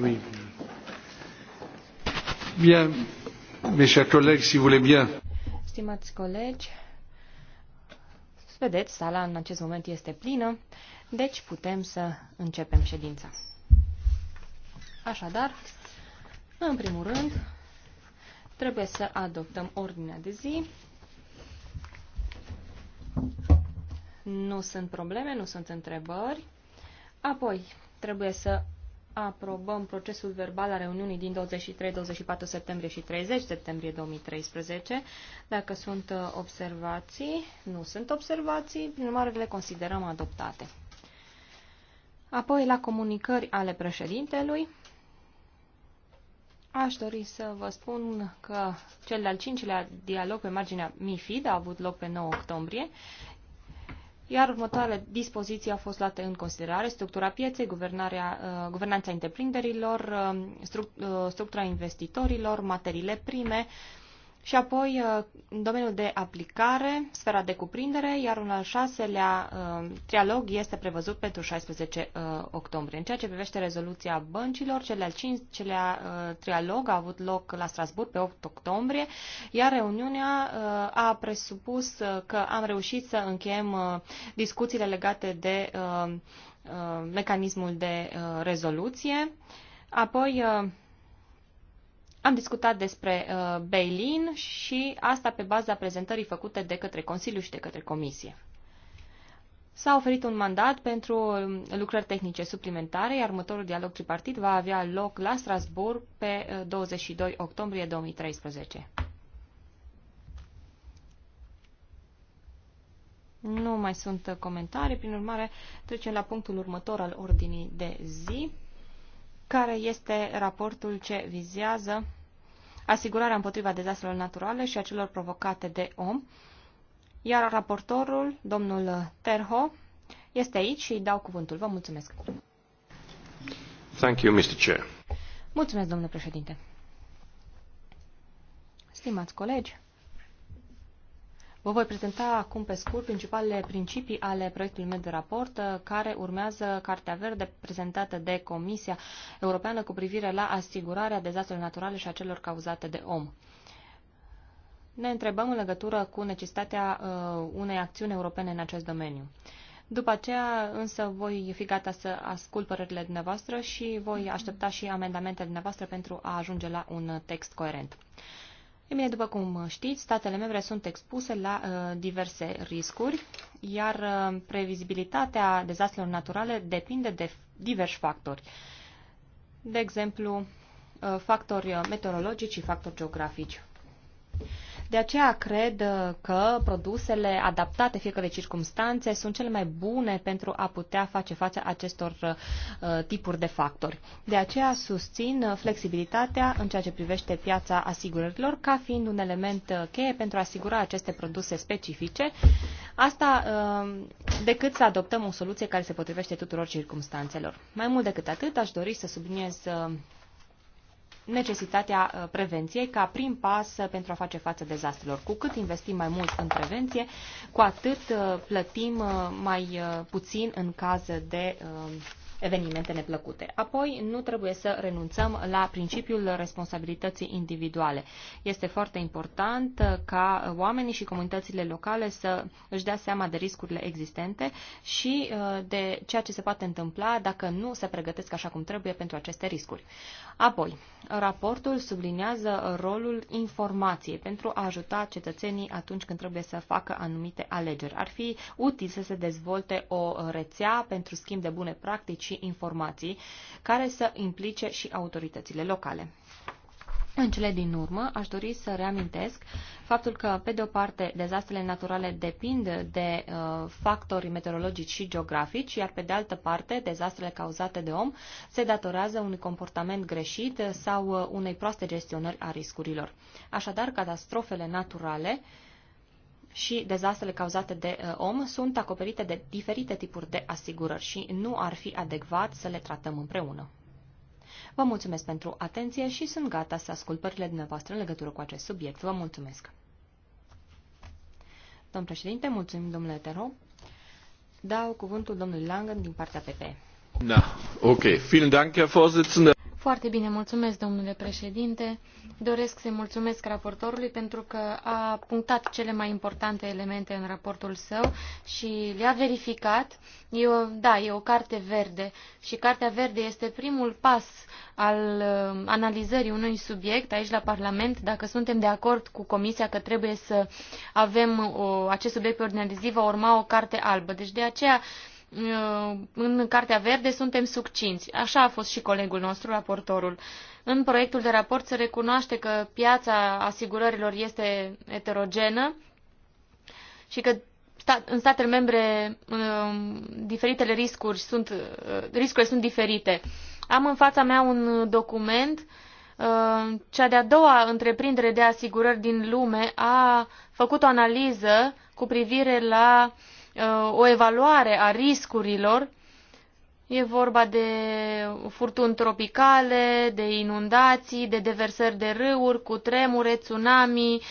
Oui. Bien, mes chers collègues, si vous voulez bien. Stimați colegi, vedeți, sala în acest moment este plină, deci putem să începem ședința. Așadar, în primul rând, trebuie să adoptăm ordinea de zi. Nu sunt probleme, nu sunt întrebări. Apoi, trebuie să aprobăm procesul verbal al reuniunii din 23-24 septembrie și 30 septembrie 2013. Dacă sunt uh, observații, nu sunt observații, prin urmare le considerăm adoptate. Apoi, la comunicări ale președintelui, Aș dori să vă spun că cel de-al cincilea dialog pe marginea MIFID a avut loc pe 9 octombrie, iar următoarele dispoziții au fost luate în considerare, structura pieței, guvernarea, uh, guvernanța întreprinderilor, uh, uh, structura investitorilor, materiile prime, și apoi uh, în domeniul de aplicare, sfera de cuprindere, iar un al șaselea uh, trialog este prevăzut pentru 16 uh, octombrie. În ceea ce privește rezoluția băncilor, cel al cincilea uh, trialog a avut loc la Strasburg pe 8 octombrie, iar reuniunea uh, a presupus uh, că am reușit să încheiem discuțiile legate de mecanismul de rezoluție. Apoi, am discutat despre uh, bail-in și asta pe baza prezentării făcute de către Consiliu și de către Comisie. S-a oferit un mandat pentru um, lucrări tehnice suplimentare, iar următorul dialog tripartit va avea loc la Strasbourg pe 22 uh, octombrie 2013. Nu mai sunt uh, comentarii, prin urmare trecem la punctul următor al ordinii de zi, care este raportul ce vizează asigurarea împotriva dezastrelor naturale și a celor provocate de om. Iar raportorul, domnul Terho, este aici și îi dau cuvântul. Vă mulțumesc. Thank you, Mr. Chair. Mulțumesc, domnule președinte. Stimați colegi, Vă voi prezenta acum pe scurt principalele principii ale proiectului meu de raport, uh, care urmează Cartea Verde prezentată de Comisia Europeană cu privire la asigurarea dezastrelor naturale și a celor cauzate de om. Ne întrebăm în legătură cu necesitatea uh, unei acțiuni europene în acest domeniu. După aceea însă voi fi gata să ascult părerile dumneavoastră și voi aștepta și amendamentele dumneavoastră pentru a ajunge la un text coerent. E bine, după cum știți, statele membre sunt expuse la uh, diverse riscuri, iar uh, previzibilitatea dezastrelor naturale depinde de diversi factori. De exemplu, uh, factori meteorologici și factori geografici. De aceea cred uh, că produsele adaptate fiecare circumstanțe sunt cele mai bune pentru a putea face față acestor uh, tipuri de factori. De aceea susțin uh, flexibilitatea în ceea ce privește piața asigurărilor ca fiind un element cheie pentru a asigura aceste produse specifice, asta decât să adoptăm o soluție care se potrivește tuturor circumstanțelor. Mai mult decât atât, aș dori să subliniez necesitatea uh, prevenției ca prim pas uh, pentru a face față dezastrelor. Cu cât investim mai mult în prevenție, cu atât uh, plătim mai puțin în caz de evenimente neplăcute. Apoi, nu trebuie să renunțăm la principiul responsabilității individuale. Este foarte important ca oamenii și comunitățile locale să își dea seama de riscurile existente și uh, de ceea ce se poate întâmpla dacă nu se pregătesc așa cum trebuie pentru aceste riscuri. Apoi, raportul subliniază rolul informației pentru a ajuta cetățenii atunci când trebuie să facă anumite alegeri. Ar fi util să se dezvolte o rețea pentru schimb de bune practici și informații care să implice și autoritățile locale. În cele din urmă, aș dori să reamintesc faptul că, pe de o parte, dezastrele naturale depind de uh, factori meteorologici și geografici, iar pe de altă parte, dezastrele cauzate de om se datorează unui comportament greșit sau uh, unei proaste gestionări a riscurilor. Așadar, catastrofele naturale uh, și dezastrele cauzate de uh, om sunt acoperite de diferite tipuri de asigurări și nu ar fi adecvat să le tratăm împreună. Vă mulțumesc pentru atenție și sunt gata să ascult părțile dumneavoastră în legătură cu acest subiect. Vă mulțumesc! Domn președinte, mulțumim domnule Tero. Dau cuvântul domnului Langen din partea PP. Na, ok. Vielen Dank, Herr Vorsitzender. Foarte bine, mulțumesc, domnule președinte. Doresc să-i mulțumesc raportorului pentru că a punctat cele mai importante elemente în raportul său și le-a verificat. Eu, da, e o carte verde și cartea verde este primul pas al uh, analizării unui subiect aici la Parlament. Dacă suntem de acord cu Comisia că trebuie să avem o, uh, acest subiect pe ordinea de zi, va urma o carte albă. Deci de aceea uh, Uh, în Cartea Verde suntem succinți. Așa a fost și colegul nostru, raportorul. În proiectul de raport se recunoaște că piața asigurărilor este eterogenă și că în statele membre um, diferitele riscuri sunt, uh, riscurile sunt diferite. Am în fața mea un document uh, cea de-a doua întreprindere de asigurări din lume a făcut o analiză cu privire la uh, o evaluare a riscurilor. E vorba de furtuni tropicale, de inundații, de deversări de râuri, cu tremure, tsunami, uh,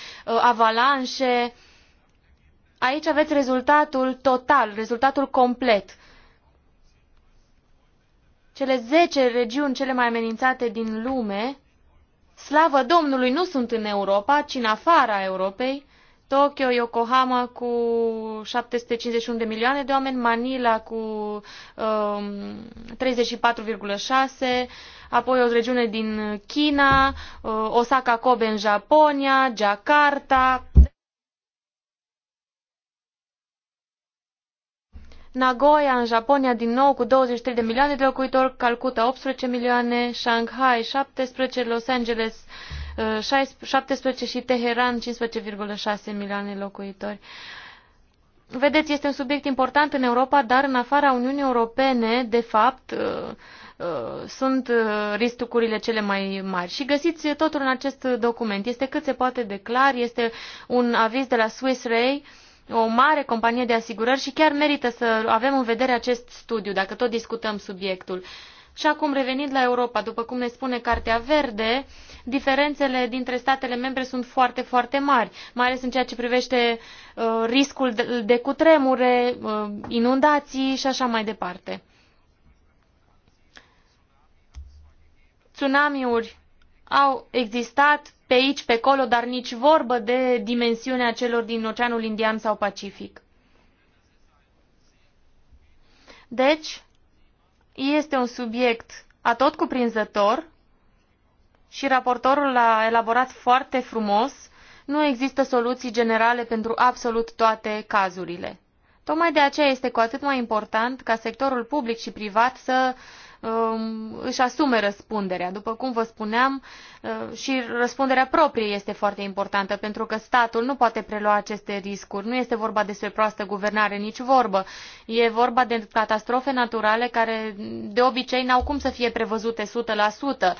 avalanșe. Aici aveți rezultatul total, rezultatul complet. Cele 10 regiuni cele mai amenințate din lume, slavă Domnului, nu sunt în Europa, ci în afara Europei. Tokyo, Yokohama cu 751 de milioane de oameni, Manila cu um, 34,6, apoi o regiune din China, uh, Osaka, Kobe în Japonia, Jakarta, Nagoya în Japonia din nou cu 23 de milioane de locuitori, Calcuta 18 milioane, Shanghai 17, Los Angeles 17 și Teheran 15,6 milioane locuitori. Vedeți, este un subiect important în Europa, dar în afara Uniunii Europene, de fapt, uh, uh, sunt uh, riscurile cele mai mari. Și găsiți totul în acest document. Este cât se poate de clar, este un aviz de la Swiss Ray, o mare companie de asigurări și chiar merită să avem în vedere acest studiu, dacă tot discutăm subiectul. Și acum, revenind la Europa, după cum ne spune Cartea Verde, diferențele dintre statele membre sunt foarte, foarte mari, mai ales în ceea ce privește uh, riscul de, de cutremure, uh, inundații și așa mai departe. Tsunamiuri au existat pe aici, pe acolo, dar nici vorbă de dimensiunea celor din Oceanul Indian sau Pacific. Deci, este un subiect atot cuprinzător și raportorul l-a elaborat foarte frumos. Nu există soluții generale pentru absolut toate cazurile. Tocmai de aceea este cu atât mai important ca sectorul public și privat să Um, își asume răspunderea. După cum vă spuneam, uh, și răspunderea proprie este foarte importantă, pentru că statul nu poate prelua aceste riscuri. Nu este vorba despre proastă guvernare, nici vorbă. E vorba de catastrofe naturale care de obicei n-au cum să fie prevăzute 100%.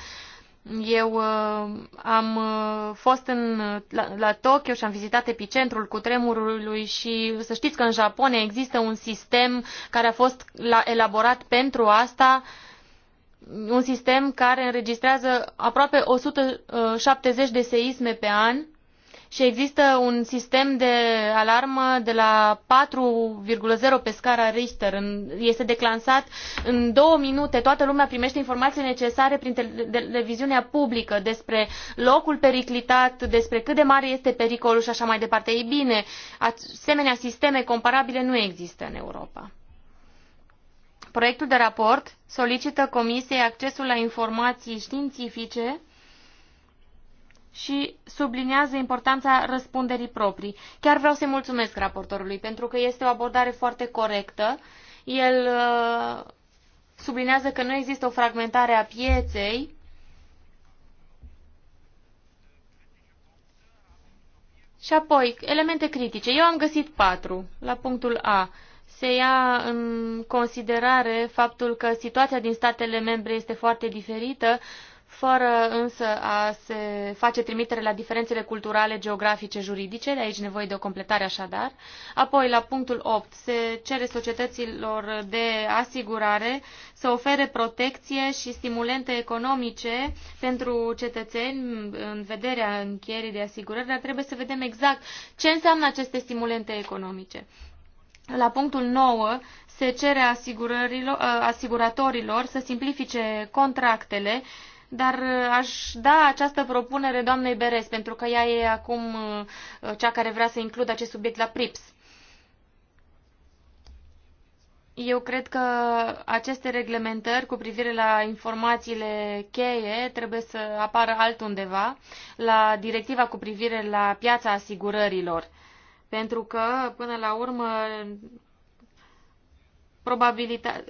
Eu uh, am uh, fost în, la, la Tokyo și am vizitat epicentrul cu tremurului și să știți că în Japonia există un sistem care a fost la, elaborat pentru asta, un sistem care înregistrează aproape 170 uh, de seisme pe an și există un sistem de alarmă de la 4,0 pe scara Richter. este declansat în două minute. Toată lumea primește informații necesare prin televiziunea publică despre locul periclitat, despre cât de mare este pericolul și așa mai departe. Ei bine, asemenea sisteme comparabile nu există în Europa. Proiectul de raport solicită Comisiei accesul la informații științifice și subliniază importanța răspunderii proprii. Chiar vreau să-i mulțumesc raportorului pentru că este o abordare foarte corectă. El uh, subliniază că nu există o fragmentare a pieței Și apoi, elemente critice. Eu am găsit patru. La punctul A se ia în considerare faptul că situația din statele membre este foarte diferită, fără însă a se face trimitere la diferențele culturale, geografice, juridice, de aici nevoie de o completare așadar. Apoi, la punctul 8, se cere societăților de asigurare să ofere protecție și stimulente economice pentru cetățeni în vederea încheierii de asigurări, dar trebuie să vedem exact ce înseamnă aceste stimulente economice. La punctul 9 se cere asiguratorilor să simplifice contractele uh, dar uh, aș da această propunere doamnei Beres, pentru că ea e acum uh, cea care vrea să includă acest subiect la PRIPS. Eu cred că aceste reglementări cu privire la informațiile cheie trebuie să apară altundeva, la directiva cu privire la piața asigurărilor. Pentru că, până la urmă, probabilitatea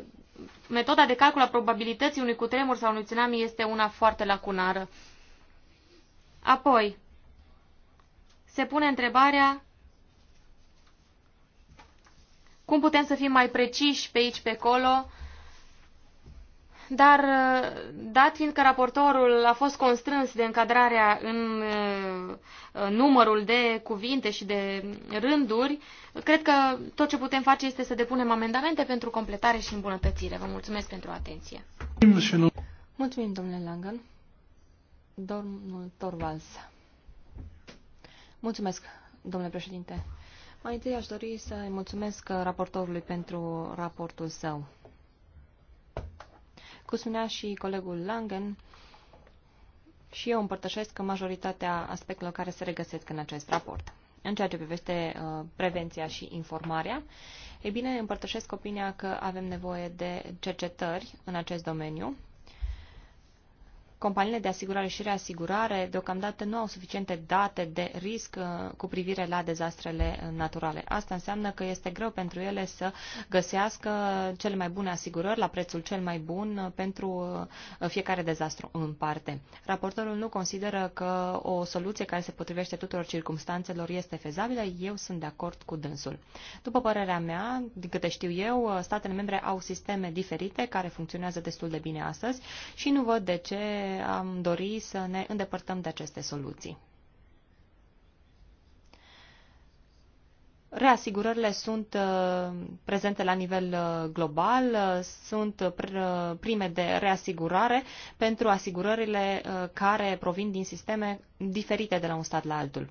metoda de calcul a probabilității unui cutremur sau unui tsunami este una foarte lacunară. Apoi, se pune întrebarea cum putem să fim mai preciși pe aici, pe acolo, dar uh, dat fiind că raportorul a fost constrâns de încadrarea uh, în numărul de cuvinte și de rânduri, cred că tot ce putem face este să depunem amendamente pentru completare și îmbunătățire. Vă mulțumesc pentru atenție. Mulțumim, domnule Langan. Domnul Torvalds. Mulțumesc, domnule președinte. Mai întâi aș dori să-i mulțumesc raportorului pentru raportul său. Cum spunea și colegul Langen, și eu împărtășesc majoritatea aspectelor care se regăsesc în acest raport. În ceea ce privește uh, prevenția și informarea, e bine, împărtășesc opinia că avem nevoie de cercetări în acest domeniu companiile de asigurare și reasigurare deocamdată nu au suficiente date de risc uh, cu privire la dezastrele uh, naturale. Asta înseamnă că este greu pentru ele să găsească cele mai bune asigurări la prețul cel mai bun uh, pentru fiecare dezastru în parte. Raportorul nu consideră că o soluție care se potrivește tuturor circumstanțelor este fezabilă. Eu sunt de acord cu dânsul. După părerea mea, din câte știu eu, statele membre au sisteme diferite care funcționează destul de bine astăzi și nu văd de ce am dori să ne îndepărtăm de aceste soluții. Reasigurările sunt uh, prezente la nivel uh, global, uh, sunt prime de reasigurare pentru asigurările care provin din sisteme diferite de la un stat la altul.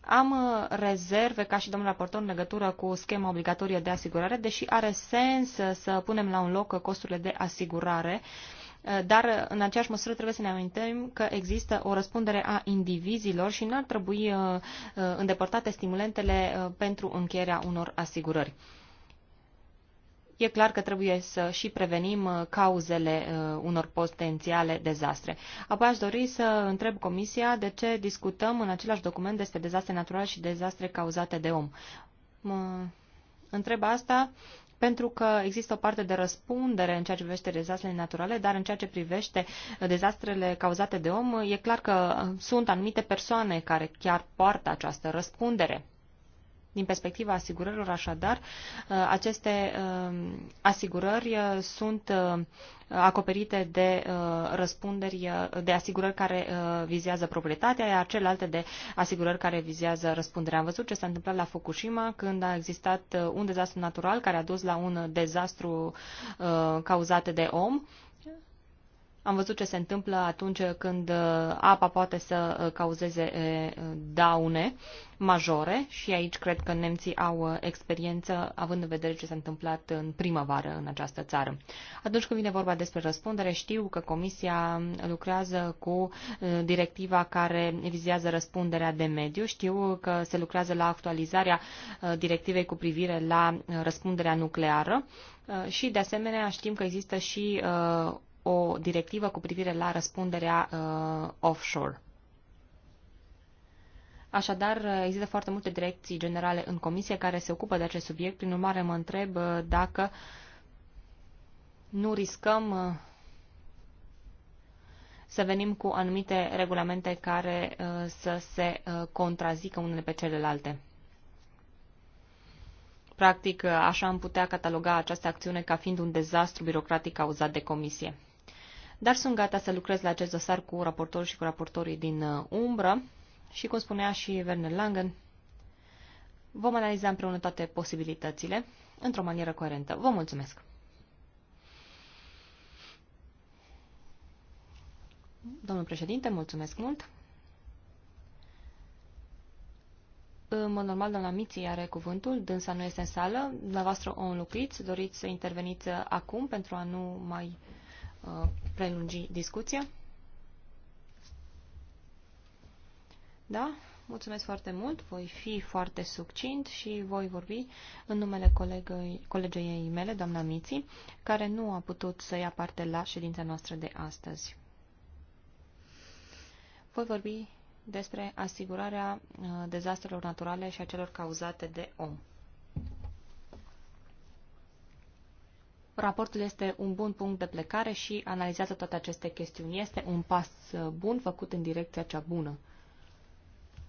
Am rezerve, ca și domnul raportor, în legătură cu schema obligatorie de asigurare, deși are sens să punem la un loc costurile de asigurare uh, Eh, dar eh, în aceeași măsură trebuie să ne amintim că există o răspundere a indivizilor și n-ar trebui eh, îndepărtate stimulentele pentru încheierea unor asigurări. E clar că trebuie să și prevenim cauzele unor potențiale dezastre. Apoi aș dori să întreb Comisia de ce discutăm în același document despre dezastre naturale și dezastre cauzate de om. Mă întreb asta pentru că există o parte de răspundere în ceea ce privește dezastrele naturale, dar în ceea ce privește dezastrele cauzate de om, e clar că sunt anumite persoane care chiar poartă această răspundere. Din perspectiva asigurărilor, așadar, uh, aceste uh, asigurări uh, sunt acoperite de răspunderi, de asigurări care vizează proprietatea, iar celelalte de asigurări care vizează răspunderea. Am văzut ce s-a întâmplat la Fukushima când a existat un dezastru natural care a dus la un dezastru cauzat de om am văzut ce se întâmplă atunci când uh, apa poate să uh, cauzeze uh, daune majore și aici cred că nemții au experiență având în vedere ce s-a întâmplat în primăvară în această țară. Atunci când vine vorba despre răspundere, știu că Comisia lucrează cu directiva care vizează răspunderea de mediu. Știu că se lucrează la actualizarea directivei cu privire la răspunderea nucleară și, de asemenea, știm că există și o directivă cu privire la răspunderea uh, offshore. Așadar, există foarte multe direcții generale în comisie care se ocupă de acest subiect. Prin urmare, mă întreb uh, dacă nu riscăm uh, să venim cu anumite regulamente care uh, să se contrazică unele pe celelalte. Practic, așa am putea cataloga această acțiune ca fiind un dezastru birocratic cauzat de comisie dar sunt gata să lucrez la acest dosar cu raportorul și cu raportorii din uh, umbră și, cum spunea și Werner Langen, vom analiza împreună toate posibilitățile într-o manieră coerentă. Vă mulțumesc! Domnul președinte, mulțumesc mult! În mod normal, doamna Miții are cuvântul, dânsa nu este în sală. Dumneavoastră o înlocuiți, doriți să interveniți uh, acum pentru a nu mai Uh, prelungi discuția? Da? Mulțumesc foarte mult, voi fi foarte succint și voi vorbi în numele colegei, colegei mele, doamna Miți, care nu a putut să ia parte la ședința noastră de astăzi. Voi vorbi despre asigurarea uh, dezastrelor naturale și a celor cauzate de om. Raportul este un bun punct de plecare și analizează toate aceste chestiuni. Este un pas uh, bun făcut în direcția cea bună.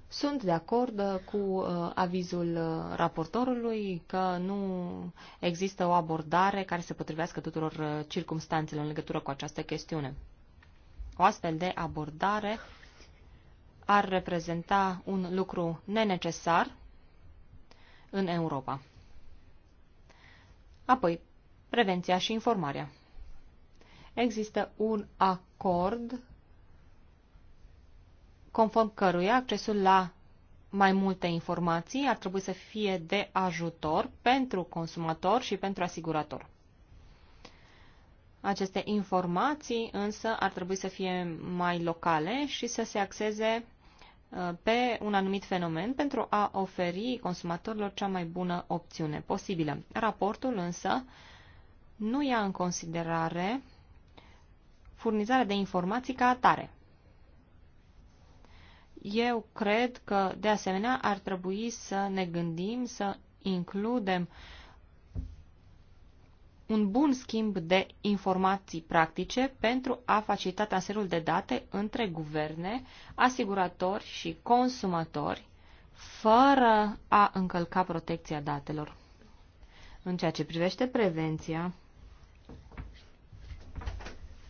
Sunt de acord uh, cu uh, avizul raportorului că nu există o abordare care se potrivească tuturor circumstanțelor în legătură cu această chestiune. O astfel de abordare ar reprezenta un lucru nenecesar în Europa. Apoi, prevenția și informarea. Există un acord conform căruia accesul la mai multe informații ar trebui să fie de ajutor pentru consumator și pentru asigurator. Aceste informații însă ar trebui să fie mai locale și să se axeze uh, pe un anumit fenomen pentru a oferi consumatorilor cea mai bună opțiune posibilă. Raportul însă nu ia în considerare furnizarea de informații ca atare. Eu cred că, de asemenea, ar trebui să ne gândim să includem un bun schimb de informații practice pentru a facilita transferul de date între guverne, asiguratori și consumatori, fără a încălca protecția datelor. În ceea ce privește prevenția,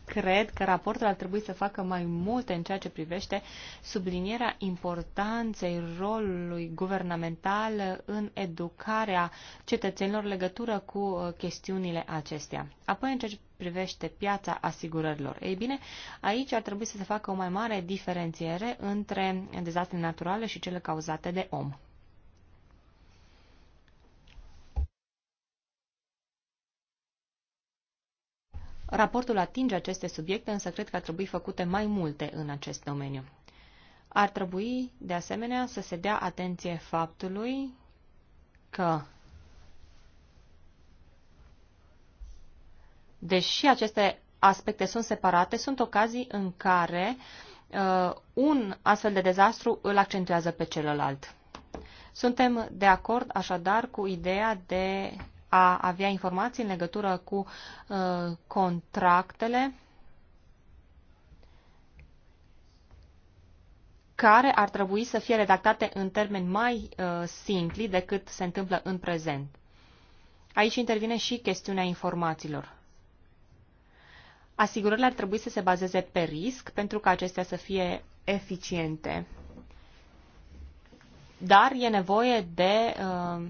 cred că raportul ar trebui să facă mai multe în ceea ce privește sublinierea importanței rolului guvernamental în educarea cetățenilor legătură cu uh, chestiunile acestea. Apoi, în ceea ce privește piața asigurărilor. Ei bine, aici ar trebui să se facă o mai mare diferențiere între dezastre naturale și cele cauzate de om. Raportul atinge aceste subiecte, însă cred că ar trebui făcute mai multe în acest domeniu. Ar trebui, de asemenea, să se dea atenție faptului că deși aceste aspecte sunt separate, sunt ocazii în care uh, un astfel de dezastru îl accentuează pe celălalt. Suntem de acord așadar cu ideea de a avea informații în legătură cu uh, contractele care ar trebui să fie redactate în termeni mai uh, simpli decât se întâmplă în prezent. Aici intervine și chestiunea informațiilor. Asigurările ar trebui să se bazeze pe risc pentru ca acestea să fie eficiente. Dar e nevoie de uh,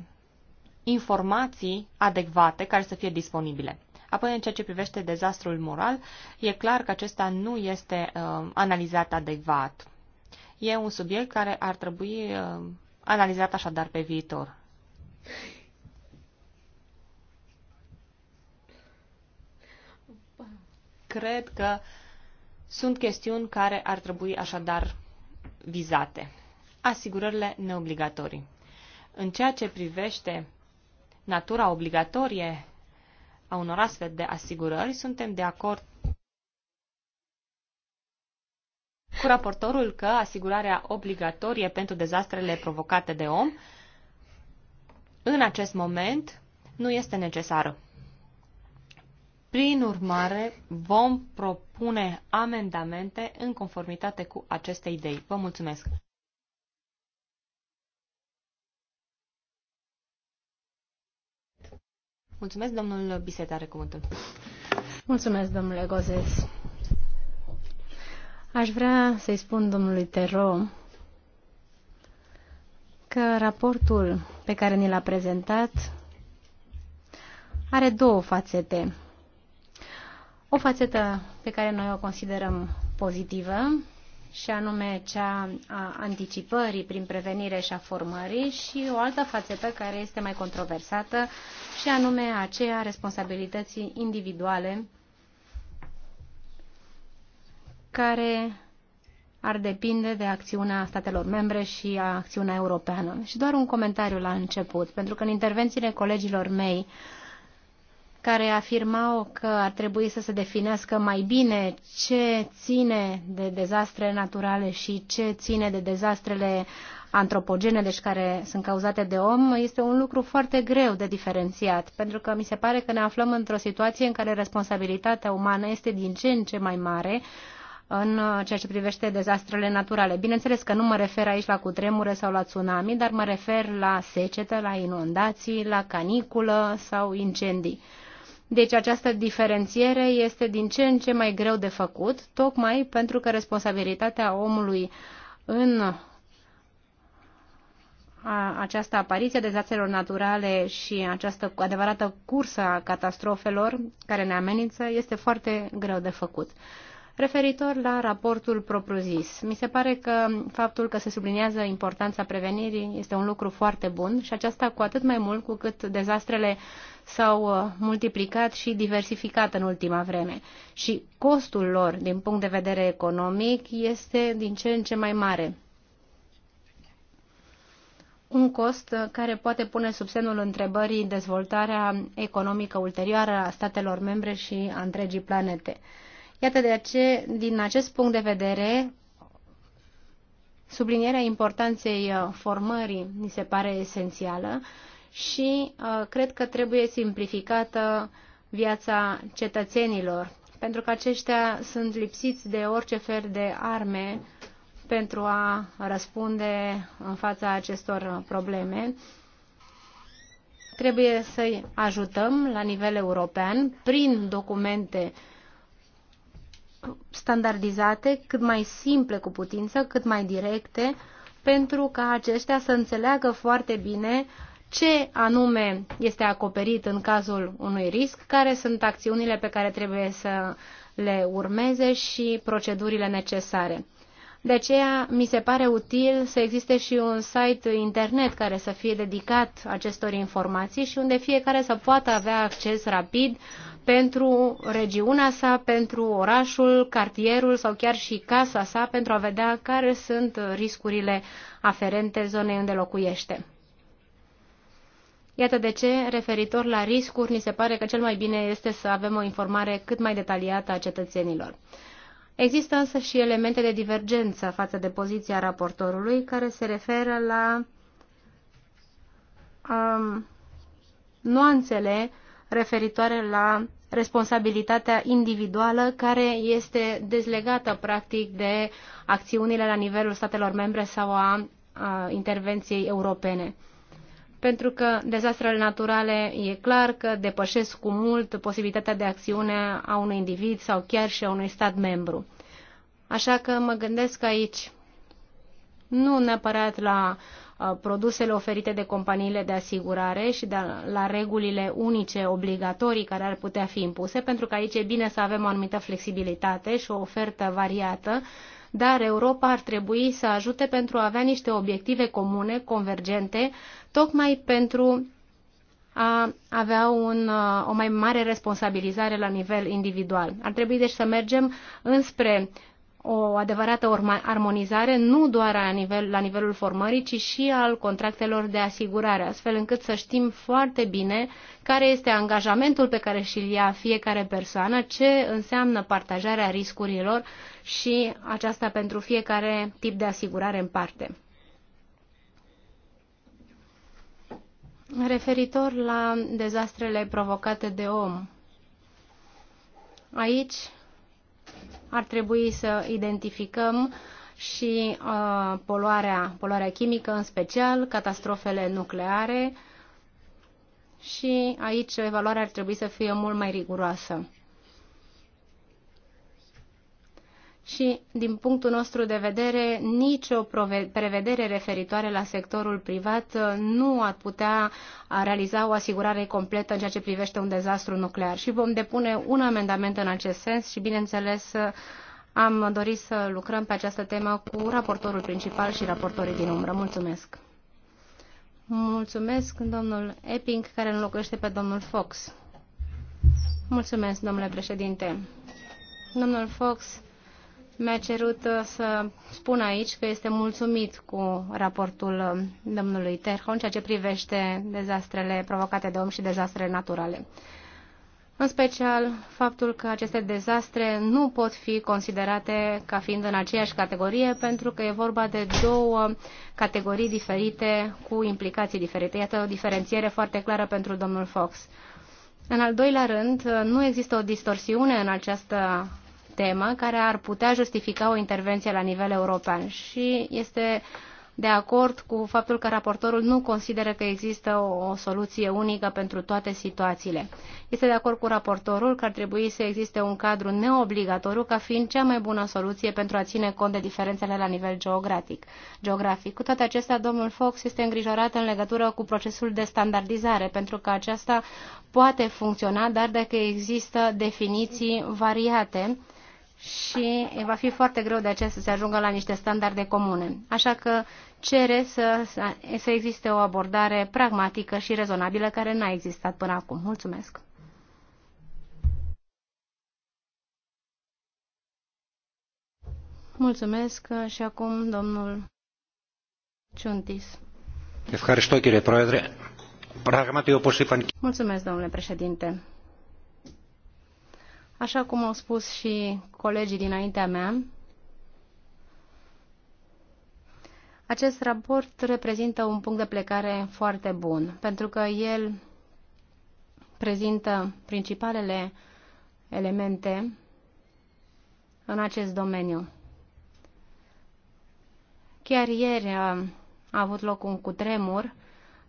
informații adecvate care să fie disponibile. Apoi, în ceea ce privește dezastrul moral, e clar că acesta nu este uh, analizat adecvat. E un subiect care ar trebui uh, analizat așadar pe viitor. Cred că sunt chestiuni care ar trebui așadar vizate. Asigurările neobligatorii. În ceea ce privește natura obligatorie a unor astfel de asigurări, suntem de acord cu raportorul că asigurarea obligatorie pentru dezastrele provocate de om în acest moment nu este necesară. Prin urmare, vom propune amendamente în conformitate cu aceste idei. Vă mulțumesc! Mulțumesc, domnul Biset are cuvântul. Mulțumesc, domnule Gozes. Aș vrea să-i spun domnului Tero că raportul pe care ni l-a prezentat are două fațete. O fațetă pe care noi o considerăm pozitivă și anume cea a anticipării prin prevenire și a formării și o altă fațetă care este mai controversată și anume aceea responsabilității individuale care ar depinde de acțiunea statelor membre și a acțiunea europeană. Și doar un comentariu la început, pentru că în intervențiile colegilor mei uh, care afirmau că ar trebui să se definească mai bine ce ține de dezastre naturale și ce ține de dezastrele antropogene, deci care sunt cauzate de om, este un lucru foarte greu de diferențiat, pentru că mi se pare că ne aflăm într-o situație în care responsabilitatea umană este din ce în ce mai mare, în ceea ce privește dezastrele naturale. Bineînțeles că nu mă refer aici la cutremure sau la tsunami, dar mă refer la secetă, la inundații, la caniculă sau incendii. Deci această diferențiere este din ce în ce mai greu de făcut, tocmai pentru că responsabilitatea omului în a, această apariție dezastrelor naturale și această adevărată cursă a catastrofelor care ne amenință este foarte greu de făcut. Referitor la raportul propriu-zis, mi se pare că faptul că se subliniază importanța prevenirii este un lucru foarte bun și aceasta cu atât mai mult cu cât dezastrele s-au uh, multiplicat și diversificat în ultima vreme. Și costul lor, din punct de vedere economic, este din ce în ce mai mare un cost uh, care poate pune sub semnul întrebării dezvoltarea economică ulterioară a statelor membre și a întregii planete. Iată de ce, din acest punct de vedere, sublinierea importanței uh, formării mi se pare esențială și uh, cred că trebuie simplificată viața cetățenilor, pentru că aceștia sunt lipsiți de orice fel de arme pentru a răspunde în fața acestor uh, probleme. Trebuie să-i ajutăm la nivel european prin documente uh, standardizate, cât mai simple cu putință, cât mai directe, pentru ca aceștia să înțeleagă foarte bine ce anume este acoperit în cazul unui risc, care sunt acțiunile pe care trebuie să le urmeze și procedurile necesare. De aceea mi se pare util să existe și un site internet care să fie dedicat acestor informații și unde fiecare să poată avea acces rapid pentru regiunea sa, pentru orașul, cartierul sau chiar și casa sa pentru a vedea care sunt riscurile aferente zonei unde locuiește. Iată de ce, referitor la riscuri, ni se pare că cel mai bine este să avem o informare cât mai detaliată a cetățenilor. Există însă și elemente de divergență față de poziția raportorului care se referă la um, nuanțele referitoare la responsabilitatea individuală care este dezlegată practic de acțiunile la nivelul statelor membre sau a, a intervenției europene pentru că dezastrele naturale e clar că depășesc cu mult posibilitatea de acțiune a unui individ sau chiar și a unui stat membru. Așa că mă gândesc aici nu neapărat la uh, produsele oferite de companiile de asigurare și de la regulile unice obligatorii care ar putea fi impuse, pentru că aici e bine să avem o anumită flexibilitate și o ofertă variată, dar Europa ar trebui să ajute pentru a avea niște obiective comune, convergente, tocmai pentru a avea un, uh, o mai mare responsabilizare la nivel individual. Ar trebui deci să mergem înspre o adevărată armonizare nu doar la, nivel, la nivelul formării, ci și al contractelor de asigurare, astfel încât să știm foarte bine care este angajamentul pe care și-l ia fiecare persoană, ce înseamnă partajarea riscurilor și aceasta pentru fiecare tip de asigurare în parte. Referitor la dezastrele provocate de om, aici ar trebui să identificăm și uh, poluarea, poluarea chimică, în special catastrofele nucleare și aici evaluarea ar trebui să fie mult mai riguroasă. și, din punctul nostru de vedere, nicio prevedere referitoare la sectorul privat uh, nu ar putea uh, realiza o asigurare completă în ceea ce privește un dezastru nuclear. Și vom depune un amendament în acest sens și, bineînțeles, uh, am dorit să lucrăm pe această temă cu raportorul principal și raportorii din umbră. Mulțumesc! Mulțumesc, domnul Epping, care înlocuiește pe domnul Fox. Mulțumesc, domnule președinte. Domnul Fox, mi-a cerut uh, să spun aici că este mulțumit cu raportul uh, domnului în ceea ce privește dezastrele provocate de om și dezastrele naturale. În special, faptul că aceste dezastre nu pot fi considerate ca fiind în aceeași categorie, pentru că e vorba de două categorii diferite cu implicații diferite. Iată o diferențiere foarte clară pentru domnul Fox. În al doilea rând, uh, nu există o distorsiune în această temă care ar putea justifica o intervenție la nivel european și este de acord cu faptul că raportorul nu consideră că există o, o soluție unică pentru toate situațiile. Este de acord cu raportorul că ar trebui să existe un cadru neobligatoriu ca fiind cea mai bună soluție pentru a ține cont de diferențele la nivel geografic. geografic. Cu toate acestea, domnul Fox este îngrijorat în legătură cu procesul de standardizare, pentru că aceasta poate funcționa, dar dacă există definiții variate, și va fi foarte greu de aceea să se ajungă la niște standarde comune. Așa că cere să, să existe o abordare pragmatică și rezonabilă care n-a existat până acum. Mulțumesc! Mulțumesc și acum domnul Ciuntis. Mulțumesc, domnule președinte. Așa cum au spus și colegii dinaintea mea, acest raport reprezintă un punct de plecare foarte bun, pentru că el prezintă principalele elemente în acest domeniu. Chiar ieri a avut loc un cutremur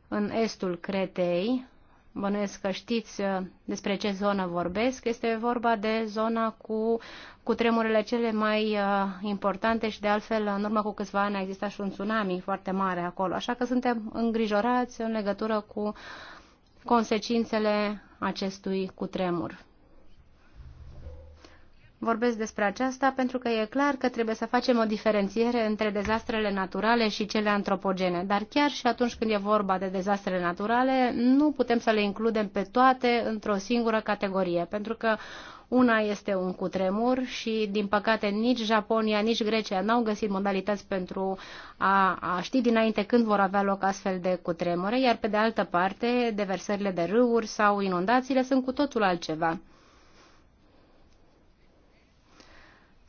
în estul Cretei, bănuiesc că știți uh, despre ce zonă vorbesc. Este vorba de zona cu, cu tremurile cele mai uh, importante și de altfel în urmă cu câțiva ani a existat și un tsunami foarte mare acolo. Așa că suntem îngrijorați în legătură cu consecințele acestui cutremur. Vorbesc despre aceasta pentru că e clar că trebuie să facem o diferențiere între dezastrele naturale și cele antropogene, dar chiar și atunci când e vorba de dezastrele naturale, nu putem să le includem pe toate într-o singură categorie, pentru că una este un cutremur și, din păcate, nici Japonia, nici Grecia n-au găsit modalități pentru a, a ști dinainte când vor avea loc astfel de cutremure, iar, pe de altă parte, deversările de râuri sau inundațiile sunt cu totul altceva.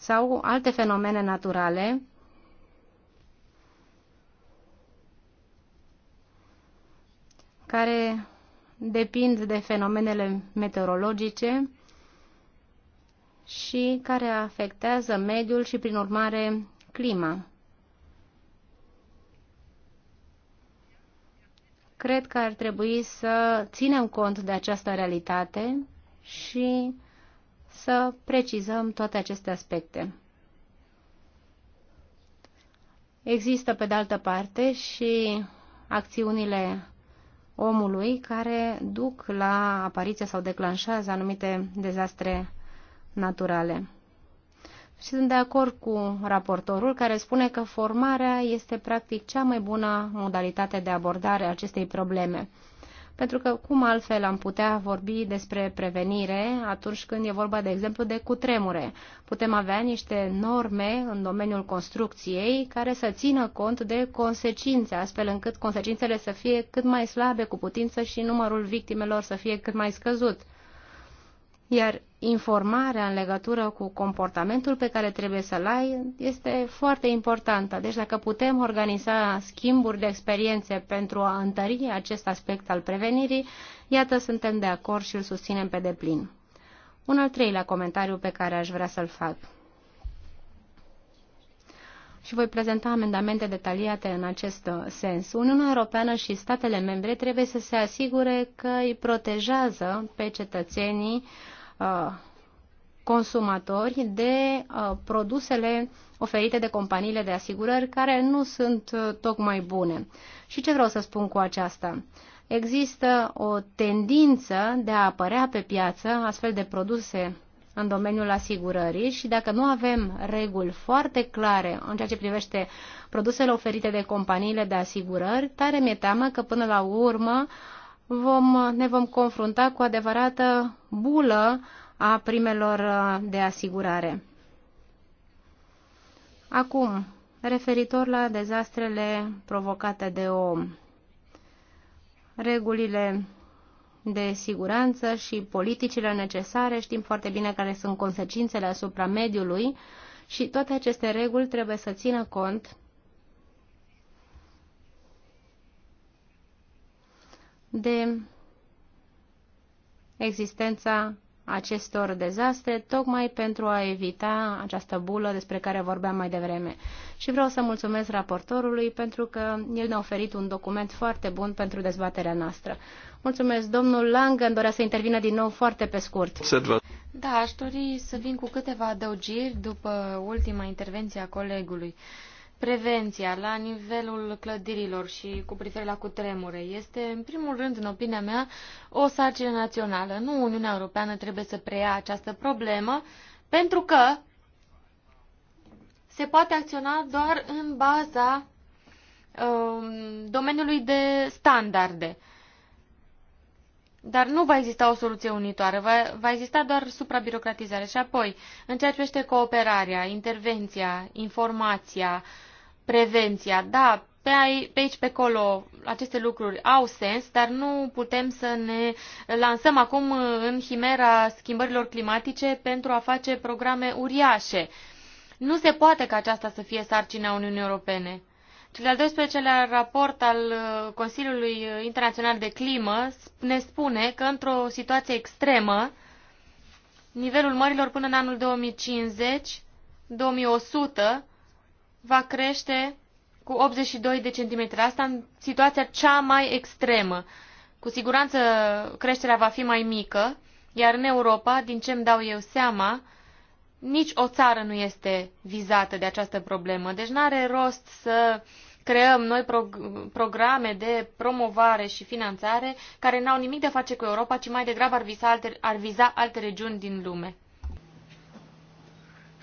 sau alte fenomene naturale care depind de fenomenele meteorologice și care afectează mediul și, prin urmare, clima. Cred că ar trebui să ținem cont de această realitate și să precizăm toate aceste aspecte. Există, pe de altă parte, și acțiunile omului care duc la apariția sau declanșează anumite dezastre naturale. Și sunt de acord cu raportorul care spune că formarea este practic cea mai bună modalitate de abordare a acestei probleme. Pentru că cum altfel am putea vorbi despre prevenire atunci când e vorba, de exemplu, de cutremure? Putem avea niște norme în domeniul construcției care să țină cont de consecințe, astfel încât consecințele să fie cât mai slabe cu putință și numărul victimelor să fie cât mai scăzut iar informarea în legătură cu comportamentul pe care trebuie să-l ai este foarte importantă. Deci dacă putem organiza schimburi de experiențe pentru a întări acest aspect al prevenirii, iată, suntem de acord și îl susținem pe deplin. Un al treilea comentariu pe care aș vrea să-l fac. Și voi prezenta amendamente detaliate în acest sens. Uniunea Europeană și statele membre trebuie să se asigure că îi protejează pe cetățenii uh, Uh, consumatori de uh, produsele oferite de companiile de asigurări care nu sunt uh, tocmai bune. Și ce vreau să spun cu aceasta? Există o tendință de a apărea pe piață astfel de produse în domeniul asigurării și dacă nu avem reguli foarte clare în ceea ce privește produsele oferite de companiile de asigurări, tare mi-e teamă că până la urmă vom, ne vom confrunta cu adevărată bulă a primelor de asigurare. Acum, referitor la dezastrele provocate de om, regulile de siguranță și politicile necesare, știm foarte bine care sunt consecințele asupra mediului și toate aceste reguli trebuie să țină cont de existența acestor dezastre, tocmai pentru a evita această bulă despre care vorbeam mai devreme. Și vreau să mulțumesc raportorului pentru că el ne-a oferit un document foarte bun pentru dezbaterea noastră. Mulțumesc, domnul Lang, îmi dorea să intervină din nou foarte pe scurt. Da, aș dori să vin cu câteva adăugiri după ultima intervenție a colegului. Uh, prevenția la nivelul clădirilor și cu privire la cutremure este, în primul rând, în opinia mea, o sarcină națională. Nu Uniunea Europeană trebuie să preia această problemă, pentru că se poate acționa doar în baza um, domeniului de standarde. Dar nu va exista o soluție unitoară, va, va exista doar suprabirocratizare. Și apoi, în ceea ce privește cooperarea, intervenția, informația, uh, prevenția. Da, pe, aici, pe acolo, aceste lucruri au sens, dar nu putem să ne lansăm acum în himera schimbărilor climatice pentru a face programe uriașe. Nu se poate ca aceasta să fie sarcina Uniunii Europene. Cel de-al 12-lea raport al uh, Consiliului Internațional de Climă ne spune că într-o situație extremă, nivelul mărilor până în anul 2050, 2100, va crește cu 82 de centimetri. Asta în situația cea mai extremă. Cu siguranță creșterea va fi mai mică, iar în Europa, din ce îmi dau eu seama, nici o țară nu este vizată de această problemă. Deci nu are rost să creăm noi prog- programe de promovare și finanțare care n-au nimic de a face cu Europa, ci mai degrabă ar alte, ar viza alte regiuni din lume.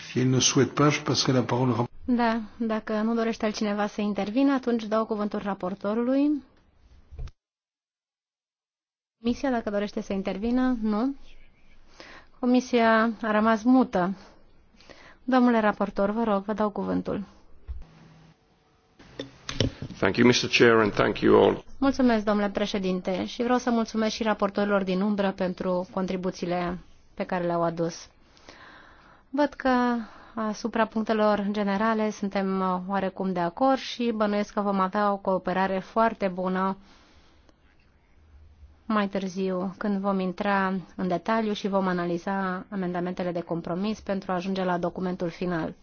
Si elle ne souhaite pas, je passerai la parole au da, dacă nu dorește altcineva să intervină, atunci dau cuvântul raportorului. Comisia, dacă dorește să intervină, nu. Comisia a rămas mută. Domnule raportor, vă rog, vă dau cuvântul. Thank you, Mr. Chair, and thank you all. Mulțumesc, domnule președinte, și vreau să mulțumesc și raportorilor din umbră pentru contribuțiile pe care le-au adus. Văd că Asupra punctelor generale suntem uh, oarecum de acord și bănuiesc că vom avea o cooperare foarte bună mai târziu, când vom intra în detaliu și vom analiza amendamentele de compromis pentru a ajunge la documentul final.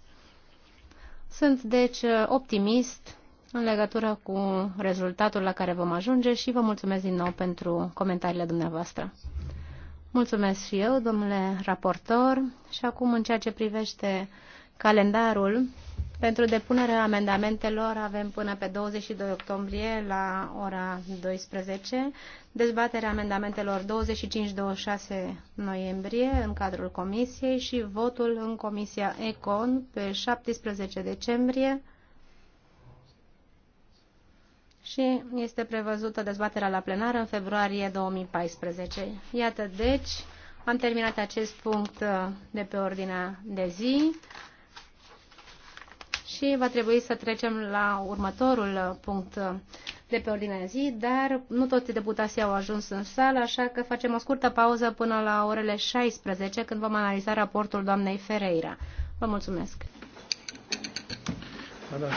Sunt, deci, uh, optimist în legătură cu rezultatul la care vom ajunge și vă mulțumesc din nou pentru comentariile dumneavoastră. Mulțumesc și eu, domnule raportor. Și acum, în ceea ce privește calendarul, pentru depunerea amendamentelor avem până pe 22 octombrie la ora 12, dezbaterea amendamentelor 25-26 noiembrie în cadrul comisiei și votul în comisia ECON pe 17 decembrie și este prevăzută dezbaterea la plenară în februarie 2014. Iată, deci, am terminat acest punct uh, de pe ordinea de zi și va trebui să trecem la următorul uh, punct uh, de pe ordinea de zi, dar nu toți deputații au ajuns în sală, așa că facem o scurtă pauză până la orele 16, când vom analiza raportul doamnei Ferreira. Vă mulțumesc! Adă,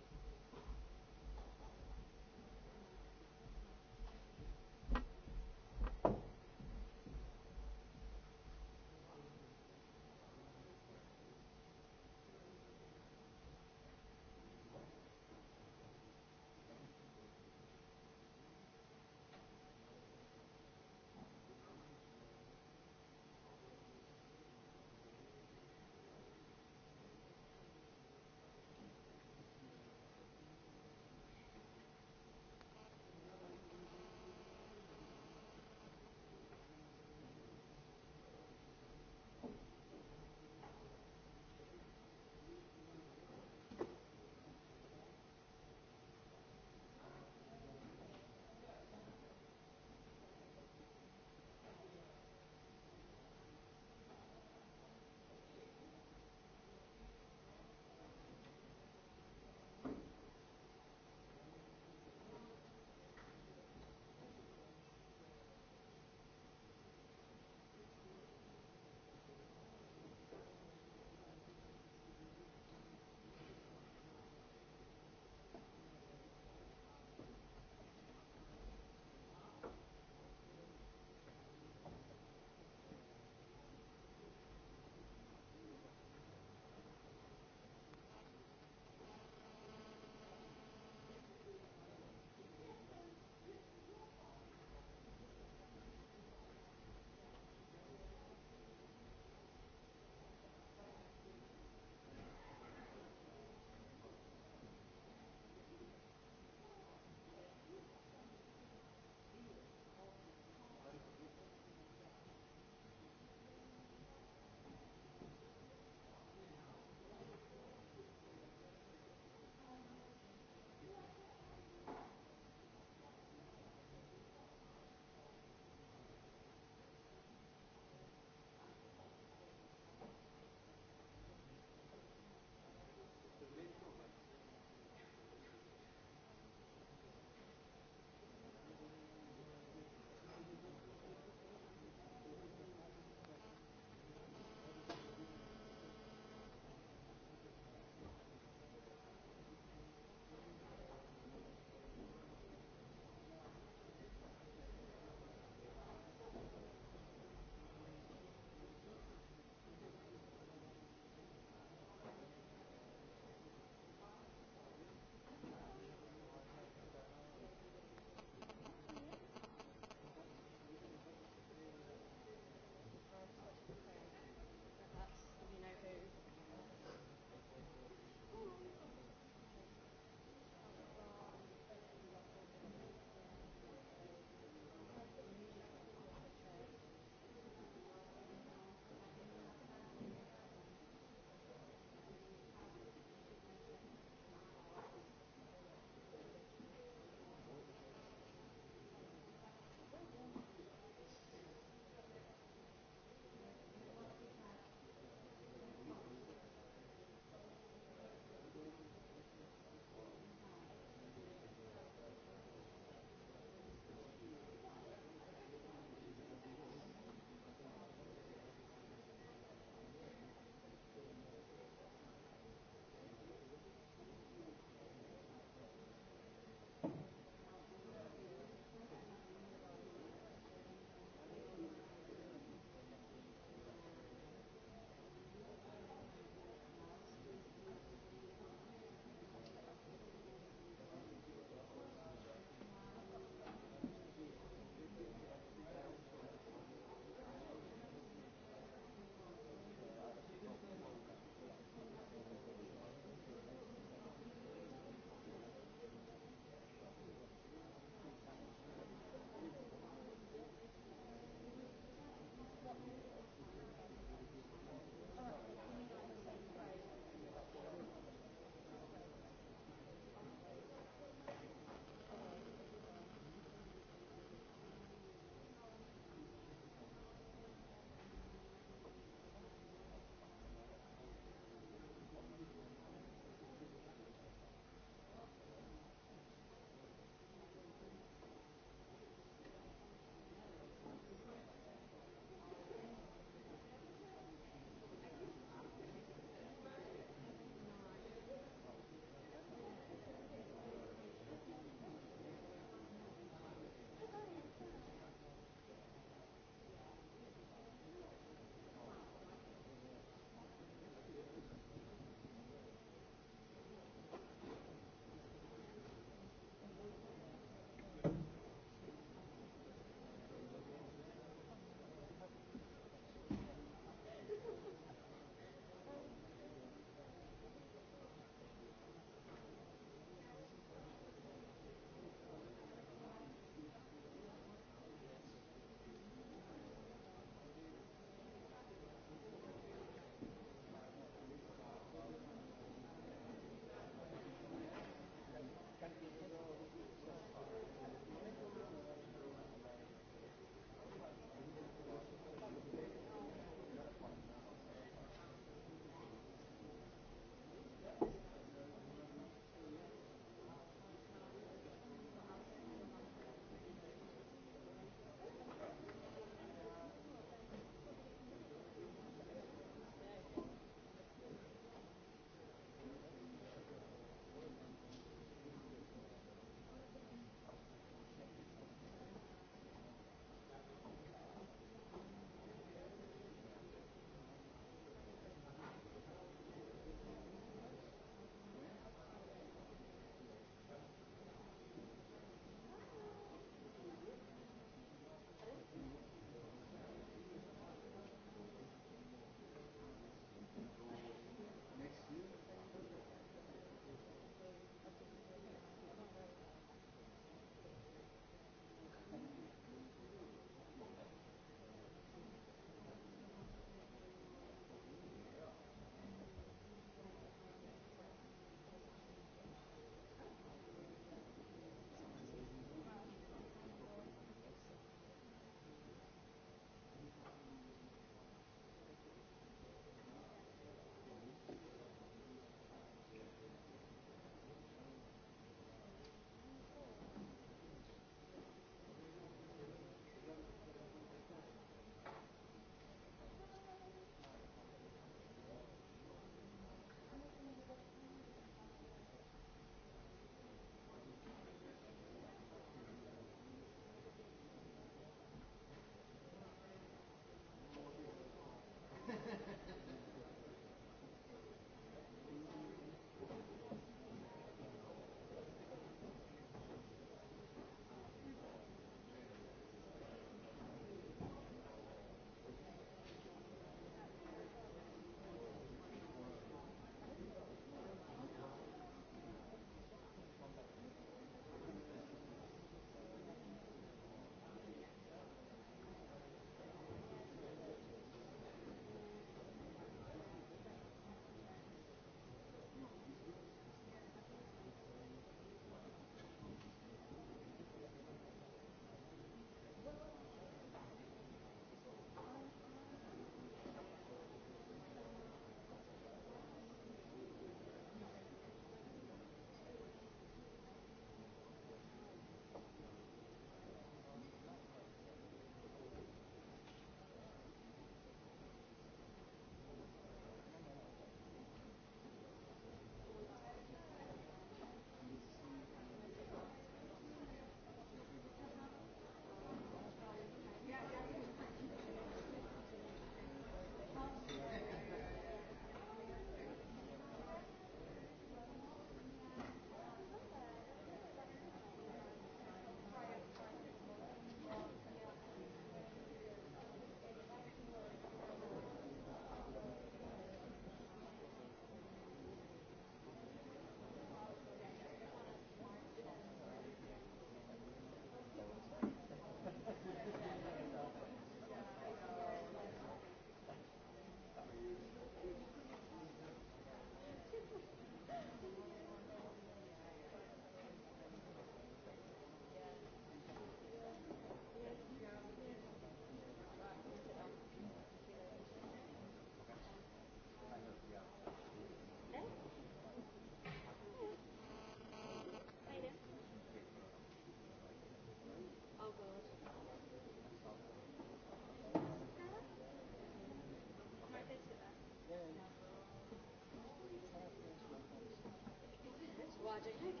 do deci, you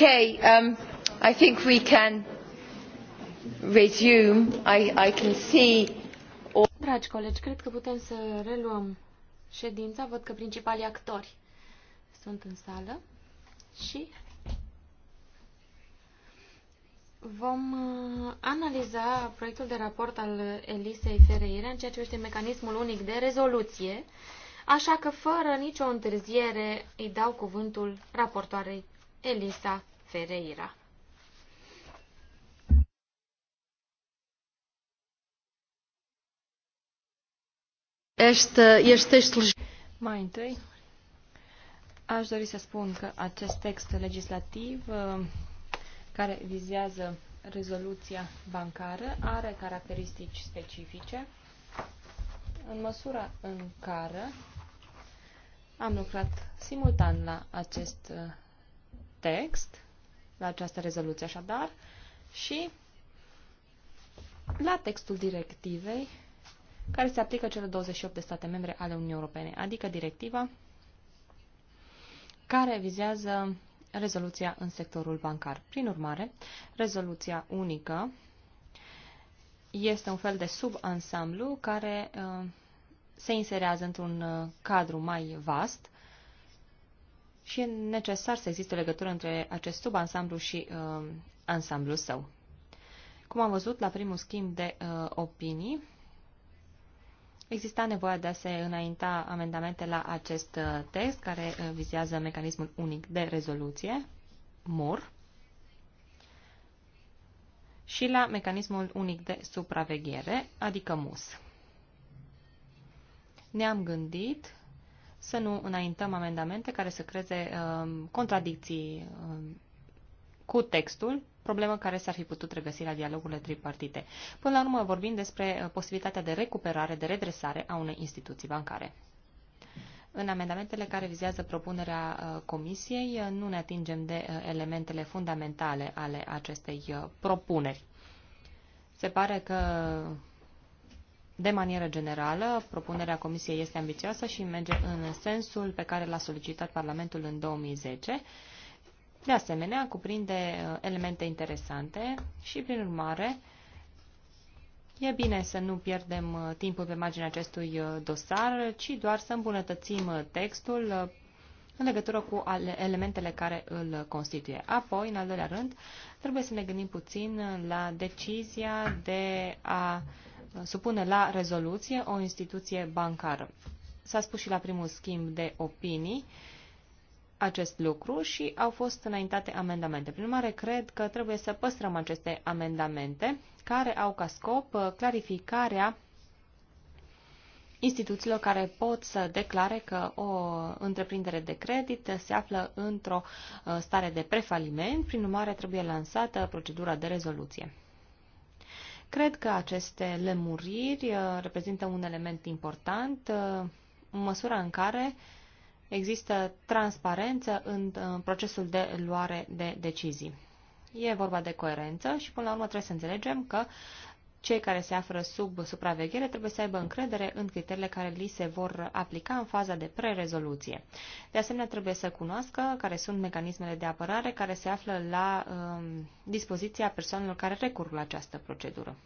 Okay, um, I think we can resume. I, I can see all... Dragi colegi, cred că putem să reluăm ședința. Văd că principalii actori sunt în sală și vom uh, analiza proiectul de raport al Elisei Ferreira în ceea ce privește mecanismul unic de rezoluție Așa că, fără nicio întârziere, îi dau cuvântul raportoarei Elisa Ferreira. Este, este textul... Mai întâi, aș dori să spun că acest text legislativ uh, care vizează rezoluția bancară are caracteristici specifice în măsura în care am lucrat simultan la acest uh, text, la această rezoluție așadar, și la textul directivei care se aplică cele 28 de state membre ale Uniunii Europene, adică directiva care vizează rezoluția în sectorul bancar. Prin urmare, rezoluția unică este un fel de subansamblu care uh, se inserează într-un uh, cadru mai vast și e necesar să existe legătură între acest subansamblu și uh, ansamblu său. Cum am văzut la primul schimb de uh, opinii, exista nevoia de a se înainta amendamente la acest uh, text care uh, vizează mecanismul unic de rezoluție, MUR, și la mecanismul unic de supraveghere, adică MUS. Ne-am gândit să nu înaintăm amendamente care să creeze uh, contradicții uh, cu textul, problemă care s-ar fi putut regăsi la dialogurile tripartite. Până la urmă vorbim despre uh, posibilitatea de recuperare, de redresare a unei instituții bancare. În amendamentele care vizează propunerea uh, Comisiei uh, nu ne atingem de elementele fundamentale ale acestei propuneri. Se pare că de manieră generală, propunerea Comisiei este ambițioasă și merge în sensul pe care l-a solicitat Parlamentul în 2010. De asemenea, cuprinde uh, elemente interesante și, prin urmare, e bine să nu pierdem uh, timpul pe marginea acestui uh, dosar, ci doar să îmbunătățim textul în legătură cu elementele care îl constituie. Apoi, în al doilea rând, trebuie să ne gândim puțin la decizia de a uh, supune la rezoluție o instituție bancară. S-a spus și la primul schimb de opinii acest lucru și au fost înaintate amendamente. Prin urmare, cred că trebuie să păstrăm aceste amendamente care au ca scop uh, clarificarea instituțiilor care pot să declare că o întreprindere de credit se află într-o uh, stare de prefaliment, prin urmare trebuie lansată procedura de rezoluție. Cred că aceste lămuriri uh, reprezintă un element important uh, în măsura în care există transparență în uh, procesul de luare de decizii. E vorba de coerență și, până la urmă, trebuie să înțelegem că cei care se află sub supraveghere trebuie să aibă încredere în criteriile care li se vor aplica în faza de prerezoluție. De asemenea, trebuie să cunoască care sunt mecanismele de apărare care se află la um, dispoziția persoanelor care recurg la această procedură.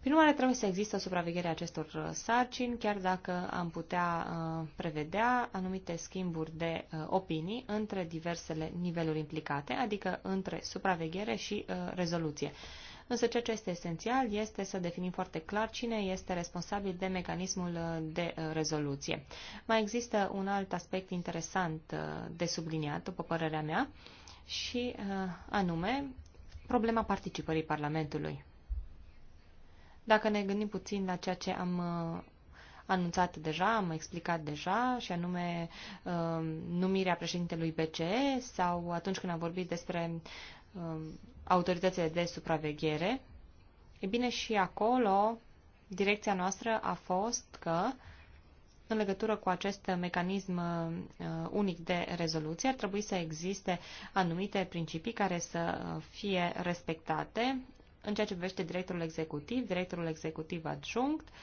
Prin urmare, trebuie să există o supraveghere a acestor uh, sarcini, chiar dacă am putea uh, prevedea anumite schimburi de uh, opinii între diversele niveluri implicate, adică între supraveghere și rezoluție însă ceea ce este esențial este să definim foarte clar cine este responsabil de mecanismul uh, de uh, rezoluție. Mai există un alt aspect interesant uh, de subliniat, după părerea mea, și anume problema participării Parlamentului. Dacă ne gândim puțin la ceea ce am anunțat deja, am explicat deja, și anume numirea președintelui BCE sau atunci când am vorbit despre autoritățile de supraveghere, e bine și acolo direcția noastră a fost că în legătură cu acest mecanism uh, unic de rezoluție, ar trebui să existe anumite principii care să fie respectate în ceea ce privește directorul executiv, directorul executiv adjunct, uh,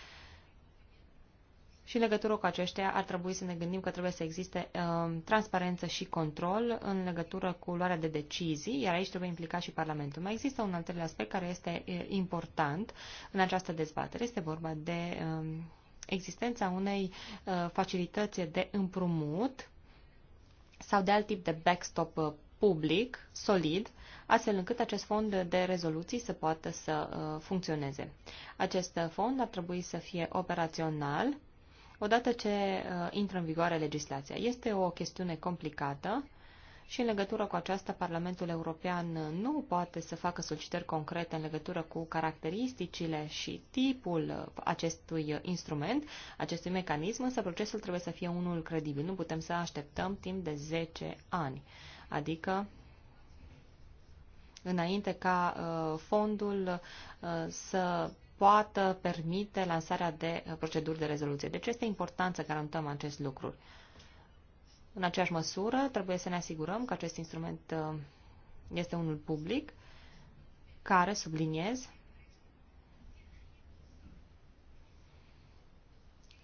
și în legătură cu aceștia ar trebui să ne gândim că trebuie să existe uh, transparență și control în legătură cu luarea de decizii, iar aici trebuie implicat și Parlamentul. Mai există un al treilea aspect care este important în această dezbatere. Este vorba de uh, existența unei uh, facilități de împrumut sau de alt tip de backstop uh, public, solid, astfel încât acest fond de rezoluții să poată să uh, funcționeze. Acest uh, fond ar trebui să fie operațional odată ce uh, intră în vigoare legislația. Este o chestiune complicată și în legătură cu aceasta Parlamentul European nu poate să facă solicitări concrete în legătură cu caracteristicile și tipul uh, acestui instrument, acestui mecanism, însă procesul trebuie să fie unul credibil. Nu putem să așteptăm timp de 10 ani, adică înainte ca uh, fondul uh, să poată permite lansarea de uh, proceduri de rezoluție. De Deci este important să garantăm acest lucru. În aceeași măsură, trebuie să ne asigurăm că acest instrument uh, este unul public care, subliniez,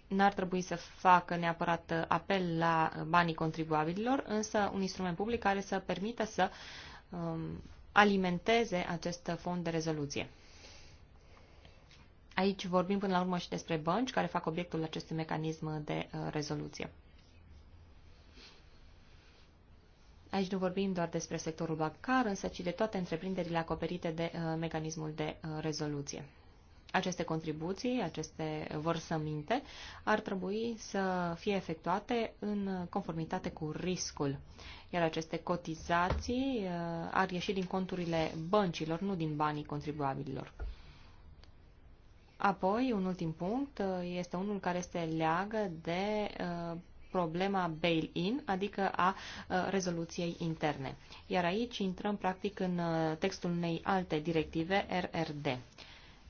n-ar trebui să facă neapărat uh, apel la banii contribuabililor, însă un instrument public care să permită să um, alimenteze acest fond de rezoluție. Aici vorbim până la urmă și despre bănci care fac obiectul acestui mecanism de uh, rezoluție. Aici nu vorbim doar despre sectorul bancar, însă ci de toate întreprinderile acoperite de uh, mecanismul de uh, rezoluție. Aceste contribuții, aceste vărsăminte, ar trebui să fie efectuate în conformitate cu riscul, iar aceste cotizații ar ieși din conturile băncilor, nu din banii contribuabililor. Apoi, un ultim punct uh, este unul care se leagă de uh, problema bail-in, adică a uh, rezoluției interne. Iar aici intrăm practic în textul unei alte directive RRD.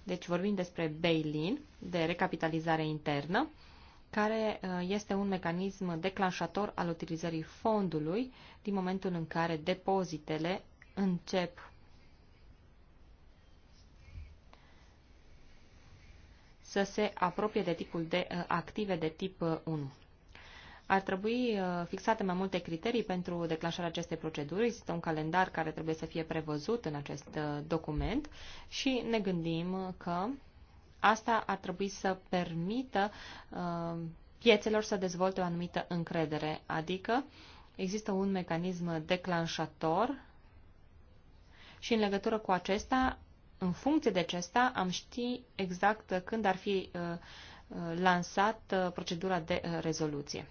Deci vorbim despre bail-in, de recapitalizare internă, care este un mecanism declanșator al utilizării fondului din momentul în care depozitele încep să se apropie de tipul de uh, active de tip 1. Uh, ar trebui uh, fixate mai multe criterii pentru declanșarea acestei proceduri. Există un calendar care trebuie să fie prevăzut în acest document și ne gândim că asta ar trebui să permită piețelor să dezvolte o anumită încredere, adică există un mecanism declanșator și în legătură cu acesta în funcție de acesta am ști exact când ar fi uh, uh, lansat uh, procedura de rezoluție.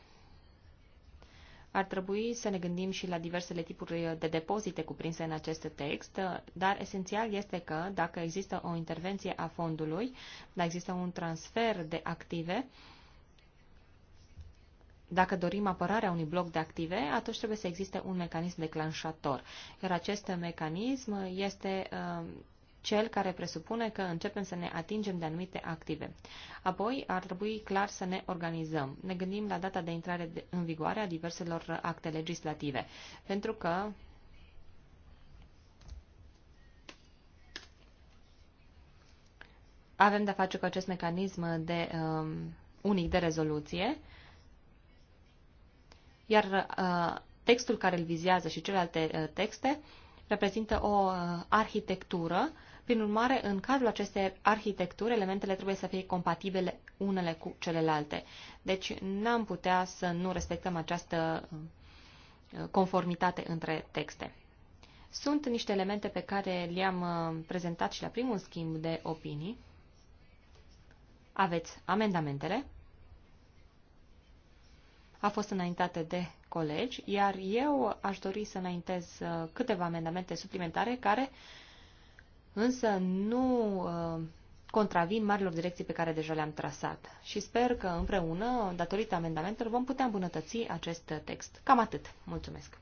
Ar trebui să ne gândim și la diversele tipuri de depozite cuprinse în acest text, dar esențial este că dacă există o intervenție a fondului, dacă există un transfer de active, dacă dorim apărarea unui bloc de active, atunci trebuie să existe un mecanism declanșator. Iar acest mecanism este cel care presupune că începem să ne atingem de anumite active. Apoi, ar trebui clar să ne organizăm. Ne gândim la data de intrare în vigoare a diverselor acte legislative, pentru că avem de-a face cu acest mecanism de um, unic de rezoluție, iar uh, textul care îl vizează și celelalte uh, texte reprezintă o uh, arhitectură uh, prin urmare, în cazul acestei arhitecturi, elementele trebuie să fie compatibile unele cu celelalte. Deci n-am putea să nu respectăm această uh, conformitate între texte. Sunt niște elemente pe care le-am uh, prezentat și la primul schimb de opinii. Aveți amendamentele. A fost înaintate de colegi, iar eu aș dori să înaintez uh, câteva amendamente suplimentare care uh, însă nu uh, contravin marilor direcții pe care deja le-am trasat. Și sper că împreună, datorită amendamentelor, vom putea îmbunătăți acest text. Cam atât. Mulțumesc.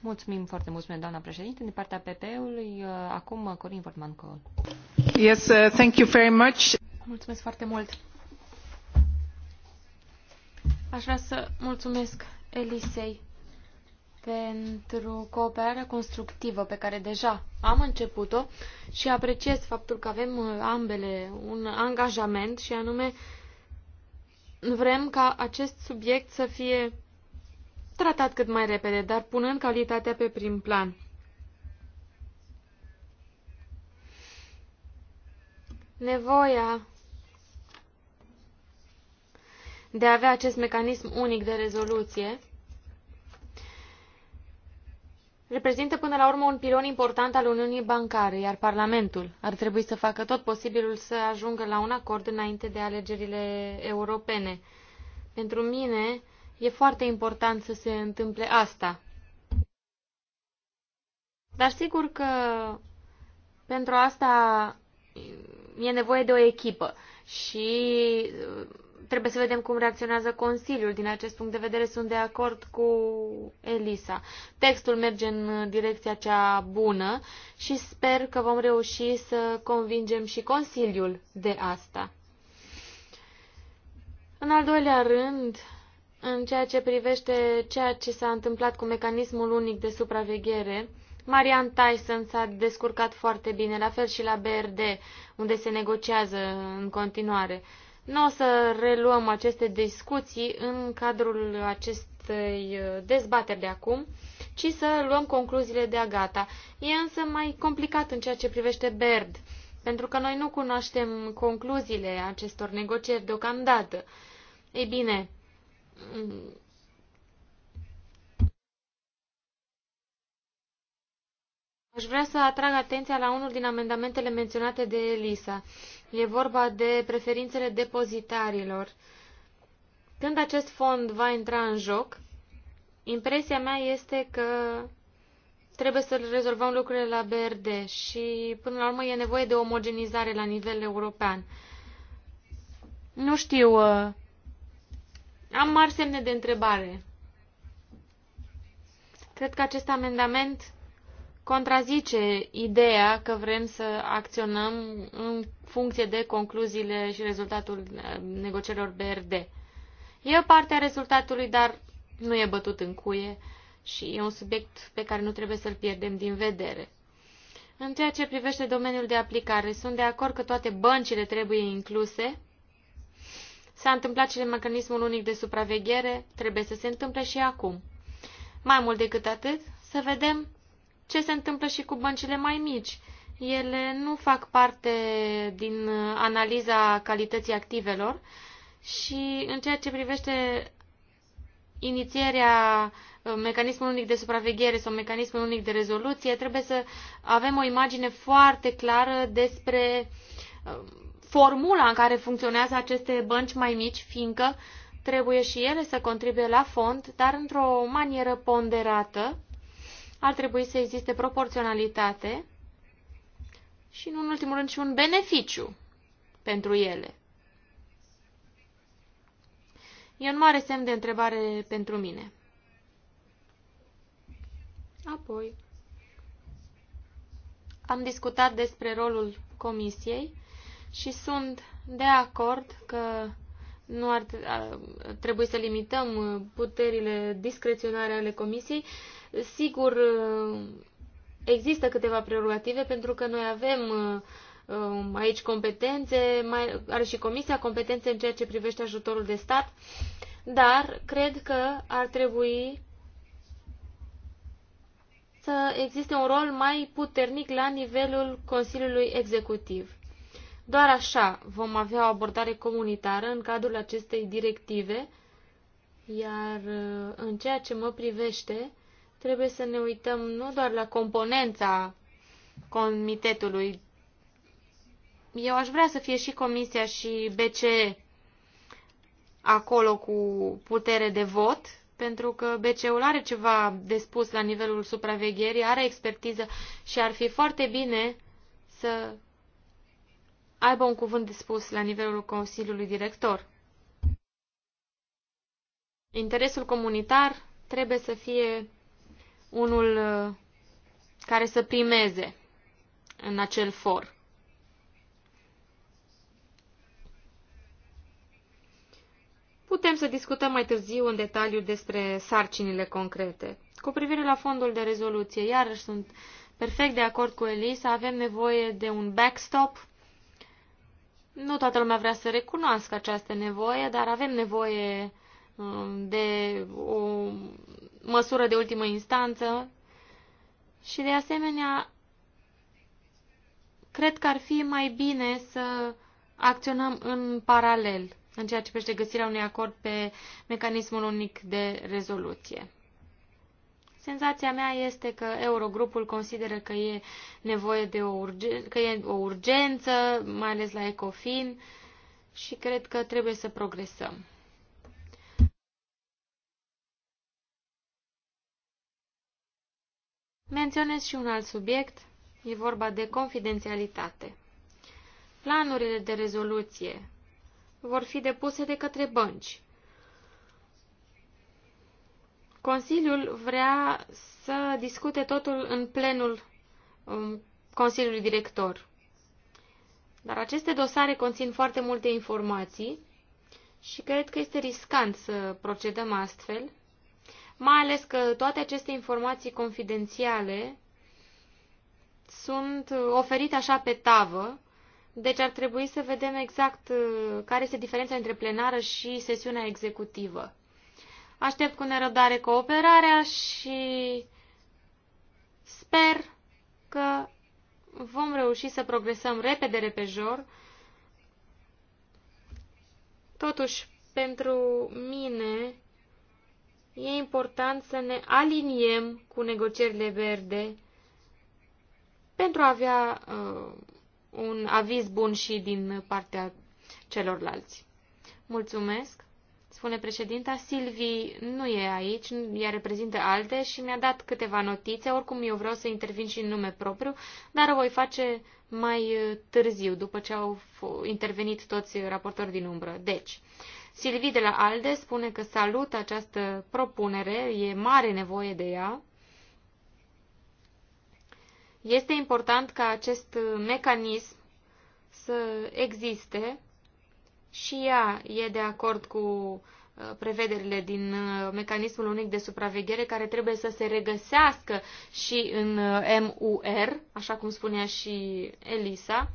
Mulțumim foarte mult, doamna președinte. Din partea PP-ului, uh, acum uh, Corin Vortmanco. Yes, uh, thank you very much. Mulțumesc foarte mult. Aș vrea să mulțumesc Elisei pentru cooperarea constructivă pe care deja am început-o și apreciez faptul că avem uh, ambele un angajament și anume vrem ca acest subiect să fie tratat cât mai repede, dar punând calitatea pe prim plan. Nevoia de a avea acest mecanism unic de rezoluție reprezintă până la urmă un pilon important al Uniunii Bancare, iar Parlamentul ar trebui să facă tot posibilul să ajungă la un acord înainte de alegerile europene. Pentru mine e foarte important să se întâmple asta. Dar sigur că pentru asta e nevoie de o echipă și trebuie să vedem cum reacționează Consiliul. Din acest punct de vedere sunt de acord cu Elisa. Textul merge în direcția cea bună și sper că vom reuși să convingem și Consiliul de asta. În al doilea rând, în ceea ce privește ceea ce s-a întâmplat cu mecanismul unic de supraveghere, Marian Tyson s-a descurcat foarte bine, la fel și la BRD, unde se negociază în continuare. Nu o să reluăm aceste discuții în cadrul acestei uh, dezbateri de acum, ci să luăm concluziile de agata. E însă mai complicat în ceea ce privește BERD, pentru că noi nu cunoaștem concluziile acestor negocieri deocamdată. Ei bine, mm, aș vrea să atrag atenția la unul din amendamentele menționate de Elisa. E vorba de preferințele depozitarilor. Când acest fond va intra în joc, impresia mea este că trebuie să rezolvăm lucrurile la BRD și până la urmă e nevoie de omogenizare la nivel european. Nu știu, uh, am mari semne de întrebare. Cred că acest amendament contrazice ideea că vrem să acționăm în funcție de concluziile și rezultatul uh, negocierilor BRD. E o parte a rezultatului, dar nu e bătut în cuie și e un subiect pe care nu trebuie să-l pierdem din vedere. În ceea ce privește domeniul de aplicare, sunt de acord că toate băncile trebuie incluse. S-a întâmplat și de mecanismul unic de supraveghere, trebuie să se întâmple și acum. Mai mult decât atât, să vedem ce se întâmplă și cu băncile mai mici. Ele nu fac parte din analiza calității activelor și în ceea ce privește inițierea uh, mecanismului unic de supraveghere sau mecanismul unic de rezoluție, trebuie să avem o imagine foarte clară despre uh, formula în care funcționează aceste bănci mai mici, fiindcă trebuie și ele să contribuie la fond, dar într-o manieră ponderată, ar trebui să existe proporționalitate și, în ultimul rând, și un beneficiu pentru ele. E un mare semn de întrebare pentru mine. Apoi, am discutat despre rolul comisiei și sunt de acord că nu ar trebui să limităm puterile discreționare ale comisiei, Sigur, uh, există câteva prerogative pentru că noi avem uh, um, aici competențe, mai, are și Comisia competențe în ceea ce privește ajutorul de stat, dar cred că ar trebui să existe un rol mai puternic la nivelul Consiliului Executiv. Doar așa vom avea o abordare comunitară în cadrul acestei directive, iar uh, în ceea ce mă privește, trebuie să ne uităm nu doar la componența comitetului. Eu aș vrea să fie și Comisia și BCE acolo cu putere de vot, pentru că BCE-ul are ceva de spus la nivelul supravegherii, are expertiză și ar fi foarte bine să aibă un cuvânt de spus la nivelul Consiliului Director. Interesul comunitar trebuie să fie unul uh, care să primeze în acel for. Putem să discutăm mai târziu în detaliu despre sarcinile concrete. Cu privire la fondul de rezoluție, iarăși sunt perfect de acord cu Elisa, avem nevoie de un backstop. Nu toată lumea vrea să recunoască această nevoie, dar avem nevoie Um, de o măsură de ultimă instanță și, de asemenea, cred că ar fi mai bine să acționăm în paralel în ceea ce privește găsirea unui acord pe mecanismul unic de rezoluție. Senzația mea este că Eurogrupul consideră că e nevoie de o, urgen- că e o urgență, mai ales la Ecofin, și cred că trebuie să progresăm. Menționez și un alt subiect, e vorba de confidențialitate. Planurile de rezoluție vor fi depuse de către bănci. Consiliul vrea să discute totul în plenul um, Consiliului Director. Dar aceste dosare conțin foarte multe informații și cred că este riscant să procedăm astfel, mai ales că toate aceste informații confidențiale sunt uh, oferite așa pe tavă, deci ar trebui să vedem exact uh, care este diferența între plenară și sesiunea executivă. Aștept cu nerăbdare cooperarea și sper că vom reuși să progresăm repede repejor. Totuși, pentru mine, e important să ne aliniem cu negocierile verde pentru a avea uh, un aviz bun și din partea celorlalți. Mulțumesc, spune președinta. Silvi nu e aici, ea reprezintă alte și mi-a dat câteva notițe. Oricum, eu vreau să intervin și în nume propriu, dar o voi face mai uh, târziu, după ce au intervenit toți raportori din umbră. Deci, uh, Silvi de la ALDE spune că salută această propunere, e mare nevoie de ea. Este important ca acest mecanism să existe și ea e de acord cu uh, prevederile din uh, mecanismul unic de supraveghere care trebuie să se regăsească și în uh, MUR, așa cum spunea și Elisa.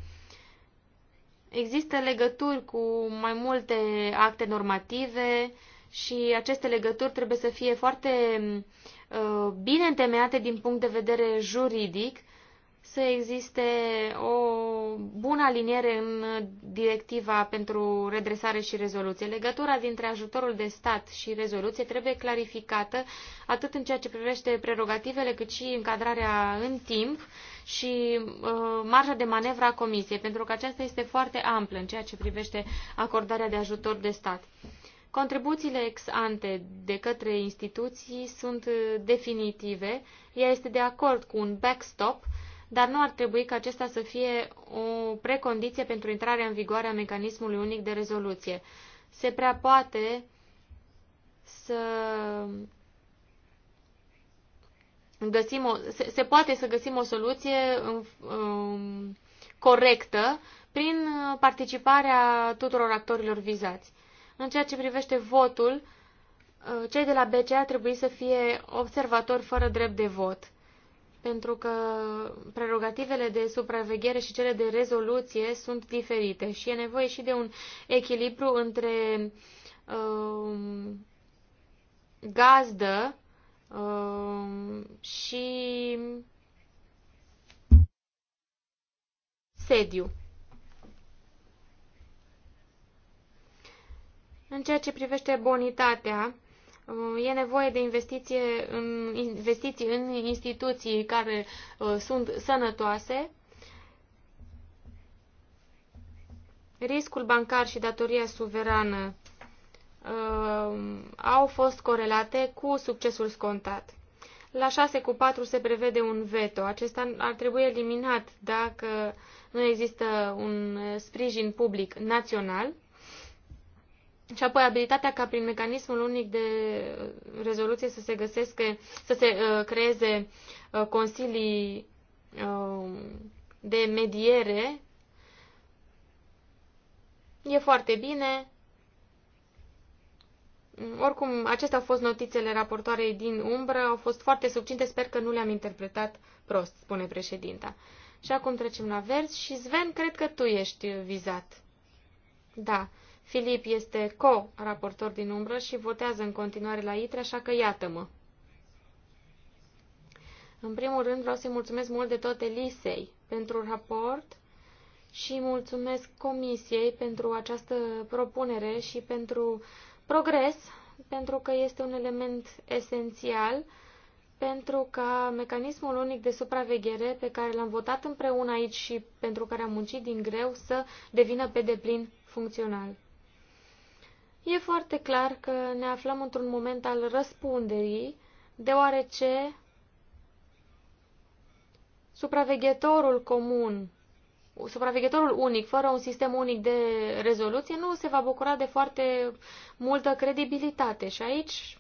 Există legături cu mai multe acte normative și aceste legături trebuie să fie foarte uh, bine întemeiate din punct de vedere juridic, să existe o bună aliniere în directiva pentru redresare și rezoluție. Legătura dintre ajutorul de stat și rezoluție trebuie clarificată atât în ceea ce privește prerogativele cât și încadrarea în timp și uh, marja de manevră a Comisiei, pentru că aceasta este foarte amplă în ceea ce privește acordarea de ajutor de stat. Contribuțiile ex ante de către instituții sunt uh, definitive. Ea este de acord cu un backstop, dar nu ar trebui ca acesta să fie o precondiție pentru intrarea în vigoare a mecanismului unic de rezoluție. Se prea poate să găsim o, se, se poate să găsim o soluție um, corectă prin participarea tuturor actorilor vizați. În ceea ce privește votul, uh, cei de la BCA trebuie să fie observatori fără drept de vot, pentru că prerogativele de supraveghere și cele de rezoluție sunt diferite și e nevoie și de un echilibru între um, gazdă Um, și sediu. În ceea ce privește bonitatea, uh, e nevoie de investiție în, investiții în instituții care uh, sunt sănătoase. Riscul bancar și datoria suverană Um, au fost corelate cu succesul scontat. La 6 cu 4 se prevede un veto. Acesta ar trebui eliminat dacă nu există un sprijin public național. Și apoi abilitatea ca prin mecanismul unic de rezoluție să se găsească, să se uh, creeze uh, consilii uh, de mediere e foarte bine oricum, acestea au fost notițele raportoarei din umbră, au fost foarte subținte, sper că nu le-am interpretat prost, spune președinta. Și acum trecem la vers și Sven, cred că tu ești vizat. Da, Filip este co-raportor din umbră și votează în continuare la ITRE, așa că iată-mă. În primul rând vreau să-i mulțumesc mult de tot Elisei pentru raport și mulțumesc Comisiei pentru această propunere și pentru uh, progres, pentru că este un element esențial pentru ca mecanismul unic de supraveghere pe care l-am votat împreună aici și pentru care am muncit din greu să devină pe deplin funcțional. E foarte clar că ne aflăm într-un moment al răspunderii, deoarece supraveghetorul comun supraveghetorul unic, fără un sistem unic de rezoluție, nu se va bucura de foarte multă credibilitate. Și aici,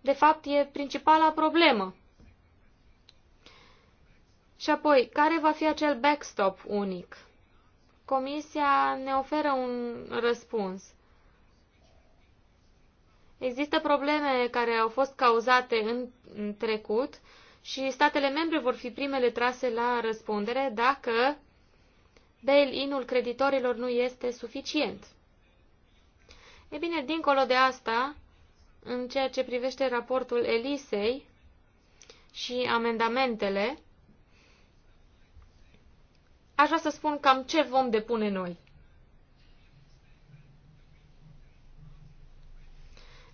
de fapt, e principala problemă. Și apoi, care va fi acel backstop unic? Comisia ne oferă un răspuns. Există probleme care au fost cauzate în, în trecut și statele membre vor fi primele trase la răspundere dacă bail-in-ul creditorilor nu este suficient. E bine, dincolo de asta, în ceea ce privește raportul Elisei și amendamentele, aș vrea să spun cam ce vom depune noi.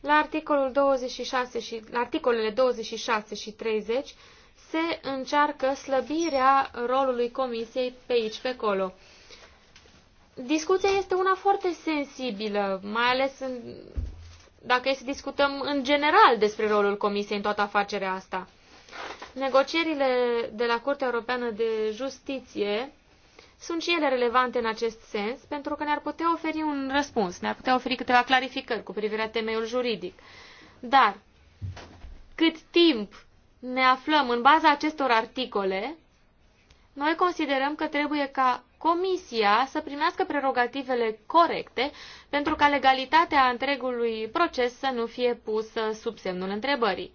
La articolul 26 și, la articolele 26 și 30 se încearcă slăbirea rolului comisiei pe aici, pe acolo. Discuția este una foarte sensibilă, mai ales în, dacă e să discutăm în general despre rolul comisiei în toată afacerea asta. Negocierile de la Curtea Europeană de Justiție sunt și ele relevante în acest sens, pentru că ne-ar putea oferi un răspuns, ne-ar putea oferi câteva clarificări cu privire la temeiul juridic. Dar, cât timp ne aflăm în baza acestor articole, noi considerăm că trebuie ca Comisia să primească prerogativele corecte pentru ca legalitatea întregului proces să nu fie pusă sub semnul întrebării.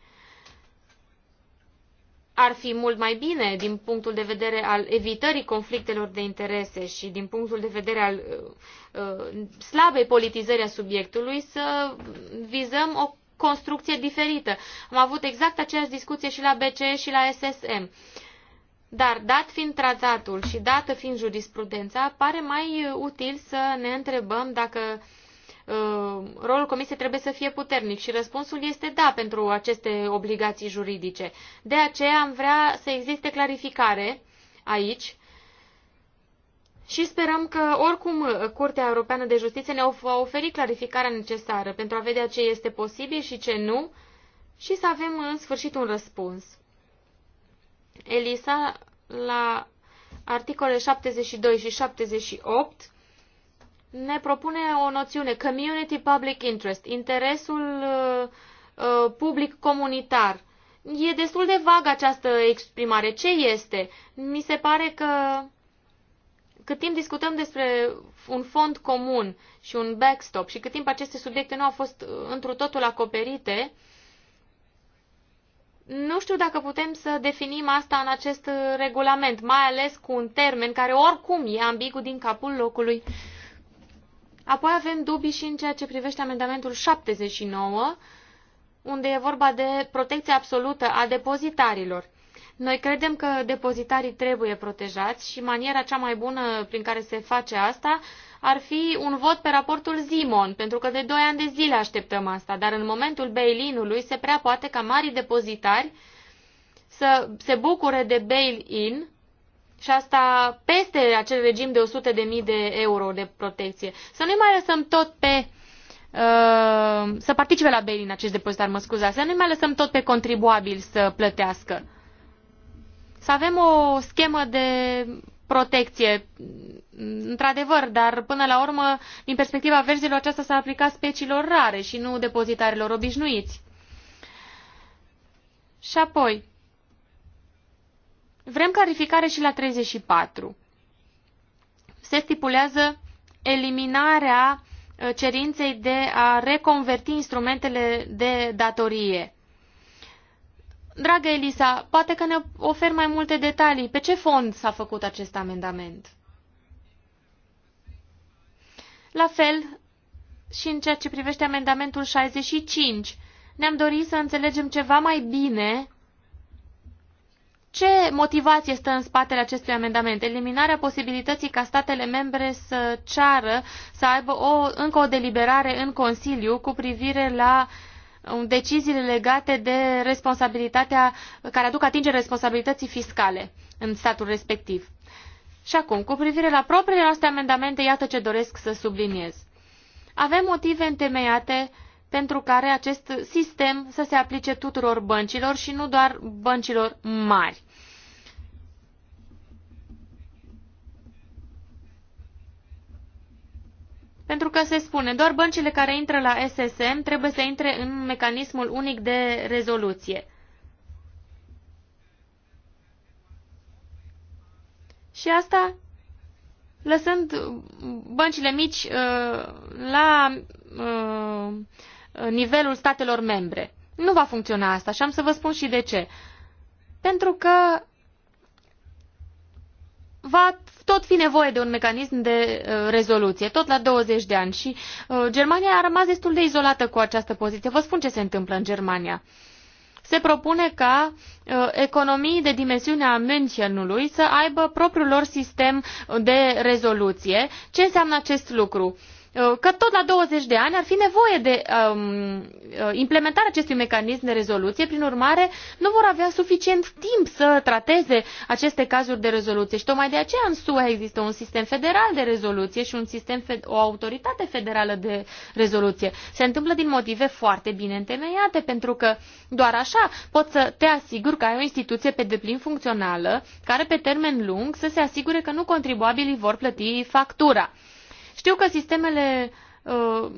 Ar fi mult mai bine din punctul de vedere al evitării conflictelor de interese și din punctul de vedere al uh, uh slabei politizării a subiectului să vizăm o construcție diferită. Am avut exact aceeași discuție și la BCE și la SSM. Dar, dat fiind tratatul și dată fiind jurisprudența, pare mai uh, util să ne întrebăm dacă uh, rolul comisiei trebuie să fie puternic și răspunsul este da pentru aceste obligații juridice. De aceea am vrea să existe clarificare aici și sperăm că, oricum, Curtea Europeană de Justiție ne va oferi clarificarea necesară pentru a vedea ce este posibil și ce nu și să avem în sfârșit un răspuns. Elisa, la articole 72 și 78, ne propune o noțiune, Community Public Interest, interesul uh, uh, public comunitar. E destul de vagă această exprimare. Ce este? Mi se pare că cât timp discutăm despre un fond comun și un backstop și cât timp aceste subiecte nu au fost uh, întru totul acoperite, nu știu dacă putem să definim asta în acest uh, regulament, mai ales cu un termen care oricum e ambigu din capul locului. Apoi avem dubii și în ceea ce privește amendamentul 79, unde e vorba de protecția absolută a depozitarilor. Noi credem că depozitarii trebuie protejați și maniera cea mai bună prin care se face asta ar fi un vot pe raportul Zimon, pentru că de 2 ani de zile așteptăm asta, dar în momentul bail-in-ului se prea poate ca marii depozitari să se bucure de bail-in și asta peste acel regim de 100.000 de de euro de protecție. Să nu mai lăsăm tot pe uh, să participe la bail-in acești depozitari, mă scuzați, să nu mai lăsăm tot pe contribuabil să plătească să avem o schemă de protecție, într-adevăr, dar până la urmă, din perspectiva verzilor, aceasta s-a aplicat speciilor rare și nu depozitarilor obișnuiți. Și apoi, vrem clarificare și la 34. Se stipulează eliminarea uh, cerinței de a reconverti instrumentele de datorie. Dragă Elisa, poate că ne ofer mai multe detalii. Pe ce fond s-a făcut acest amendament? La fel și în ceea ce privește amendamentul 65. Ne-am dorit să înțelegem ceva mai bine ce motivație stă în spatele acestui amendament? Eliminarea posibilității ca statele membre să ceară să aibă o, încă o deliberare în Consiliu cu privire la Um, deciziile legate de responsabilitatea care aduc atingere responsabilității fiscale în statul respectiv. Și acum, cu privire la propriile noastre amendamente, iată ce doresc să subliniez. Avem motive întemeiate pentru care acest sistem să se aplice tuturor băncilor și nu doar băncilor mari. Pentru că se spune, doar băncile care intră la SSM trebuie să intre în mecanismul unic de rezoluție. Și asta lăsând băncile mici uh, la uh, nivelul statelor membre. Nu va funcționa asta și am să vă spun și de ce. Pentru că va tot fi nevoie de un mecanism de uh, rezoluție, tot la 20 de ani. Și uh, Germania a rămas destul de izolată cu această poziție. Vă spun ce se întâmplă în Germania. Se propune ca uh, economii de dimensiunea Münchenului să aibă propriul lor sistem de rezoluție. Ce înseamnă acest lucru? Uh, că tot la 20 de ani ar fi nevoie de um, uh, implementarea acestui mecanism de rezoluție, prin urmare nu vor avea suficient timp să trateze aceste cazuri de rezoluție și tocmai de aceea în SUA există un sistem federal de rezoluție și un sistem, o autoritate federală de rezoluție. Se întâmplă din motive foarte bine întemeiate, pentru că doar așa poți să te asiguri că ai o instituție pe deplin funcțională, care pe termen lung să se asigure că nu contribuabilii vor plăti factura. Știu că sistemele uh,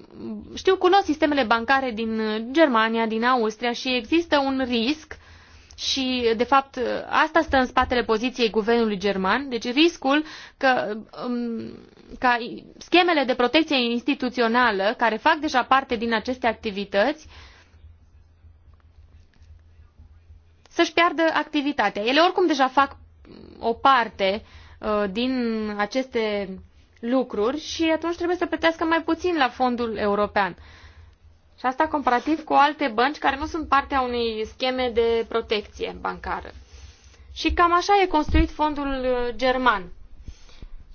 știu, cunosc sistemele bancare din Germania, din Austria și există un risc și, de fapt, asta stă în spatele poziției guvernului german, deci riscul că, um, ca schemele de protecție instituțională, care fac deja parte din aceste activități, să-și piardă activitatea. Ele oricum deja fac o parte uh, din aceste lucruri și atunci trebuie să plătească mai puțin la fondul european. Și asta comparativ cu alte bănci care nu sunt partea unei scheme de protecție bancară. Și cam așa e construit fondul uh, german.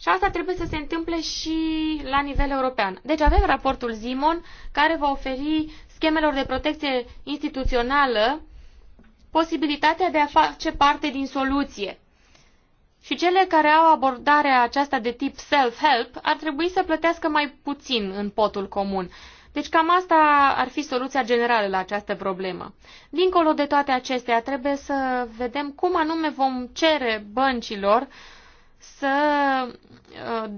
Și asta trebuie să se întâmple și la nivel european. Deci avem raportul Zimon care va oferi schemelor de protecție instituțională posibilitatea de a face parte din soluție. Și cele care au abordarea aceasta de tip self-help ar trebui să plătească mai puțin în potul comun. Deci cam asta ar fi soluția generală la această problemă. Dincolo de toate acestea, trebuie să vedem cum anume vom cere băncilor să uh,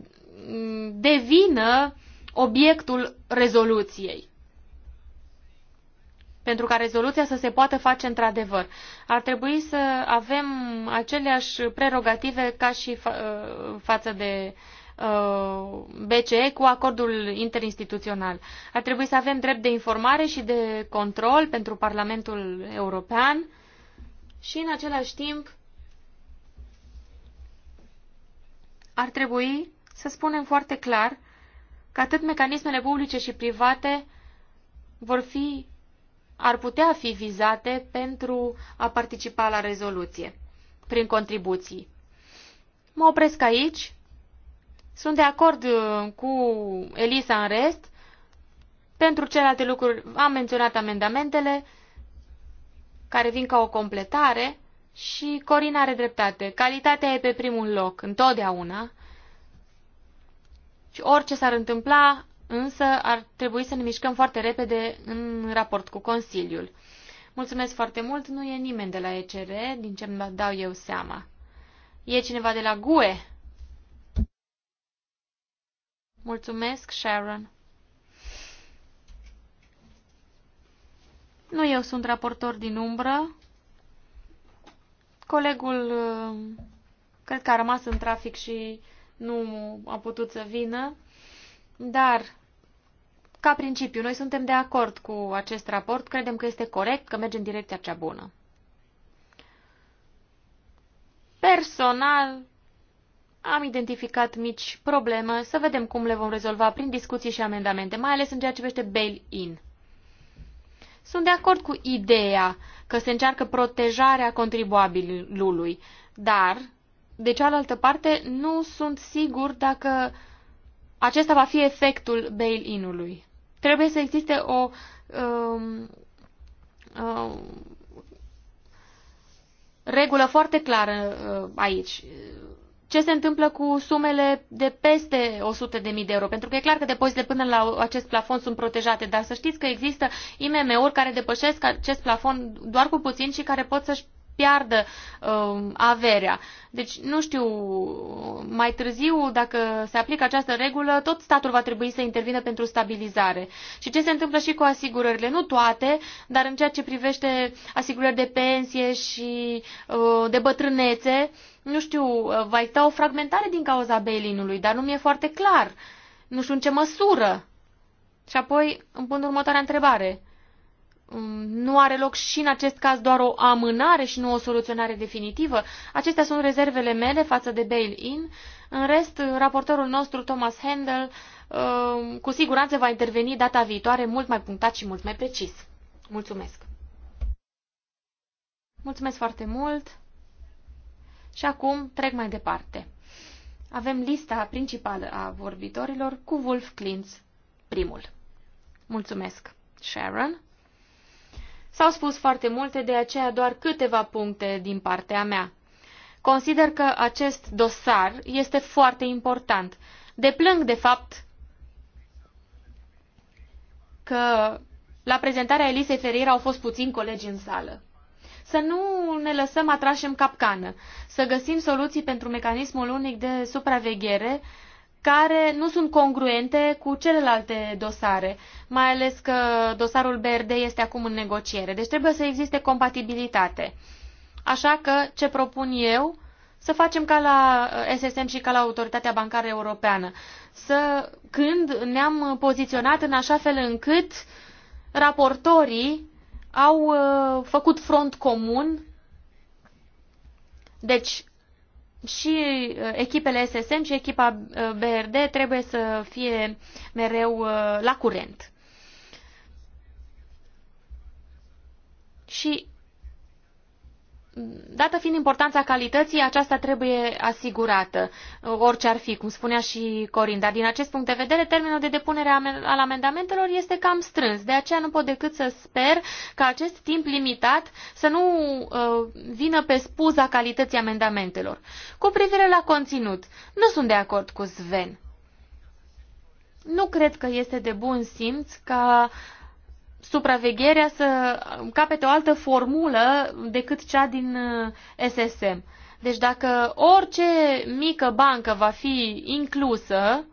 devină obiectul rezoluției pentru ca rezoluția să se poată face într-adevăr. Ar trebui să avem aceleași prerogative ca și fa uh, față de uh, BCE cu acordul interinstituțional. Ar trebui să avem drept de informare și de control pentru Parlamentul European și în același timp ar trebui să spunem foarte clar că atât mecanismele publice și private vor fi ar putea fi vizate pentru a participa la rezoluție prin contribuții. Mă opresc aici. Sunt de acord uh, cu Elisa în rest. Pentru celelalte lucruri am menționat amendamentele care vin ca o completare și Corina are dreptate. Calitatea e pe primul loc, întotdeauna. Și orice s-ar întâmpla, însă ar trebui să ne mișcăm foarte repede în raport cu Consiliul. Mulțumesc foarte mult, nu e nimeni de la ECR, din ce îmi dau eu seama. E cineva de la GUE? Mulțumesc, Sharon. Nu eu sunt raportor din umbră. Colegul uh, cred că a rămas în trafic și nu a putut să vină. Dar, ca principiu, noi suntem de acord cu acest raport, credem că este corect, că merge în direcția cea bună. Personal, am identificat mici probleme, să vedem cum le vom rezolva prin discuții și amendamente, mai ales în ceea ce privește bail-in. Sunt de acord cu ideea că se încearcă protejarea contribuabilului, dar, de cealaltă parte, nu sunt sigur dacă acesta va fi efectul bail-in-ului. Trebuie să existe o um, um, regulă foarte clară uh, aici. Ce se întâmplă cu sumele de peste 100.000 de euro? Pentru că e clar că depozitele până la acest plafon sunt protejate, dar să știți că există IMM-uri care depășesc acest plafon doar cu puțin și care pot să-și piardă uh, averea. Deci, nu știu, mai târziu, dacă se aplică această regulă, tot statul va trebui să intervină pentru stabilizare. Și ce se întâmplă și cu asigurările? Nu toate, dar în ceea ce privește asigurări de pensie și uh, de bătrânețe, nu știu, uh, va exista o fragmentare din cauza Belinului, dar nu mi-e foarte clar. Nu știu în ce măsură. Și apoi îmi pun următoarea întrebare. Mm, nu are loc și în acest caz doar o amânare și nu o soluționare definitivă. Acestea sunt rezervele mele față de bail-in. În rest, raportorul nostru, Thomas Handel, uh, cu siguranță va interveni data viitoare mult mai punctat și mult mai precis. Mulțumesc! Mulțumesc foarte mult! Și acum trec mai departe. Avem lista principală a vorbitorilor cu Wolf Klintz, primul. Mulțumesc, Sharon! S-au spus foarte multe, de aceea doar câteva puncte din partea mea. Consider că acest dosar este foarte important. Deplâng, de fapt, că la prezentarea Elisei Ferreira au fost puțini colegi în sală. Să nu ne lăsăm atrași în capcană, să găsim soluții pentru mecanismul unic de supraveghere care nu sunt congruente cu celelalte dosare, mai ales că dosarul BRD este acum în negociere. Deci trebuie să existe compatibilitate. Așa că ce propun eu? Să facem ca la eh, SSM și ca la Autoritatea Bancară Europeană. Să, când ne-am poziționat în așa fel încât raportorii au uh, făcut front comun, deci și uh, echipele SSM și echipa uh, BRD trebuie să fie mereu uh, la curent. Și Dată fiind importanța calității, aceasta trebuie asigurată, orice ar fi, cum spunea și Corin. Dar din acest punct de vedere, termenul de depunere al amendamentelor este cam strâns. De aceea nu pot decât să sper că acest timp limitat să nu uh, vină pe spuza calității amendamentelor. Cu privire la conținut, nu sunt de acord cu Sven. Nu cred că este de bun simț ca supravegherea să capete o altă formulă decât cea din uh, SSM. Deci dacă orice mică bancă va fi inclusă,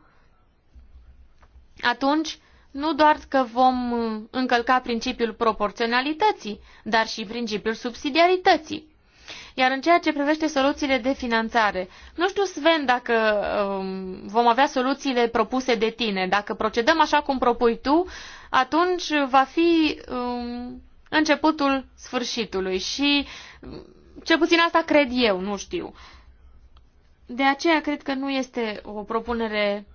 atunci nu doar că vom uh, încălca principiul proporționalității, dar și principiul subsidiarității. Iar în ceea ce privește soluțiile de finanțare, nu știu, Sven, dacă um, vom avea soluțiile propuse de tine. Dacă procedăm așa cum propui tu, atunci va fi um, începutul sfârșitului și um, cel puțin asta cred eu, nu știu. De aceea cred că nu este o propunere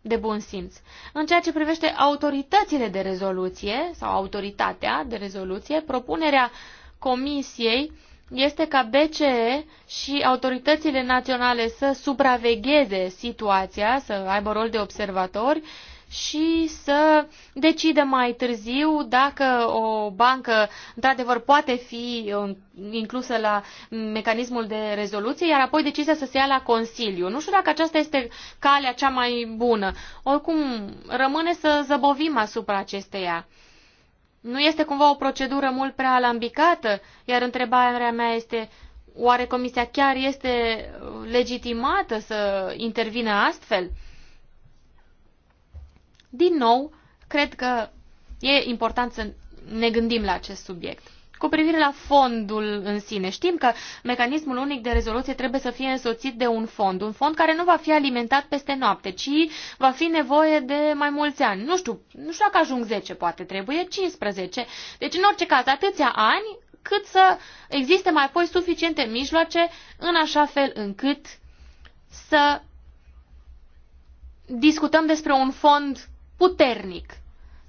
de bun simț. În ceea ce privește autoritățile de rezoluție sau autoritatea de rezoluție, propunerea comisiei este ca BCE și autoritățile naționale să supravegheze situația, să aibă rol de observatori și să decidă mai târziu dacă o bancă într-adevăr poate fi um, inclusă la mecanismul de rezoluție, iar apoi decizia să se ia la Consiliu. Nu știu dacă aceasta este calea cea mai bună. Oricum, rămâne să zăbovim asupra acesteia. Nu este cumva o procedură mult prea alambicată? Iar întrebarea mea este, oare Comisia chiar este legitimată să intervină astfel? Din nou, cred că e important să ne gândim la acest subiect. Cu privire la fondul în sine, știm că mecanismul unic de rezoluție trebuie să fie însoțit de un fond, un fond care nu va fi alimentat peste noapte, ci va fi nevoie de mai mulți ani. Nu știu, nu știu dacă ajung 10, poate trebuie 15. Deci, în orice caz, atâția ani cât să existe mai apoi suficiente mijloace în așa fel încât să discutăm despre un fond puternic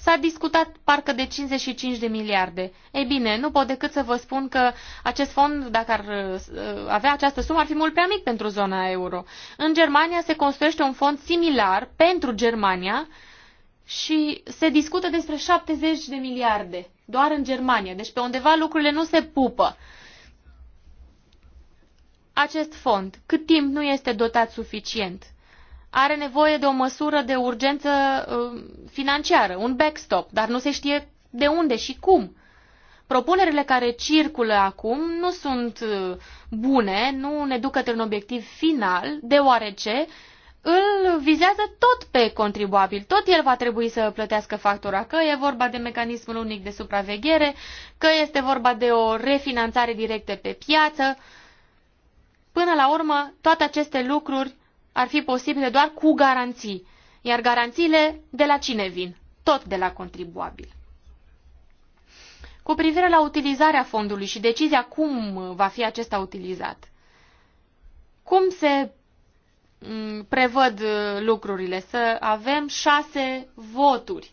S-a discutat parcă de 55 de miliarde. Ei bine, nu pot decât să vă spun că acest fond, dacă ar uh, avea această sumă, ar fi mult prea mic pentru zona euro. În Germania se construiește un fond similar pentru Germania și se discută despre 70 de miliarde, doar în Germania. Deci pe undeva lucrurile nu se pupă. Acest fond, cât timp nu este dotat suficient – are nevoie de o măsură de urgență uh, financiară, un backstop, dar nu se știe de unde și cum. Propunerile care circulă acum nu sunt uh, bune, nu ne duc către un obiectiv final, deoarece îl vizează tot pe contribuabil. Tot el va trebui să plătească factura, că e vorba de mecanismul unic de supraveghere, că este vorba de o refinanțare directă pe piață. Până la urmă, toate aceste lucruri ar fi posibile doar cu garanții, iar garanțiile de la cine vin? Tot de la contribuabil. Cu privire la utilizarea fondului și decizia cum va fi acesta utilizat, cum se mm, prevăd uh, lucrurile? Să avem șase voturi.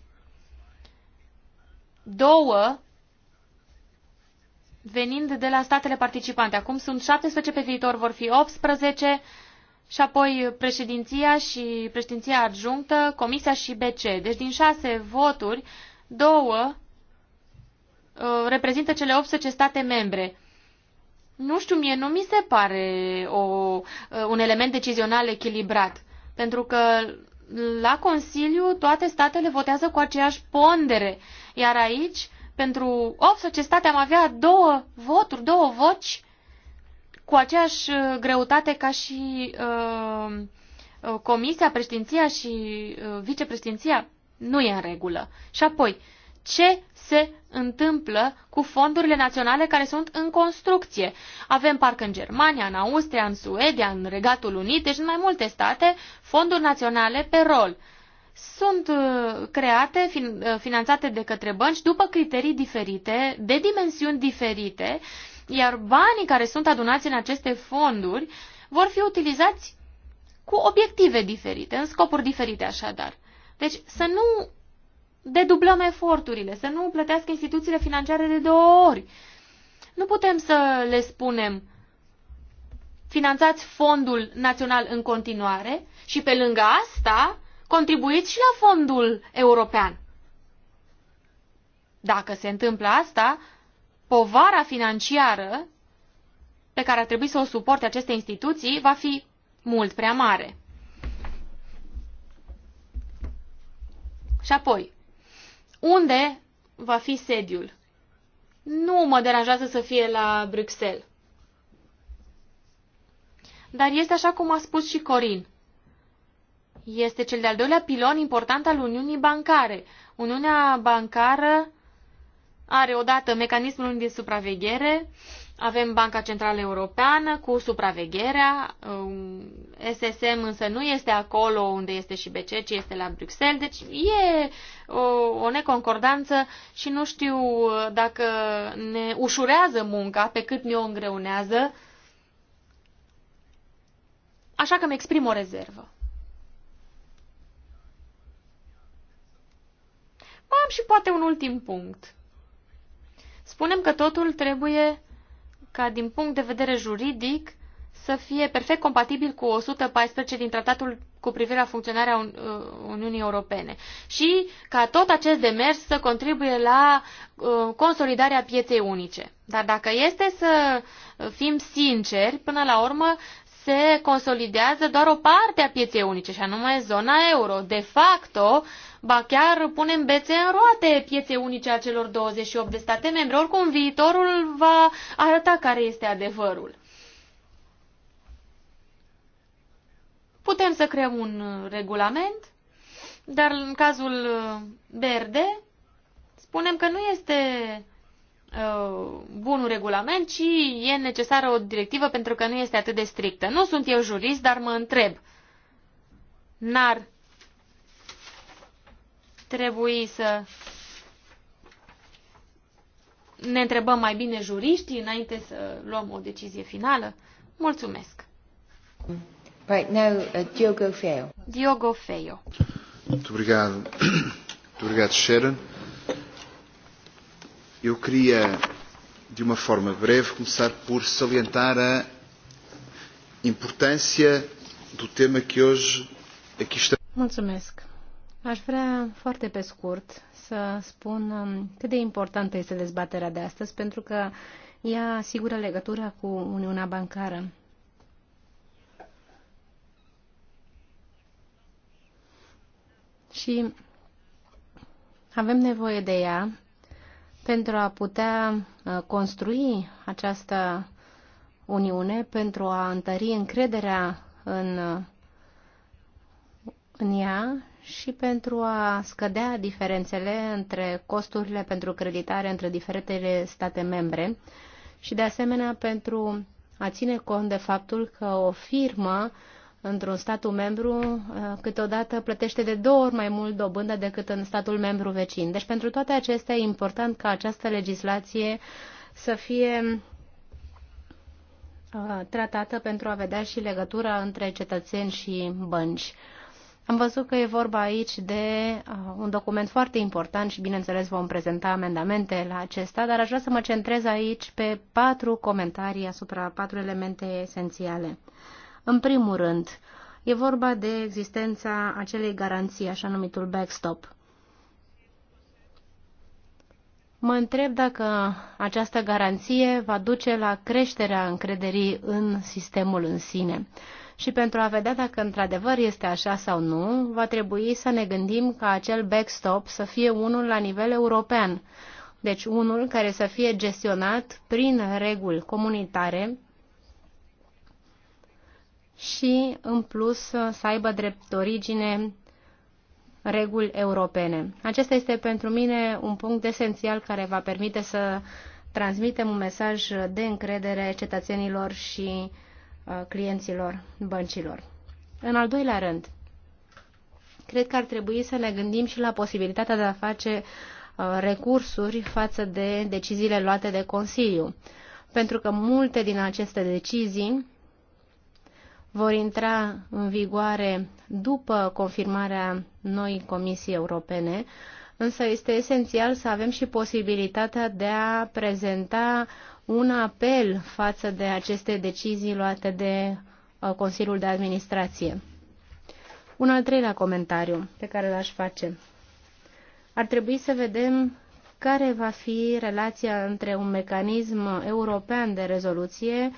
Două venind de la statele participante. Acum sunt 17, pe viitor vor fi 18, și apoi președinția și președinția adjunctă, comisia și BC. Deci din șase voturi, două uh, reprezintă cele 18 state membre. Nu știu, mie nu mi se pare o, uh, un element decizional echilibrat, pentru că la Consiliu toate statele votează cu aceeași pondere, iar aici, pentru 18 state am avea două voturi, două voci cu aceeași uh, greutate ca și uh, uh, comisia, președinția și uh, vicepreședinția? Nu e în regulă. Și apoi, ce se întâmplă cu fondurile naționale care sunt în construcție. Avem parcă în Germania, în Austria, în Suedia, în Regatul Unit, deci în mai multe state, fonduri naționale pe rol. Sunt uh, create, finanțate de către bănci după criterii diferite, de dimensiuni diferite, uh, iar banii care sunt adunați în aceste fonduri vor fi utilizați cu obiective diferite, în scopuri diferite așadar. Deci să nu dedublăm eforturile, să nu plătească instituțiile financiare de două ori. Nu putem să le spunem finanțați fondul național în continuare și pe lângă asta contribuiți și la fondul european. Dacă se întâmplă asta, povara financiară pe care ar trebui să o suporte aceste instituții va fi mult prea mare. Și apoi, unde va fi sediul? Nu mă deranjează să fie la Bruxelles. Dar este așa cum a spus și Corin. Este cel de-al doilea pilon important al Uniunii Bancare. Uniunea Bancară are odată mecanismul de supraveghere, avem Banca Centrală Europeană cu supravegherea, uh, SSM însă nu este acolo unde este și BC, ci este la Bruxelles, deci e o, o neconcordanță și nu știu dacă ne ușurează munca, pe cât ne o îngreunează, așa că îmi exprim o rezervă. Mai am și poate un ultim punct. Spunem că totul trebuie ca din punct de vedere juridic să fie perfect compatibil cu 114 din tratatul cu privire la funcționarea uh, Uniunii Europene și ca tot acest demers să contribuie la uh, consolidarea pieței unice. Dar dacă este să fim sinceri, până la urmă se consolidează doar o parte a pieței unice, și anume zona euro. De facto, ba chiar punem bețe în roate pieței unice a celor 28 de state membre. Oricum, viitorul va arăta care este adevărul. Putem să creăm un regulament, dar în cazul verde, spunem că nu este Uh, bunul regulament, ci e necesară o directivă pentru că nu este atât de strictă. Nu sunt eu jurist, dar mă întreb. N-ar trebui să ne întrebăm mai bine juriștii înainte să luăm o decizie finală? Mulțumesc! Right now, uh, Diogo Feio. Diogo Feio. Muito obrigado. Muito obrigado, Sharon. Eu queria, de uma forma breve, começar por salientar a importância do tema que hoje aqui está. Mulțumesc. Aș vrea foarte pe scurt să spun um, cât de importantă este dezbaterea de astăzi, pentru că ea asigură legătura cu Uniunea Bancară. Și avem nevoie de ea pentru a putea uh, construi această uniune, pentru a întări încrederea în, uh, în ea și pentru a scădea diferențele între costurile pentru creditare între diferitele state membre și, de asemenea, pentru a ține cont de faptul că o firmă uh, într-un statul membru uh, câteodată plătește de două ori mai mult dobândă decât în statul membru vecin. Deci pentru toate acestea e important ca această legislație să fie uh, tratată pentru a vedea și legătura între cetățeni și bănci. Am văzut că e vorba aici de uh, un document foarte important și, bineînțeles, vom prezenta amendamente la acesta, dar aș vrea să mă centrez aici pe patru comentarii asupra patru elemente esențiale. În primul rând, e vorba de existența acelei garanții, așa numitul backstop. Mă întreb dacă această garanție va duce la creșterea încrederii în sistemul în sine. Și pentru a vedea dacă într-adevăr este așa sau nu, va trebui să ne gândim ca acel backstop să fie unul la nivel european, deci unul care să fie gestionat prin reguli comunitare și, în plus, să aibă drept origine reguli europene. Acesta este pentru mine un punct esențial care va permite să transmitem un mesaj de încredere cetățenilor și uh, clienților băncilor. În al doilea rând, cred că ar trebui să ne gândim și la posibilitatea de a face uh, recursuri față de deciziile luate de Consiliu, pentru că multe din aceste decizii vor intra în vigoare după confirmarea noii Comisii Europene, însă este esențial să avem și posibilitatea de a prezenta un apel față de aceste decizii luate de uh, Consiliul de Administrație. Un al treilea comentariu pe care l-aș face. Ar trebui să vedem care va fi relația între un mecanism european de rezoluție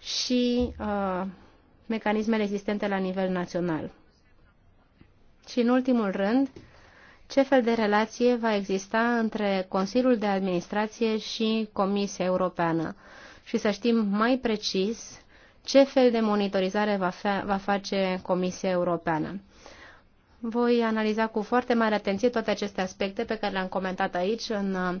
și uh, mecanismele existente la nivel național. Și în ultimul rând, ce fel de relație va exista între Consiliul de Administrație și Comisia Europeană și să știm mai precis ce fel de monitorizare va, fa va face Comisia Europeană. Voi analiza cu foarte mare atenție toate aceste aspecte pe care le-am comentat aici în uh,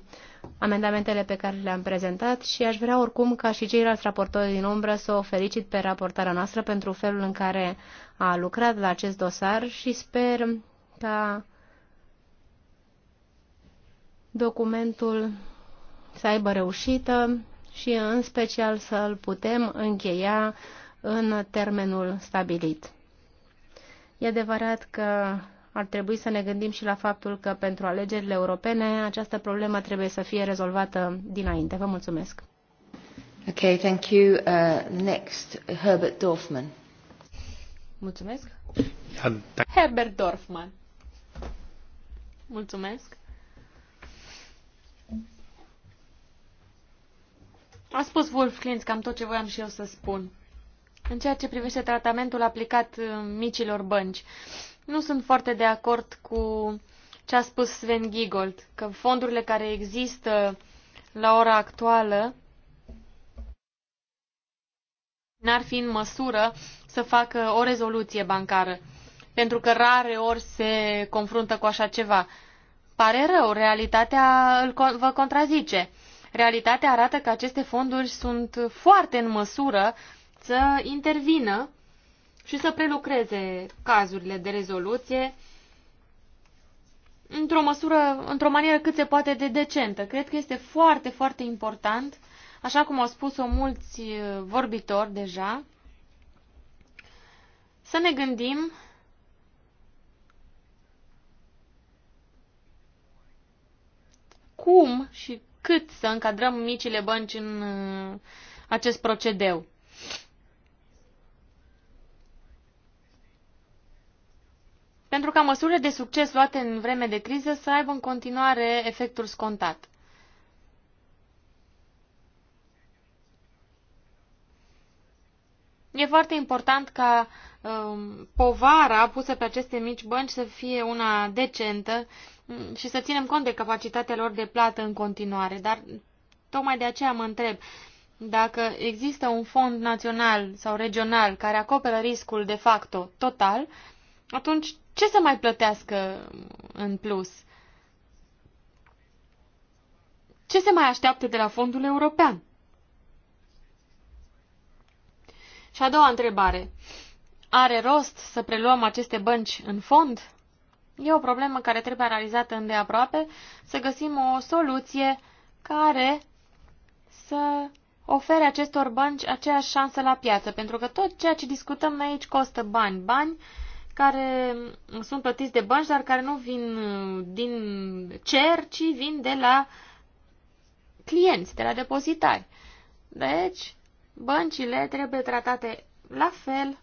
amendamentele pe care le-am prezentat și aș vrea oricum ca și ceilalți raportori din umbră să o felicit pe raportarea noastră pentru felul în care a lucrat la acest dosar și sper ca documentul să aibă reușită și în special să-l putem încheia în termenul stabilit. E adevărat că ar trebui să ne gândim și la faptul că pentru alegerile europene această problemă trebuie să fie rezolvată dinainte. Vă mulțumesc. Okay, thank you. Uh, next, Herbert Dorfman. Mulțumesc. Herbert Dorfman. Mulțumesc. A spus Wolf Klintz cam tot ce voiam și eu să spun în ceea ce privește tratamentul aplicat uh, micilor bănci. Nu sunt foarte de acord cu ce a spus Sven Giegold, că fondurile care există la ora actuală n-ar fi în măsură să facă o rezoluție bancară, pentru că rare ori se confruntă cu așa ceva. Pare rău, realitatea îl co- vă contrazice. Realitatea arată că aceste fonduri sunt foarte în măsură să intervină și să prelucreze cazurile de rezoluție într-o măsură, într-o manieră cât se poate de decentă. Cred că este foarte, foarte important, așa cum au spus-o mulți uh, vorbitori deja, să ne gândim cum și cât să încadrăm micile bănci în uh, acest procedeu. pentru ca măsurile de succes luate în vreme de criză să aibă în continuare efectul scontat. E foarte important ca um, povara pusă pe aceste mici bănci să fie una decentă mm, și să ținem cont de capacitatea lor de plată în continuare. Dar tocmai de aceea mă întreb dacă există un fond național sau regional care acoperă riscul de facto total, atunci ce să mai plătească în plus? Ce se mai așteaptă de la fondul european? Și a doua întrebare. Are rost să preluăm aceste bănci în fond? E o problemă care trebuie analizată îndeaproape, să găsim o soluție care să ofere acestor bănci aceeași șansă la piață, pentru că tot ceea ce discutăm aici costă bani. Bani uh, care sunt plătiți de bănci, dar care nu vin uh, din cer, ci vin de la clienți, de la depozitari. Deci, băncile trebuie tratate la fel.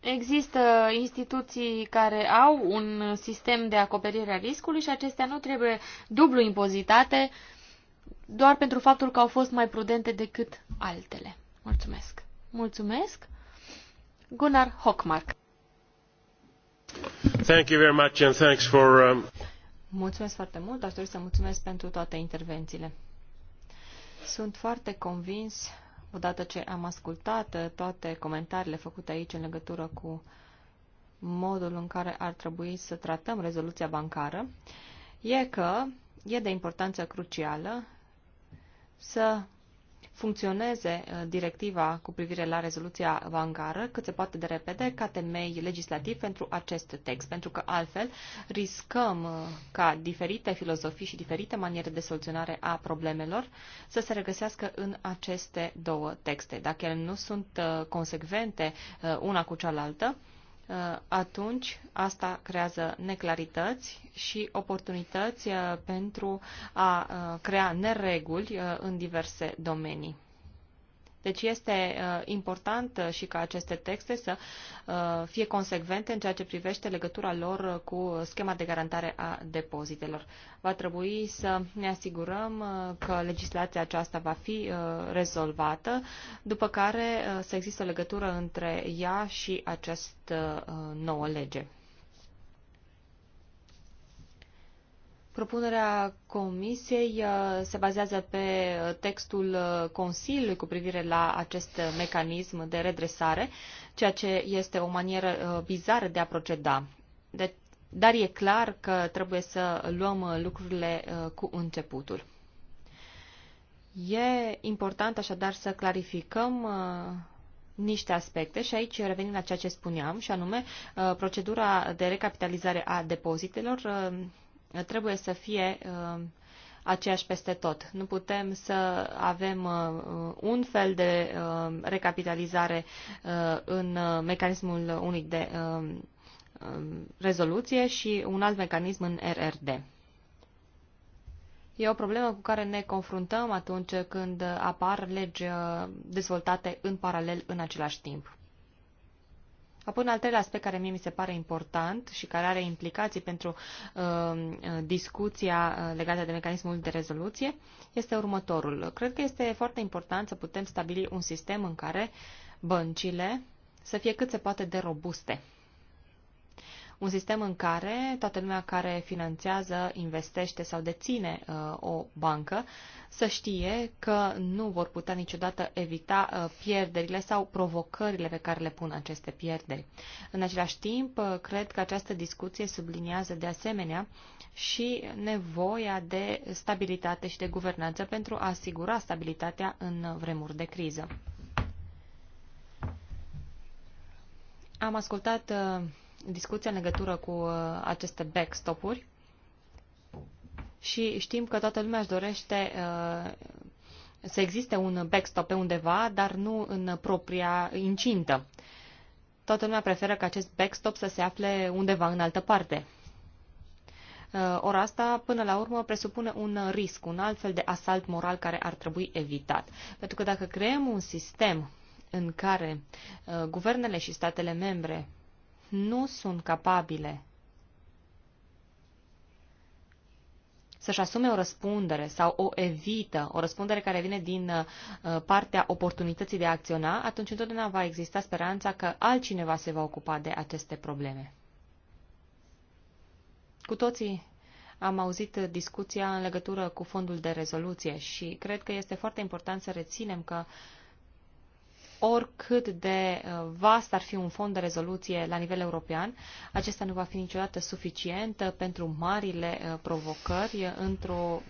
Există instituții care au un sistem de acoperire a riscului și acestea nu trebuie dublu impozitate doar pentru faptul că au fost mai prudente decât altele. Mulțumesc. Mulțumesc. Gunnar Hockmark. Thank you very much and thanks for, um... Mulțumesc foarte mult, aș dori să mulțumesc pentru toate intervențiile. Sunt foarte convins, odată ce am ascultat uh, toate comentariile făcute aici în legătură cu modul în care ar trebui să tratăm rezoluția bancară, e că e de importanță crucială să funcționeze uh, directiva cu privire la rezoluția vangară cât se poate de repede ca temei legislativ pentru acest text, pentru că altfel riscăm uh, ca diferite filozofii și diferite maniere de soluționare a problemelor să se regăsească în aceste două texte. Dacă ele nu sunt uh, consecvente una cu cealaltă, Uh, atunci asta creează neclarități și oportunități uh, pentru a uh, crea nereguli în diverse domenii. Deci este uh, important uh, și ca aceste texte să uh, fie consecvente în ceea ce privește legătura lor cu schema de garantare a depozitelor. Va trebui să ne asigurăm că legislația aceasta va fi rezolvată, după care să există o legătură între ea și această nouă lege. Propunerea Comisiei uh, se bazează pe uh, textul uh, Consiliului cu privire la acest mecanism de redresare, ceea ce este o manieră bizară de a proceda. De- dar e clar că trebuie să luăm lucrurile cu începutul. E important așadar să clarificăm niște aspecte și aici revenim la ceea ce spuneam și anume procedura de recapitalizare a depozitelor trebuie să fie uh, aceeași peste tot. Nu putem să avem uh, un fel de uh, recapitalizare în mecanismul unic de rezoluție și un alt mecanism în RRD. E o problemă cu care ne confruntăm atunci când apar legi dezvoltate în paralel în același timp. Apoi, un al treilea aspect care mie mi se pare important și care are implicații pentru um, uh, discuția legată de mecanismul de rezoluție este următorul. Cred că este foarte important să putem stabili un sistem în care băncile să fie cât se poate de robuste. Un sistem în care toată lumea care finanțează, investește sau deține uh, o bancă să știe că nu vor putea niciodată evita uh, pierderile sau provocările pe care le pun aceste pierderi. În același timp, uh, cred că această discuție subliniază de asemenea și nevoia de stabilitate și de guvernanță pentru a asigura stabilitatea în vremuri de criză. Am ascultat uh, discuția în legătură cu uh, aceste backstop-uri și știm că toată lumea își dorește uh, să existe un backstop pe undeva, dar nu în propria incintă. Toată lumea preferă ca acest backstop să se afle undeva în altă parte. Uh, ora asta, până la urmă, presupune un risc, un alt fel de asalt moral care ar trebui evitat. Pentru că dacă creăm un sistem în care uh, guvernele și statele membre nu sunt capabile să-și asume o răspundere sau o evită, o răspundere care vine din uh, partea oportunității de a acționa, atunci întotdeauna va exista speranța că altcineva se va ocupa de aceste probleme. Cu toții am auzit discuția în legătură cu fondul de rezoluție și cred că este foarte important să reținem că uh, oricât de uh, vast ar fi un fond de rezoluție la nivel european, acesta nu va fi niciodată suficient uh, pentru marile uh, provocări într-o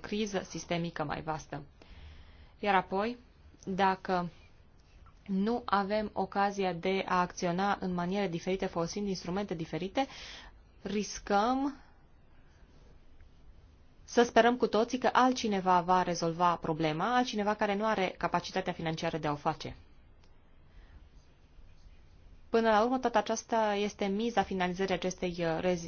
criză sistemică mai vastă. Iar apoi, dacă nu avem ocazia de a acționa în maniere diferite, folosind instrumente diferite, riscăm să sperăm cu toții că altcineva va rezolva problema, altcineva care nu are capacitatea financiară de a o face. Până la urmă, toată aceasta este miza finalizării acestei uh, uh,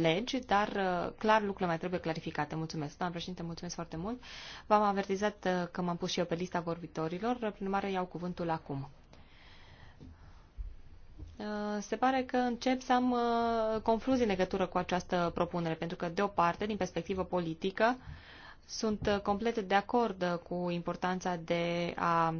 legi, dar uh, clar lucrurile mai trebuie clarificate. Mulțumesc, doamnă președinte, mulțumesc foarte mult. V-am avertizat că m-am pus și eu pe lista vorbitorilor, prin urmare iau cuvântul acum. Se pare că încep să am confluzii în legătură cu această propunere, pentru că, de o parte, din perspectivă politică, sunt complet de acord cu importanța de a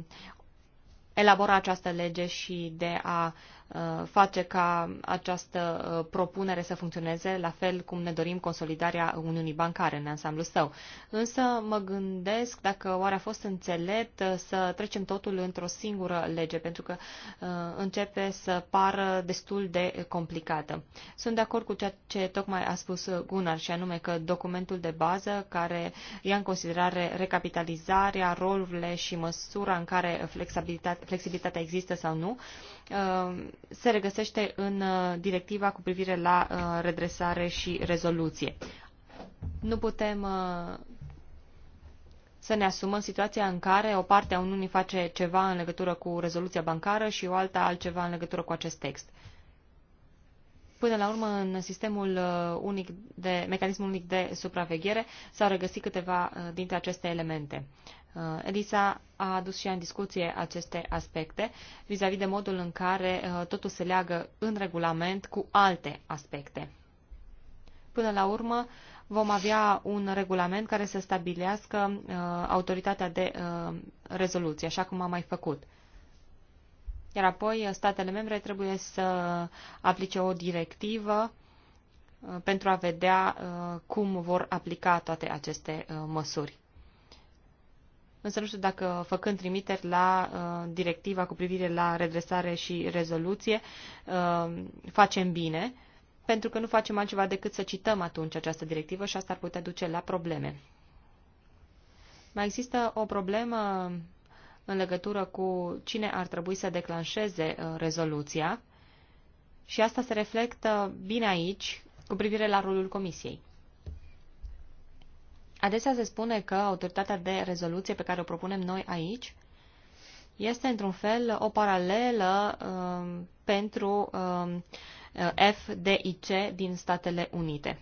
elabora această lege și de a uh, Uh, face ca această uh, propunere să funcționeze la fel cum ne dorim consolidarea Uniunii Bancare în ansamblu său. Însă mă gândesc dacă oare a fost înțelept uh, să trecem totul într-o singură lege, pentru că începe să pară destul de complicată. Sunt de acord cu ceea ce tocmai a spus Gunnar și anume că documentul de bază care ia în considerare recapitalizarea, rolurile și măsura în care flexibilitatea există sau nu, Uh, se regăsește în uh, directiva cu privire la uh, redresare și rezoluție. Nu putem să ne asumăm situația în care o parte a Uniunii face ceva în legătură cu rezoluția bancară și o alta altceva în legătură cu acest text. Până la urmă, în sistemul unic de, mecanismul unic de supraveghere s-au regăsit câteva dintre aceste elemente. Uh, Elisa a adus și ea în discuție aceste aspecte vis-a-vis -vis de modul în care uh, totul se leagă în regulament cu alte aspecte. Până la urmă, vom avea un regulament care să stabilească uh, autoritatea de rezoluție, așa cum am mai făcut. Iar apoi, statele membre trebuie să aplice o directivă pentru a vedea cum vor aplica toate aceste măsuri însă nu știu dacă făcând trimiteri la uh, directiva cu privire la redresare și rezoluție uh, facem bine, pentru că nu facem altceva decât să cităm atunci această directivă și asta ar putea duce la probleme. Mai există o problemă în legătură cu cine ar trebui să declanșeze uh, rezoluția și asta se reflectă bine aici cu privire la rolul Comisiei. Adesea se spune că autoritatea de rezoluție pe care o propunem noi aici este într-un fel o paralelă um, pentru um, FDIC din Statele Unite.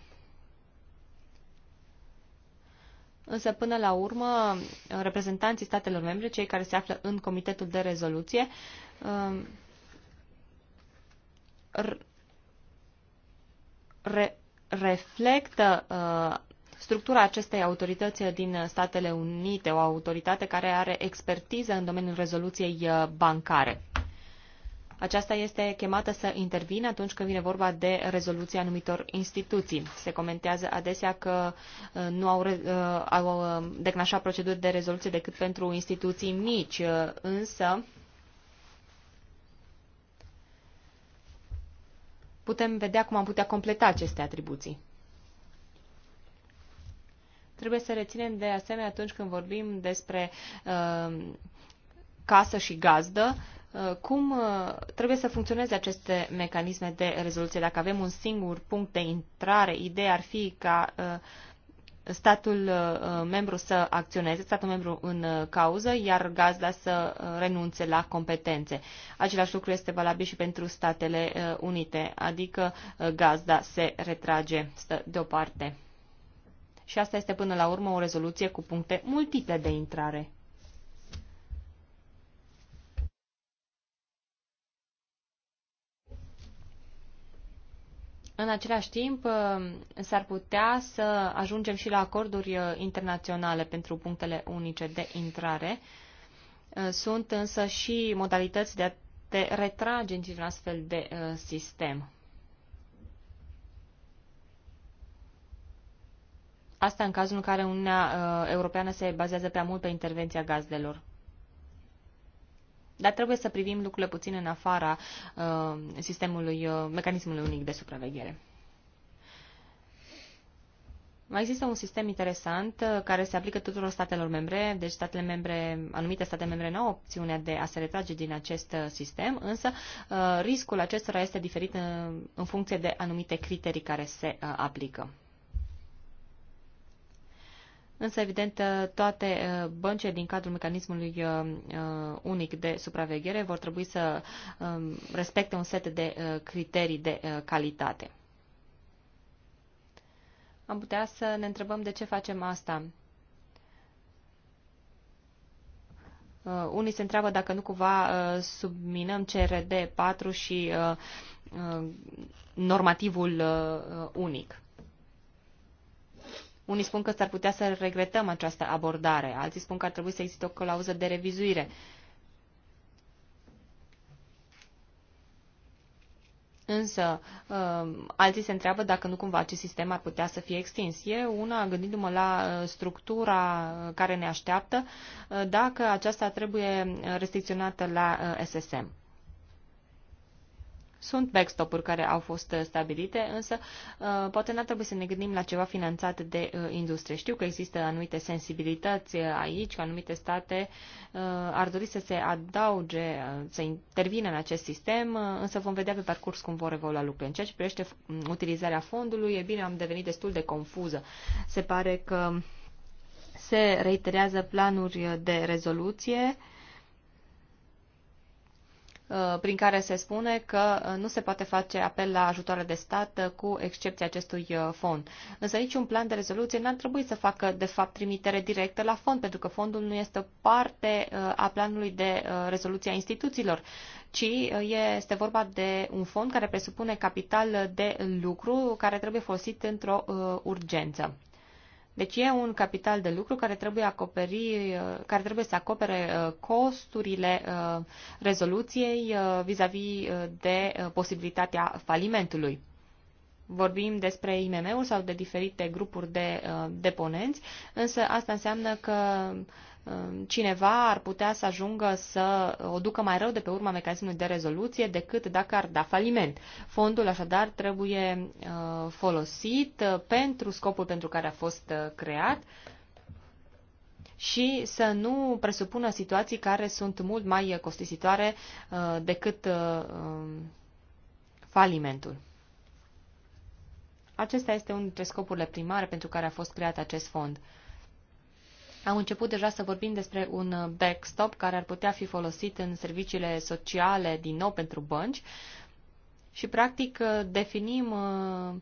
Însă, până la urmă, reprezentanții statelor membre, cei care se află în Comitetul de Rezoluție, um, re reflectă uh, structura acestei autorități din Statele Unite, o autoritate care are expertiză în domeniul rezoluției uh, bancare. Aceasta este chemată să intervină atunci când vine vorba de rezoluția anumitor instituții. Se comentează adesea că uh, nu au, uh, au declanșat proceduri de rezoluție decât pentru instituții mici, însă putem vedea cum am putea completa aceste atribuții. Trebuie să reținem de asemenea atunci când vorbim despre uh, casă și gazdă, uh, cum uh, trebuie să funcționeze aceste mecanisme de rezoluție? Dacă avem un singur punct de intrare, ideea ar fi ca statul membru să acționeze, statul membru în cauză, iar gazda să renunțe la competențe. Același lucru este valabil și pentru Statele Unite, adică gazda se retrage, stă deoparte. Și asta este până la urmă o rezoluție cu puncte multiple de intrare. În același timp, eh, s-ar putea să ajungem și la acorduri eh, internaționale pentru punctele unice de intrare. Eh, sunt însă și modalități de a te retrage într-un astfel de sistem. Asta în cazul în care Uniunea uh, Europeană se bazează prea mult pe intervenția gazdelor. Dar trebuie să privim lucrurile puțin în afara uh, sistemului, uh, mecanismului unic de supraveghere. Mai există un sistem interesant care se aplică tuturor statelor membre, deci statele membre, anumite state membre nu au opțiunea de a se retrage din acest sistem, însă riscul acestora este diferit în funcție de anumite criterii care se aplică însă evident toate uh, băncile din cadrul mecanismului uh, uh, unic de supraveghere vor trebui să um, respecte un set de criterii de calitate. Am putea să ne întrebăm de ce facem asta. unii se întreabă dacă nu cumva subminăm CRD 4 și normativul unic. Unii spun că s-ar putea să regretăm această abordare, alții spun că ar trebui să existe o clauză de revizuire. Însă, uh, alții se întreabă dacă nu cumva acest sistem ar putea să fie extins. e una, gândindu-mă la uh, structura care ne așteaptă, uh, dacă aceasta trebuie restricționată la SSM. Sunt backstop-uri care au fost uh, stabilite, însă uh, poate n-ar trebui să ne gândim la ceva finanțat de uh, industrie. Știu că există anumite sensibilități aici, că anumite state ar dori să se adauge, să intervină în acest sistem, însă vom vedea pe parcurs cum vor evolua lucrurile. În ceea ce privește mm, utilizarea fondului, e bine, am devenit destul de confuză. Se pare că se reiterează planuri de rezoluție Uh, prin care se spune că uh, nu se poate face apel la ajutoare de stat uh, cu excepția acestui fond. Însă niciun plan de rezoluție n-ar trebui să facă, de fapt, trimitere directă la fond, pentru că fondul nu este parte a planului de rezoluție a instituțiilor, ci este vorba de un fond care presupune capital de lucru care trebuie folosit într-o urgență. Deci e un capital de lucru care trebuie, acoperi, uh, care trebuie să acopere uh, costurile uh, rezoluției vis-a-vis -vis de posibilitatea falimentului. Vorbim despre IMM-uri sau de diferite grupuri de deponenți, însă asta înseamnă că Um, cineva ar putea să ajungă să o ducă mai rău de pe urma mecanismului de rezoluție decât dacă ar da faliment. Fondul așadar trebuie uh, folosit uh, pentru scopul pentru care a fost uh, creat și să nu presupună situații care sunt mult mai costisitoare decât um, falimentul. Acesta este unul dintre scopurile primare pentru care a fost creat acest fond. Am început deja să vorbim despre un uh, backstop care ar putea fi folosit în serviciile sociale din nou pentru bănci și practic uh, definim uh,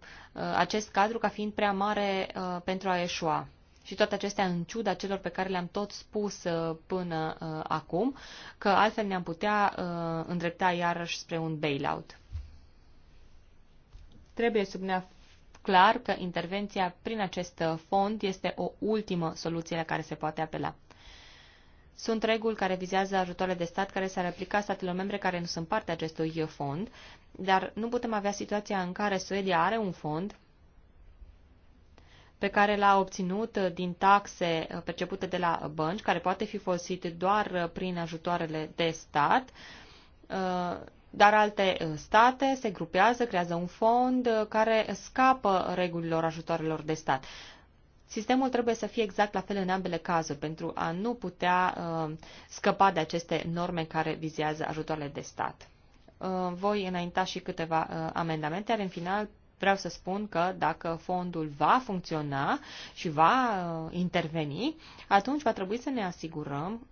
acest cadru ca fiind prea mare pentru a eșua. Și toate acestea în ciuda celor pe care le-am tot spus până acum, că altfel ne-am putea îndrepta iarăși spre un bailout. Trebuie subneaf clar că intervenția prin acest uh, fond este o ultimă soluție la care se poate apela. Sunt reguli care vizează ajutoarele de stat care s-ar aplica statelor membre care nu sunt parte acestui uh, fond, dar nu putem avea situația în care Suedia are un fond pe care l-a obținut uh, din taxe percepute de la bănci, care poate fi folosit doar prin ajutoarele de stat dar alte uh, state se grupează, creează un fond uh, care scapă regulilor ajutoarelor de stat. Sistemul trebuie să fie exact la fel în ambele cazuri pentru a nu putea uh, scăpa de aceste norme care vizează ajutoarele de stat. voi înainta și câteva amendamente, iar în final vreau să spun că dacă fondul va funcționa și va interveni, atunci va trebui să ne asigurăm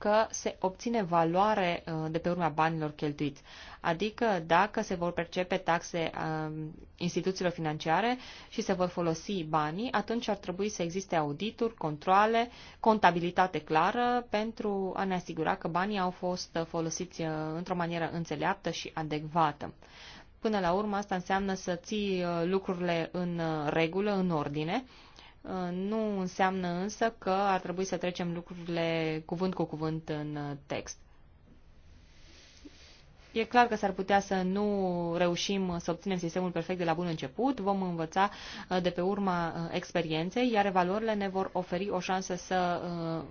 că se obține valoare uh, de pe urma banilor cheltuiți. Adică dacă se vor percepe taxe um, instituțiilor financiare și se vor folosi banii, atunci ar trebui să existe audituri, controle, contabilitate clară pentru a ne asigura că banii au fost uh, folosiți uh, într-o manieră înțeleaptă și adecvată. Până la urmă, asta înseamnă să ții lucrurile în regulă, în ordine, Uh, nu înseamnă însă că ar trebui să trecem lucrurile cuvânt cu cuvânt în uh, text. E clar că s-ar putea să nu reușim să obținem sistemul perfect de la bun început, vom învăța uh, de pe urma experienței, iar valorile ne vor oferi o șansă să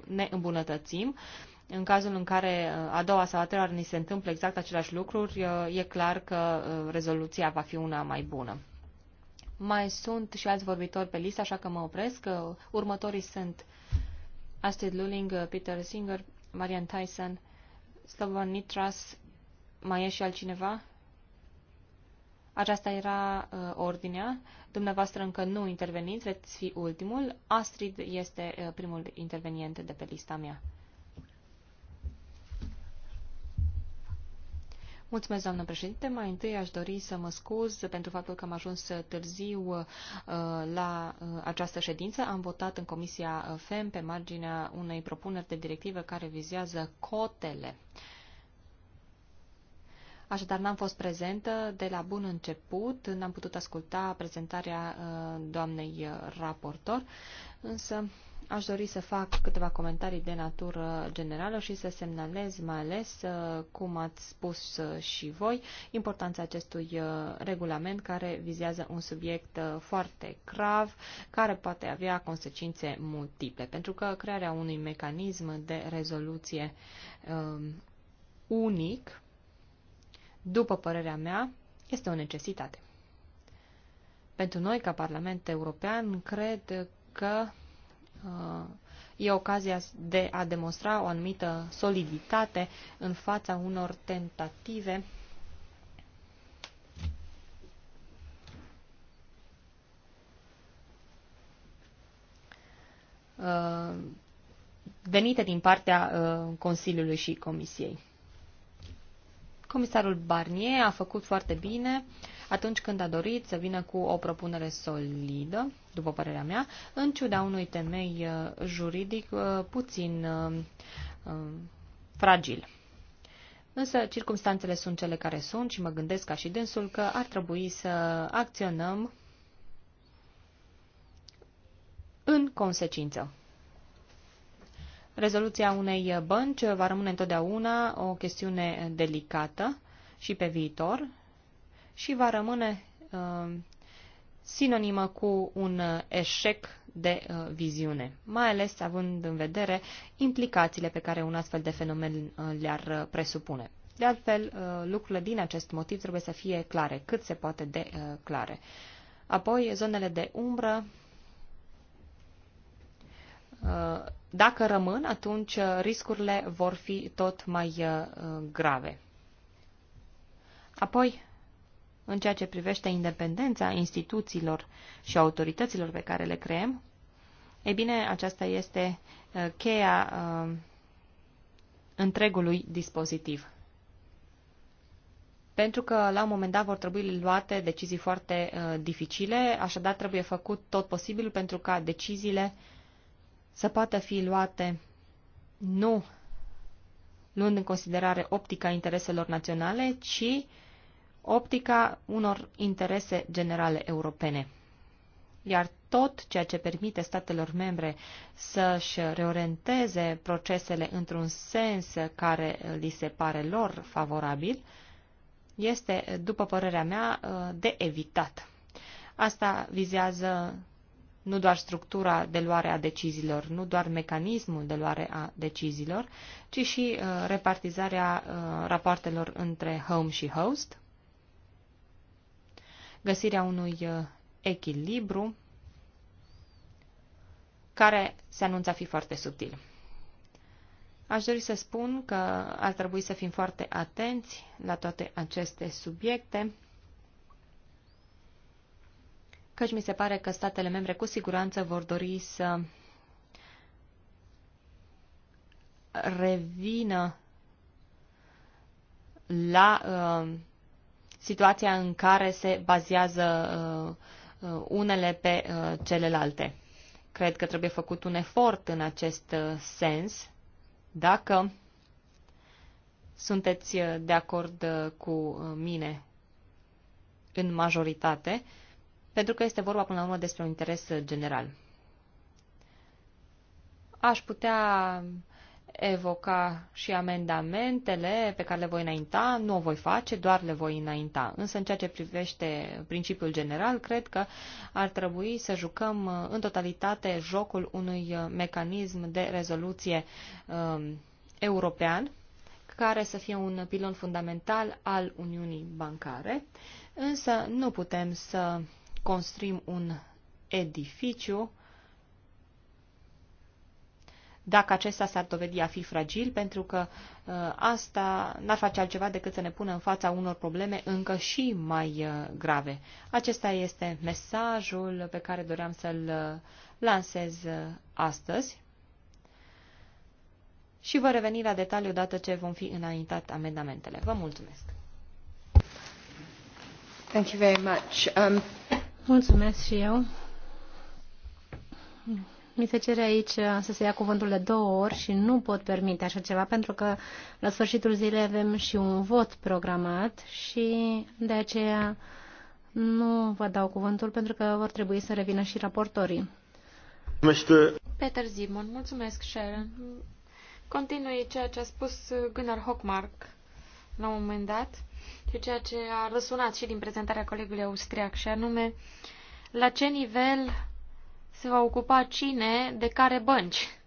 ne îmbunătățim. În cazul în care a doua sau a treia ni se întâmplă exact aceleași lucruri, e clar că rezoluția va fi una mai bună. Mai sunt și alți vorbitori pe listă, așa că mă opresc. Uh, următorii sunt Astrid Luling, uh, Peter Singer, Marian Tyson, Slovan Nitras. Mai e și altcineva? Aceasta era uh, ordinea. Dumneavoastră încă nu interveniți, veți fi ultimul. Astrid este uh, primul intervenient de pe lista mea. Mulțumesc, doamnă președinte. Mai întâi aș dori să mă scuz pentru faptul că am ajuns târziu uh, la uh, această ședință. Am votat în Comisia uh, FEM pe marginea unei propuneri de directivă care vizează cotele. Așadar, n-am fost prezentă de la bun început, n-am putut asculta prezentarea doamnei raportor, însă Aș dori să fac câteva comentarii de natură generală și să semnalez mai ales, uh, cum ați spus uh, și voi, importanța acestui uh, regulament care vizează un subiect foarte grav, care poate avea consecințe multiple, pentru că crearea unui mecanism de rezoluție um, unic, după părerea mea, este o necesitate. Pentru noi, ca Parlament European, cred că Uh, e ocazia de a demonstra o anumită soliditate în fața unor tentative uh, venite din partea uh, Consiliului și Comisiei. Comisarul Barnier a făcut foarte bine atunci când a dorit să vină cu o propunere solidă după părerea mea, în ciuda unui temei uh, juridic uh, puțin uh, fragil. Însă circumstanțele sunt cele care sunt și mă gândesc ca și dânsul că ar trebui să acționăm în consecință. Rezoluția unei bănci va rămâne întotdeauna o chestiune delicată și pe viitor și va rămâne sinonimă cu un uh, eșec de uh, viziune, mai ales având în vedere implicațiile pe care un astfel de fenomen uh, le-ar uh, presupune. De altfel, uh, lucrurile din acest motiv trebuie să fie clare, cât se poate de uh, clare. Apoi, zonele de umbră. Uh, dacă rămân, atunci uh, riscurile vor fi tot mai grave. Apoi, în ceea ce privește independența instituțiilor și autorităților pe care le creăm, e bine, aceasta este uh, cheia uh, întregului dispozitiv. Pentru că la un moment dat vor trebui luate decizii foarte uh, dificile, așadar trebuie făcut tot posibilul pentru ca deciziile să poată fi luate nu luând în considerare optica intereselor naționale, ci optica unor interese generale europene. Iar tot ceea ce permite statelor membre să-și reorienteze procesele într-un sens care li se pare lor favorabil, este, după părerea mea, de evitat. Asta vizează nu doar structura de luare a deciziilor, nu doar mecanismul de luare a deciziilor, ci și uh, repartizarea uh, rapoartelor între home și host, găsirea unui uh, echilibru care se anunța a fi foarte subtil. Aș dori să spun că ar trebui să fim foarte atenți la toate aceste subiecte, căci mi se pare că statele membre cu siguranță vor dori să revină la uh, situația în care se bazează uh, uh, unele pe uh, celelalte. Cred că trebuie făcut un efort în acest sens. Dacă sunteți de acord cu mine în majoritate, pentru că este vorba până la urmă despre un interes general. Aș putea evoca și amendamentele pe care le voi înainta, nu o voi face, doar le voi înainta. Însă în ceea ce privește principiul general, cred că ar trebui să jucăm uh, în totalitate jocul unui uh, mecanism de rezoluție um, european, care să fie un pilon fundamental al Uniunii Bancare, însă nu putem să construim un edificiu dacă acesta s-ar dovedi a fi fragil, pentru că uh, asta n-ar face altceva decât să ne pună în fața unor probleme încă și mai uh, grave. Acesta este mesajul pe care doream să-l uh, lansez uh, astăzi. Și vă reveni la detaliu odată ce vom fi înaintat amendamentele. Vă mulțumesc! Thank you very much. Um... Mulțumesc și eu. Mi se cere aici uh, să se ia cuvântul de două ori și nu pot permite așa ceva, pentru că la sfârșitul zilei avem și un vot programat și de aceea nu vă dau cuvântul, pentru că vor trebui să revină și raportorii. Peter Zimon, mulțumesc, Sharon. Continui ceea ce a spus Gunnar Hockmark la un moment dat și ceea ce a răsunat și din prezentarea colegului austriac, și anume la ce nivel se va ocupa cine de care bănci.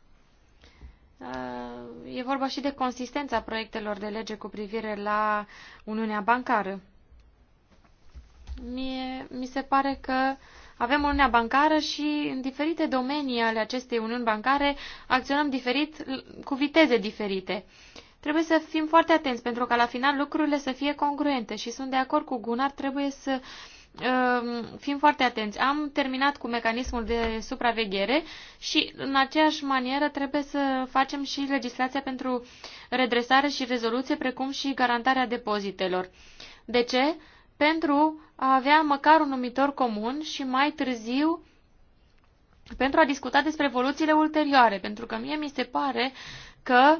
Uh, e vorba și de consistența proiectelor de lege cu privire la Uniunea Bancară. Mie, mi se pare că avem Uniunea Bancară și în diferite domenii ale acestei Uniuni Bancare acționăm diferit, cu viteze diferite. Trebuie să fim foarte atenți pentru ca la final lucrurile să fie congruente și sunt de acord cu Gunnar, trebuie să uh, Ehm, fim foarte atenți. Am terminat cu mecanismul de supraveghere și în aceeași manieră trebuie să facem și legislația pentru redresare și rezoluție, precum și garantarea depozitelor. De ce? Pentru a avea măcar un numitor comun și mai târziu pentru a discuta despre evoluțiile ulterioare, pentru că mie mi se pare că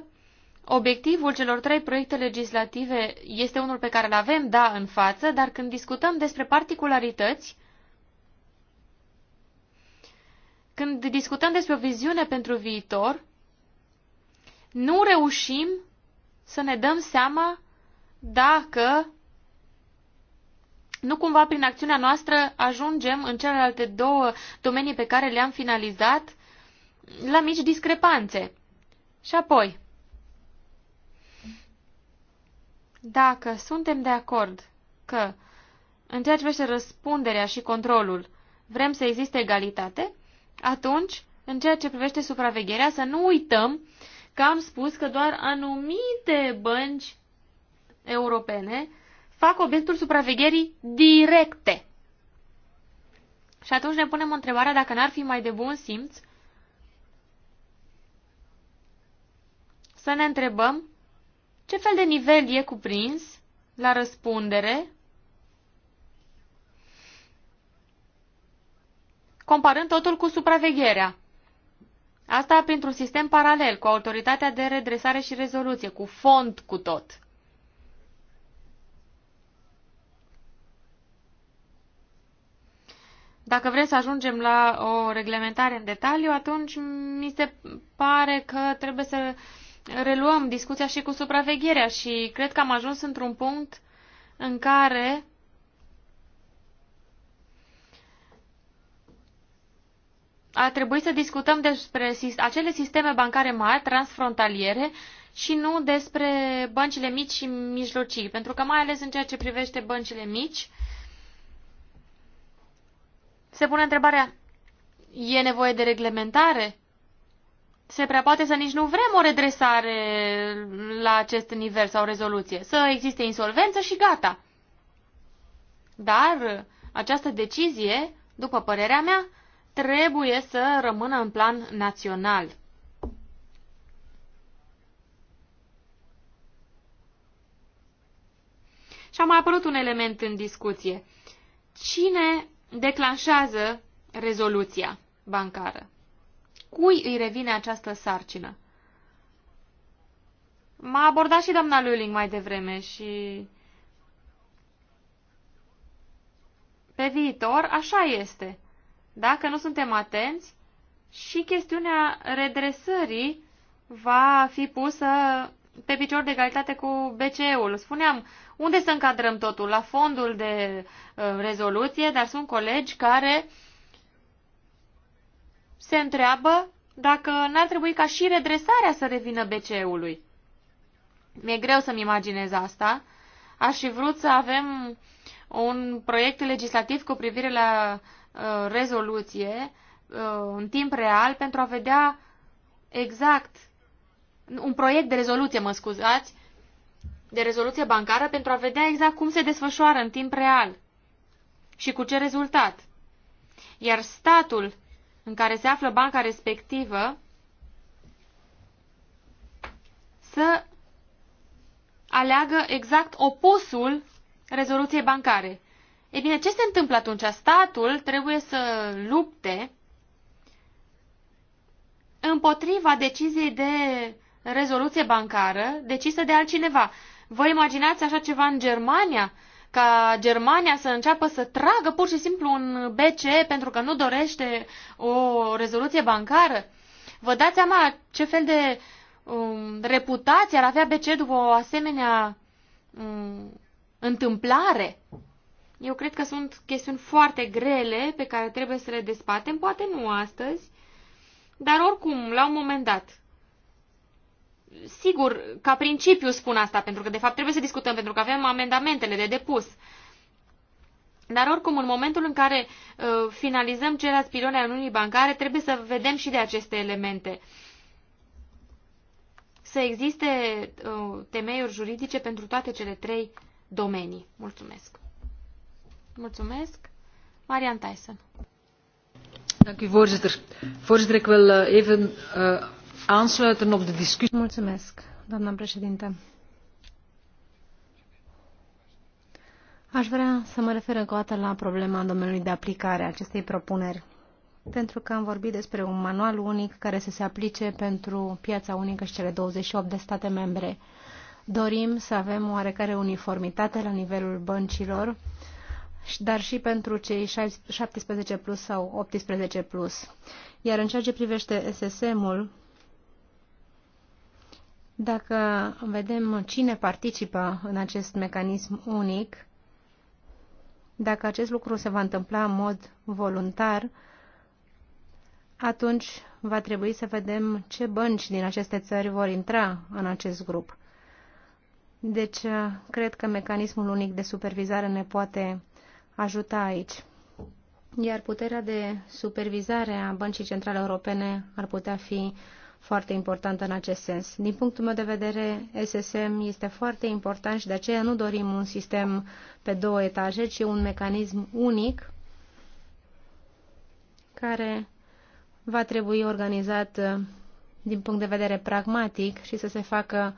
Obiectivul celor trei proiecte legislative este unul pe care îl avem, da, în față, dar când discutăm despre particularități, când discutăm despre o viziune pentru viitor, nu reușim să ne dăm seama dacă nu cumva prin acțiunea noastră ajungem în celelalte două domenii pe care le-am finalizat la mici discrepanțe. Și apoi, dacă suntem de acord că, în ceea ce privește răspunderea și controlul, vrem să existe egalitate, atunci, în ceea ce privește supravegherea, să nu uităm că am spus că doar anumite bănci europene fac obiectul supravegherii directe. Și atunci ne punem întrebarea dacă n-ar fi mai de bun simț să ne întrebăm ce fel de nivel e cuprins la răspundere? Comparând totul cu supravegherea. Asta pentru un sistem paralel cu autoritatea de redresare și rezoluție, cu fond cu tot. Dacă vrem să ajungem la o reglementare în detaliu, atunci mi se pare că trebuie să uh, reluăm discuția și cu supravegherea și cred că am ajuns într-un punct în care a trebuit să discutăm despre acele sisteme bancare mari, transfrontaliere, și nu despre băncile mici și mijlocii, pentru că mai ales în ceea ce privește băncile mici, se pune întrebarea, e nevoie de reglementare? se prea poate să nici nu vrem o redresare la acest nivel sau rezoluție. Să existe insolvență și gata. Dar această decizie, după părerea mea, trebuie să rămână în plan național. Și a mai apărut un element în discuție. Cine declanșează rezoluția bancară? cui îi revine această sarcină. M-a abordat și doamna Luling mai devreme și... Pe viitor, așa este. Dacă nu suntem atenți, și chestiunea redresării va fi pusă pe picior de egalitate cu BCE-ul. Spuneam, unde să încadrăm totul? La fondul de uh, rezoluție, dar sunt colegi care uh, se întreabă dacă n-ar trebui ca și redresarea să revină BCE-ului. Mi-e greu să-mi imaginez asta. Aș fi vrut să avem un proiect legislativ cu privire la uh, rezoluție uh, în timp real pentru a vedea exact un proiect de rezoluție, mă scuzați, de rezoluție bancară pentru a vedea exact cum se desfășoară în timp real și cu ce rezultat. Iar statul în care se află banca respectivă să aleagă exact opusul rezoluției bancare. E bine, ce se întâmplă atunci? Statul trebuie să lupte împotriva deciziei de rezoluție bancară decisă de altcineva. Vă imaginați așa ceva în Germania? ca Germania să înceapă să tragă pur și simplu un BCE pentru că nu dorește o rezoluție bancară? Vă dați seama ce fel de um, reputație ar avea BCE după o asemenea um, întâmplare? Eu cred că sunt chestiuni foarte grele pe care trebuie să le despatem, poate nu astăzi, dar oricum, la un moment dat. Sigur, ca principiu spun asta, pentru că de fapt trebuie să discutăm, pentru că avem amendamentele de depus. Dar oricum, în momentul în care uh, finalizăm cererea spirone a Uniunii Bancare, trebuie să vedem și de aceste elemente. Să existe uh, temeiuri juridice pentru toate cele trei domenii. Mulțumesc. Mulțumesc. Marian Tyson. Dank u, voorzitter. Voorzitter, ik wil uh, even uh, președinte. Aș vrea să mă refer încă o dată la problema domeniului de aplicare a acestei propuneri, pentru că am vorbit despre un manual unic care să se aplice pentru piața unică și cele 28 de state membre. Dorim să avem oarecare uniformitate la nivelul băncilor, dar și pentru cei 17 plus sau 18 plus. Iar în ceea ce privește SSM-ul, dacă vedem cine participă în acest mecanism unic, dacă acest lucru se va întâmpla în mod voluntar, atunci va trebui să vedem ce bănci din aceste țări vor intra în acest grup. Deci, cred că mecanismul unic de supervizare ne poate ajuta aici. Iar puterea de supervizare a Băncii Centrale Europene ar putea fi uh, foarte importantă în acest sens. Din punctul meu de vedere, SSM este foarte important și de aceea nu dorim un sistem pe două etaje, ci un mecanism unic care va trebui organizat uh, din punct de vedere pragmatic și să se facă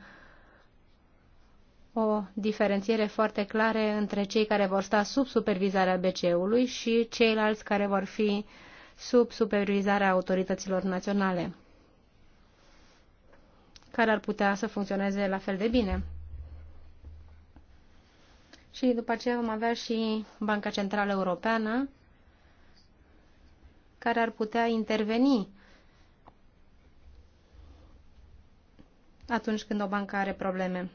o diferențiere foarte clară între cei care vor sta sub supervizarea BCE-ului și ceilalți care vor fi sub supervizarea autorităților naționale care ar putea să funcționeze la fel de bine. Și după aceea vom avea și Banca Centrală Europeană, care ar putea interveni atunci când o bancă are probleme.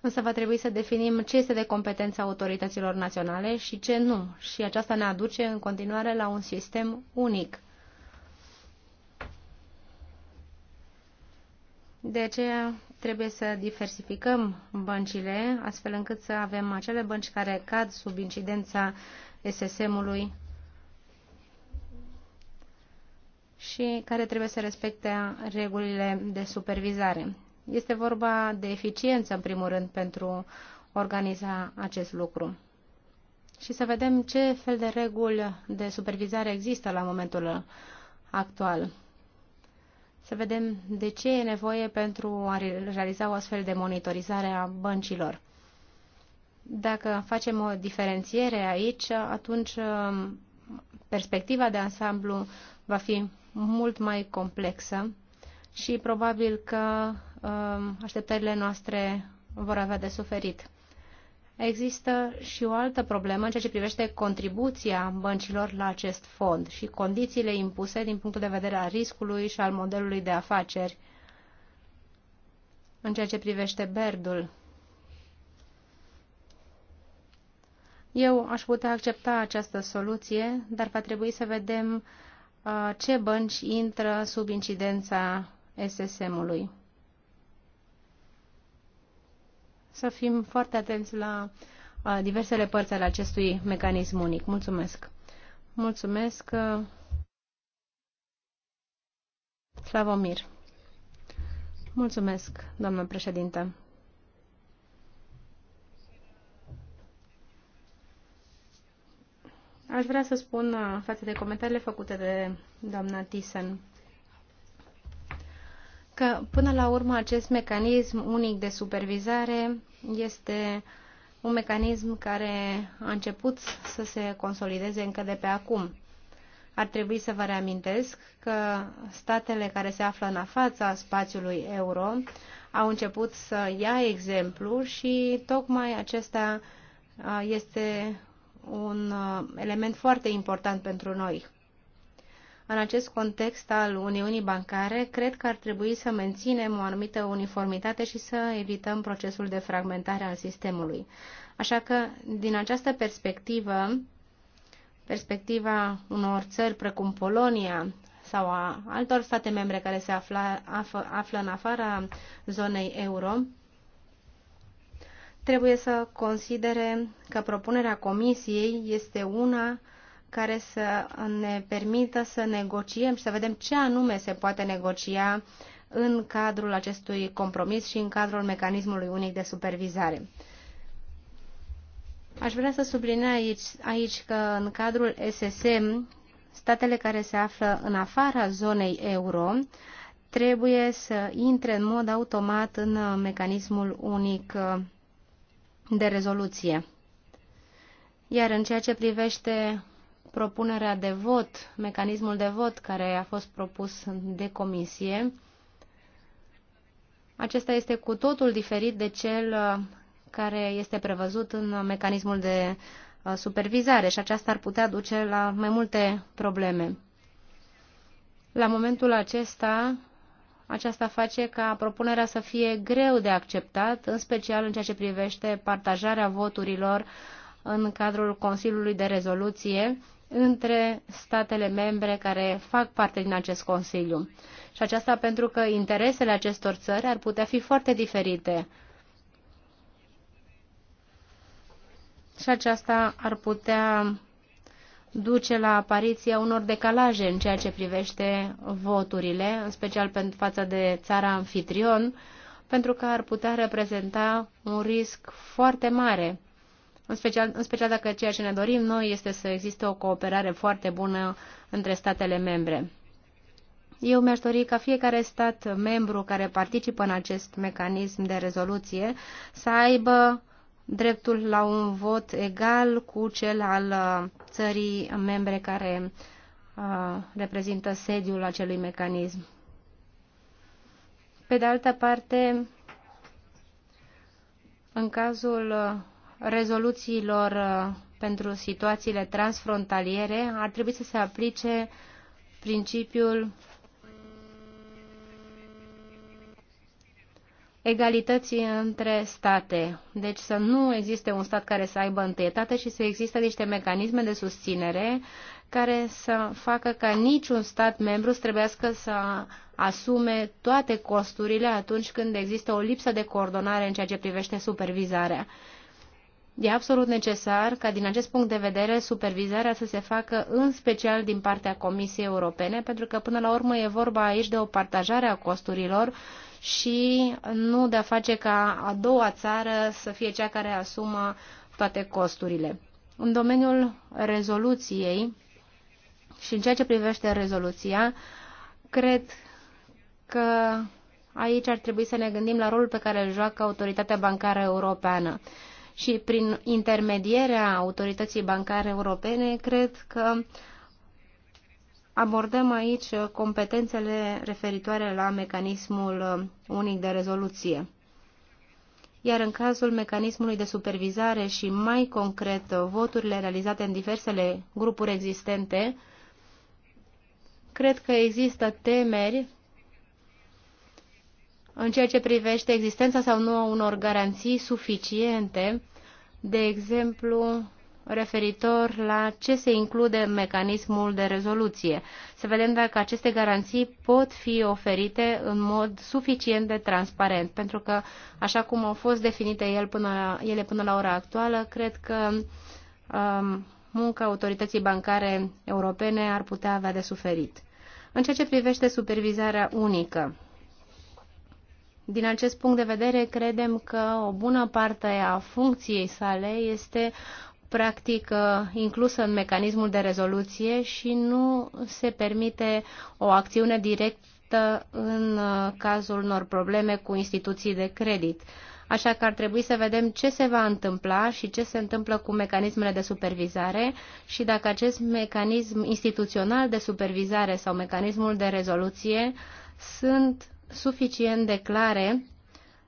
Însă va trebui să definim ce este de competența autorităților naționale și ce nu. Și aceasta ne aduce în continuare la un sistem unic. De aceea trebuie să diversificăm băncile, astfel încât să avem acele bănci care cad sub incidența SSM-ului și care trebuie să respecte regulile de supervizare. Este vorba de eficiență, în primul rând, pentru organiza acest lucru. Și să vedem ce fel de reguli de supervizare există la momentul actual să vedem de ce e nevoie pentru a realiza o astfel de monitorizare a băncilor. Dacă facem o diferențiere aici, atunci um, perspectiva de ansamblu va fi mult mai complexă și probabil că um, așteptările noastre vor avea de suferit. Există și o altă problemă în ceea ce privește contribuția băncilor la acest fond și condițiile impuse din punctul de vedere al riscului și al modelului de afaceri în ceea ce privește berdul. Eu aș putea accepta această soluție, dar va trebui să vedem uh, ce bănci intră sub incidența SSM-ului. să fim foarte atenți la uh, diversele părți ale acestui mecanism unic. Mulțumesc! Mulțumesc, uh, Slavomir! Mulțumesc, doamnă președinte. Aș vrea să spun uh, față de comentariile făcute de doamna Thyssen că până la urmă acest mecanism unic de supervizare este un mecanism care a început să se consolideze încă de pe acum. Ar trebui să vă reamintesc că statele care se află în fața spațiului euro au început să ia exemplu și tocmai acesta este un element foarte important pentru noi. În acest context al Uniunii Bancare, cred că ar trebui să menținem o anumită uniformitate și să evităm procesul de fragmentare al sistemului. Așa că, din această perspectivă, perspectiva unor țări precum Polonia sau a altor state membre care se afla, află, află în afara zonei euro, trebuie să considere că propunerea Comisiei este una care să ne permită să negociem și să vedem ce anume se poate negocia în cadrul acestui compromis și în cadrul mecanismului unic de supervizare. Aș vrea să subliniez aici, aici că în cadrul SSM, statele care se află în afara zonei euro trebuie să intre în mod automat în mecanismul unic de rezoluție. Iar în ceea ce privește propunerea de vot, mecanismul de vot care a fost propus de comisie, acesta este cu totul diferit de cel uh, care este prevăzut în mecanismul de uh, supervizare și aceasta ar putea duce la mai multe probleme. La momentul acesta, aceasta face ca propunerea să fie greu de acceptat, în special în ceea ce privește partajarea voturilor în cadrul Consiliului de Rezoluție între statele membre care fac parte din acest Consiliu. Și aceasta pentru că interesele acestor țări ar putea fi foarte diferite. Și aceasta ar putea duce la apariția unor decalaje în ceea ce privește voturile, în special pentru față de țara anfitrion, pentru că ar putea reprezenta un risc foarte mare în special, în special dacă ceea ce ne dorim noi este să existe o cooperare foarte bună între statele membre. Eu mi-aș dori ca fiecare stat membru care participă în acest mecanism de rezoluție să aibă dreptul la un vot egal cu cel al uh, țării membre care uh, reprezintă sediul acelui mecanism. Pe de altă parte, în cazul uh, rezoluțiilor uh, pentru situațiile transfrontaliere ar trebui să se aplice principiul egalității între state. Deci să nu existe un stat care să aibă întâietate și să existe niște mecanisme de susținere care să facă ca niciun stat membru să trebuiască să asume toate costurile atunci când există o lipsă de coordonare în ceea ce privește supervizarea. E absolut necesar ca din acest punct de vedere supervizarea să se facă în special din partea Comisiei Europene, pentru că până la urmă e vorba aici de o partajare a costurilor și nu de a face ca a doua țară să fie cea care asumă toate costurile. În domeniul rezoluției și în ceea ce privește rezoluția, cred că aici ar trebui să ne gândim la rolul pe care îl joacă Autoritatea Bancară Europeană și prin intermedierea autorității bancare europene, cred că abordăm aici competențele referitoare la mecanismul unic de rezoluție. Iar în cazul mecanismului de supervizare și mai concret voturile realizate în diversele grupuri existente, cred că există temeri în ceea ce privește existența sau nu a unor garanții suficiente, de exemplu, referitor la ce se include în mecanismul de rezoluție. Să vedem dacă aceste garanții pot fi oferite în mod suficient de transparent, pentru că, așa cum au fost definite ele până la, ele până la ora actuală, cred că um, munca autorității bancare europene ar putea avea de suferit. În ceea ce privește supervizarea unică, din acest punct de vedere, credem că o bună parte a funcției sale este practic uh, inclusă în mecanismul de rezoluție și nu se permite o acțiune directă în uh, cazul unor probleme cu instituții de credit. Așa că ar trebui să vedem ce se va întâmpla și ce se întâmplă cu mecanismele de supervizare și dacă acest mecanism instituțional de supervizare sau mecanismul de rezoluție sunt suficient de clare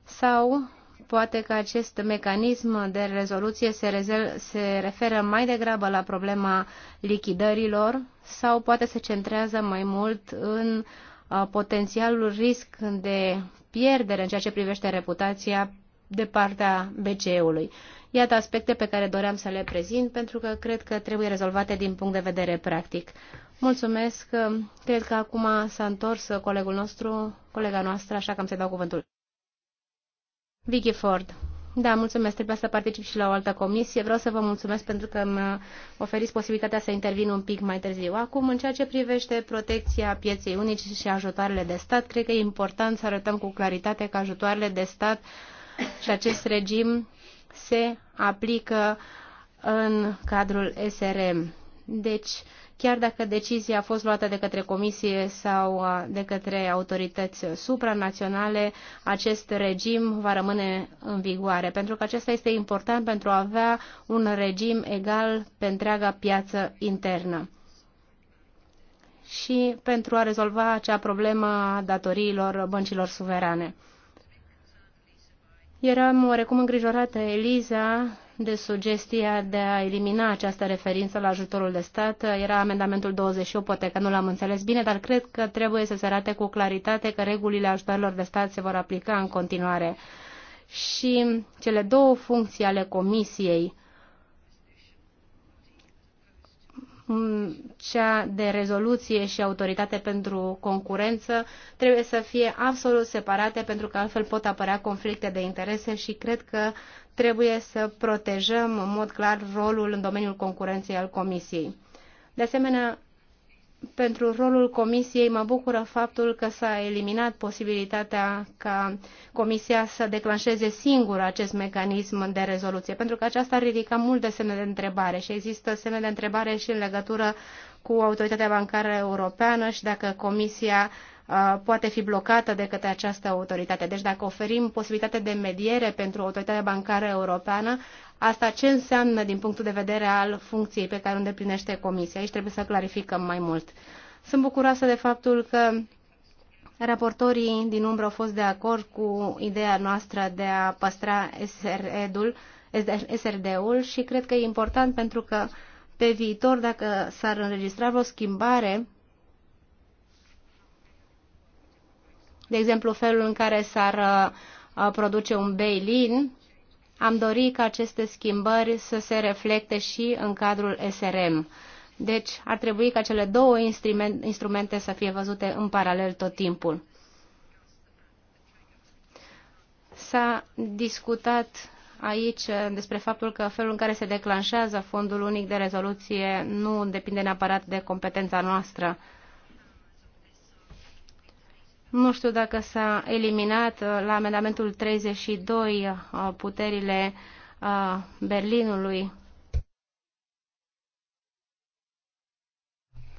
sau poate că acest mecanism de rezoluție se, rezel, se referă mai degrabă la problema lichidărilor sau poate se centrează mai mult în a, potențialul risc de pierdere în ceea ce privește reputația de partea BCE-ului. Iată aspecte pe care doream să le prezint pentru că cred că trebuie rezolvate din punct de vedere practic. Mulțumesc. Cred că acum s-a întors colegul nostru, colega noastră, așa că am să-i dau cuvântul. Vicky Ford. Da, mulțumesc. Trebuia să particip și la o altă comisie. Vreau să vă mulțumesc pentru că mi oferiți posibilitatea să intervin un pic mai târziu. Acum, în ceea ce privește protecția pieței unice și ajutoarele de stat, cred că e important să arătăm cu claritate că ajutoarele de stat și acest regim se aplică în cadrul SRM. Deci, uh, chiar dacă decizia a fost luată de către comisie sau de către autorități supranaționale, acest regim va rămâne în vigoare, pentru că acesta este important pentru a avea un regim egal pe întreaga piață internă și pentru a rezolva acea problemă a datoriilor băncilor suverane. Eram oarecum îngrijorată, Eliza, de sugestia de a elimina această referință la ajutorul de stat. Era amendamentul 28, poate că nu l-am înțeles bine, dar cred că trebuie să se arate cu claritate că regulile ajutorilor de stat se vor aplica în continuare. Și cele două funcții ale Comisiei, mm, cea de rezoluție și autoritate pentru concurență trebuie să fie absolut separate pentru că altfel pot apărea conflicte de interese și cred că trebuie să protejăm în mod clar rolul în domeniul concurenței al Comisiei. De asemenea, pentru rolul Comisiei mă bucură faptul că s-a eliminat posibilitatea ca Comisia să declanșeze singură acest mecanism de rezoluție, pentru că aceasta ar ridica multe semne de întrebare și există semne de întrebare și în legătură cu Autoritatea Bancară Europeană și dacă Comisia poate fi blocată de către această autoritate. Deci dacă oferim posibilitate de mediere pentru autoritatea bancară europeană, asta ce înseamnă din punctul de vedere al funcției pe care o îndeplinește Comisia? Aici trebuie să clarificăm mai mult. Sunt bucuroasă de faptul că raportorii din umbră au fost de acord cu ideea noastră de a păstra SRD-ul SRD-ul și cred că e important pentru că pe viitor, dacă s-ar înregistra o schimbare de exemplu felul în care s-ar uh, produce un bail-in, am dorit ca aceste schimbări să se reflecte și în cadrul SRM. Deci ar trebui ca cele două instrumente să fie văzute în paralel tot timpul. S-a discutat aici uh, despre faptul că felul în care se declanșează fondul unic de rezoluție nu depinde neapărat de competența noastră. Nu știu dacă s-a eliminat uh, la amendamentul 32 uh, puterile uh, Berlinului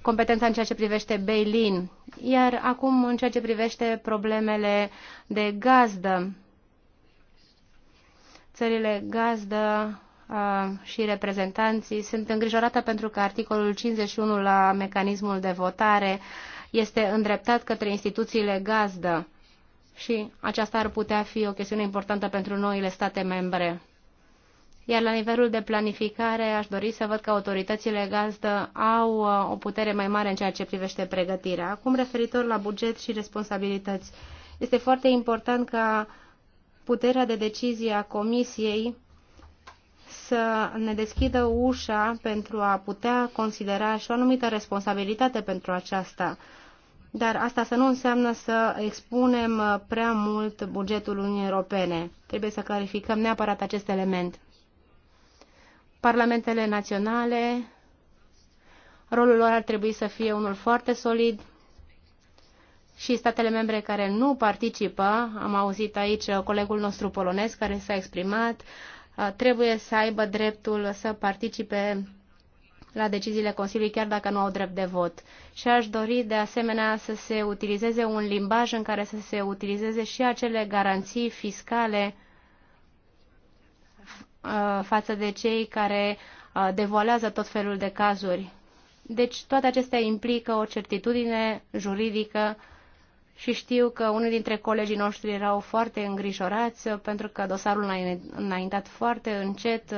competența în ceea ce privește Berlin, iar acum în ceea ce privește problemele de gazdă, țările gazdă și reprezentanții sunt îngrijorate pentru că articolul 51 la mecanismul de votare este îndreptat către instituțiile gazdă și aceasta ar putea fi o chestiune importantă pentru noile state membre. Iar la nivelul de planificare aș dori să văd că autoritățile gazdă au uh, o putere mai mare în ceea ce privește pregătirea. Acum referitor la buget și responsabilități. Este foarte important ca puterea de decizie a Comisiei să ne deschidă ușa pentru a putea considera și o anumită responsabilitate pentru aceasta dar asta să nu înseamnă să expunem uh, prea mult bugetul Uniunii Europene. Trebuie să clarificăm neapărat acest element. Parlamentele naționale, rolul lor ar trebui să fie unul foarte solid și statele membre care nu participă, am auzit aici uh, colegul nostru polonez care s-a exprimat, uh, trebuie să aibă dreptul să participe la deciziile Consiliului, chiar dacă nu au drept de vot. Și aș dori, de asemenea, să se utilizeze un limbaj în care să se utilizeze și acele garanții fiscale uh, față de cei care uh, devoalează tot felul de cazuri. Deci toate acestea implică o certitudine juridică și știu că unul dintre colegii noștri erau foarte îngrijorați uh, pentru că dosarul a înaintat foarte încet,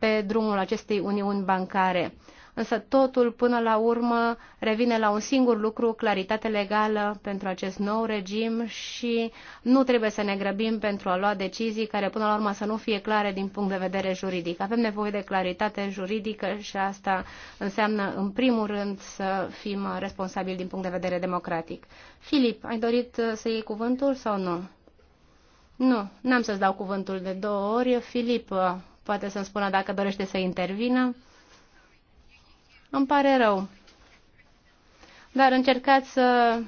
pe drumul acestei uniuni bancare. Însă totul, până la urmă, revine la un singur lucru, claritate legală pentru acest nou regim și nu trebuie să ne grăbim pentru a lua decizii care, până la urmă, să nu fie clare din punct de vedere juridic. Avem nevoie de claritate juridică și asta înseamnă, în primul rând, să fim responsabili din punct de vedere democratic. Filip, ai dorit să iei cuvântul sau nu? Nu, n-am să-ți dau cuvântul de două ori. Filip poate să-mi spună dacă dorește să intervină. Îmi pare rău. Dar încercați să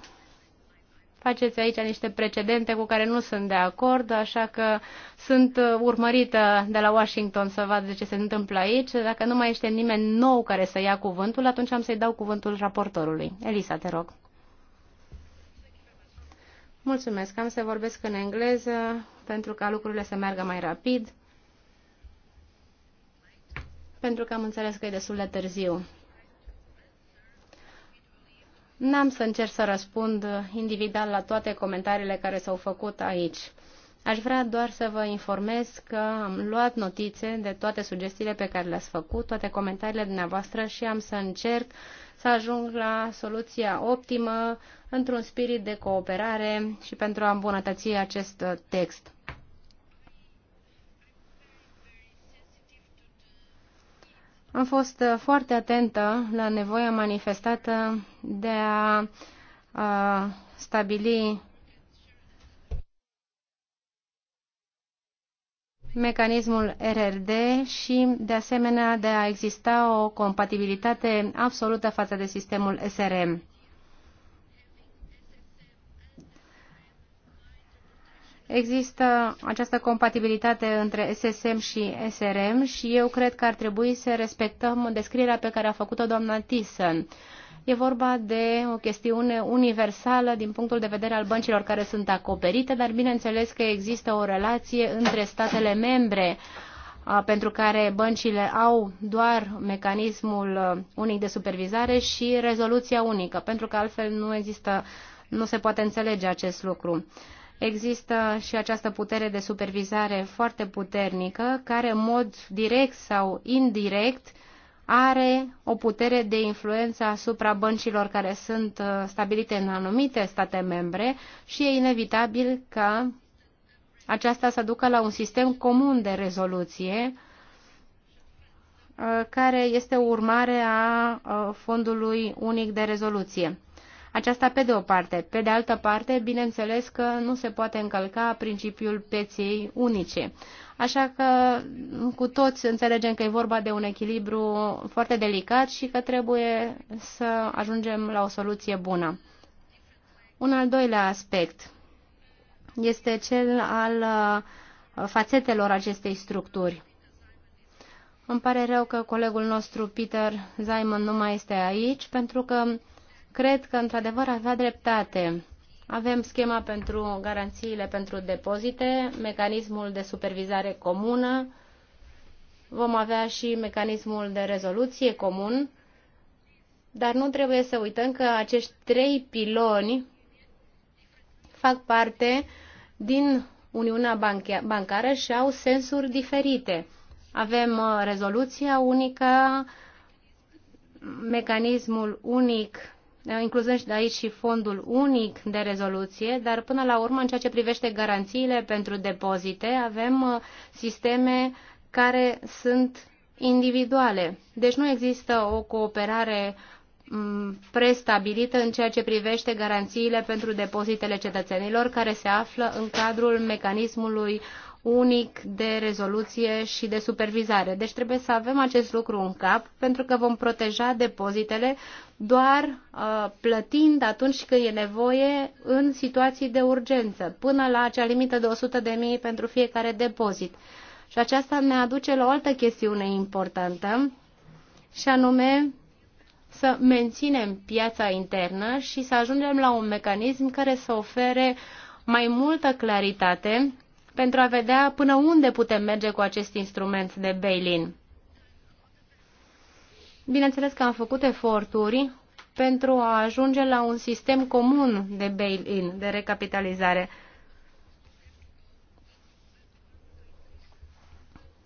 faceți aici niște precedente cu care nu sunt de acord, așa că sunt urmărită de la Washington să vadă ce se întâmplă aici. Dacă nu mai este nimeni nou care să ia cuvântul, atunci am să-i dau cuvântul raportorului. Elisa, te rog. Mulțumesc. Am să vorbesc în engleză pentru ca lucrurile să meargă mai rapid pentru că am înțeles că e destul de târziu. N-am să încerc să răspund individual la toate comentariile care s-au făcut aici. Aș vrea doar să vă informez că am luat notițe de toate sugestiile pe care le-ați făcut, toate comentariile dumneavoastră și am să încerc să ajung la soluția optimă într-un spirit de cooperare și pentru a îmbunătăți acest text. Am fost uh, foarte atentă la nevoia manifestată de a, a stabili mecanismul RRD și, de asemenea, de a exista o compatibilitate absolută față de sistemul SRM. Există această compatibilitate între SSM și SRM și eu cred că ar trebui să respectăm descrierea pe care a făcut-o doamna Thyssen. E vorba de o chestiune universală din punctul de vedere al băncilor care sunt acoperite, dar bineînțeles că există o relație între statele membre pentru care băncile au doar mecanismul unic de supervizare și rezoluția unică, pentru că altfel nu există, nu se poate înțelege acest lucru există și această putere de supervizare foarte puternică, care în mod direct sau indirect are o putere de influență asupra băncilor care sunt uh, stabilite în anumite state membre și e inevitabil că aceasta să ducă la un sistem comun de rezoluție uh, care este urmare a uh, fondului unic de rezoluție. Aceasta pe de o parte. Pe de altă parte, bineînțeles că nu se poate încălca principiul pieței unice. Așa că cu toți înțelegem că e vorba de un echilibru foarte delicat și că trebuie să ajungem la o soluție bună. Un al doilea aspect este cel al uh, fațetelor acestei structuri. Îmi pare rău că colegul nostru Peter Zaiman nu mai este aici, pentru că Cred că, într-adevăr, avea dreptate. Avem schema pentru garanțiile pentru depozite, mecanismul de supervizare comună, vom avea și mecanismul de rezoluție comun, dar nu trebuie să uităm că acești trei piloni fac parte din Uniunea Bancară și au sensuri diferite. Avem uh, rezoluția unică, mecanismul unic incluzând și de aici și fondul unic de rezoluție, dar până la urmă, în ceea ce privește garanțiile pentru depozite, avem uh, sisteme care sunt individuale. Deci nu există o cooperare mm, prestabilită în ceea ce privește garanțiile pentru depozitele cetățenilor care se află în cadrul mecanismului unic de rezoluție și de supervizare. Deci trebuie să avem acest lucru în cap pentru că vom proteja depozitele doar uh, plătind atunci când e nevoie în situații de urgență, până la acea limită de 100.000 pentru fiecare depozit. Și aceasta ne aduce la o altă chestiune importantă, și anume să menținem piața internă și să ajungem la un mecanism care să ofere mai multă claritate pentru a vedea până unde putem merge cu acest instrument de bail-in. Bineînțeles că am făcut eforturi pentru a ajunge la un sistem comun de bail-in, de recapitalizare.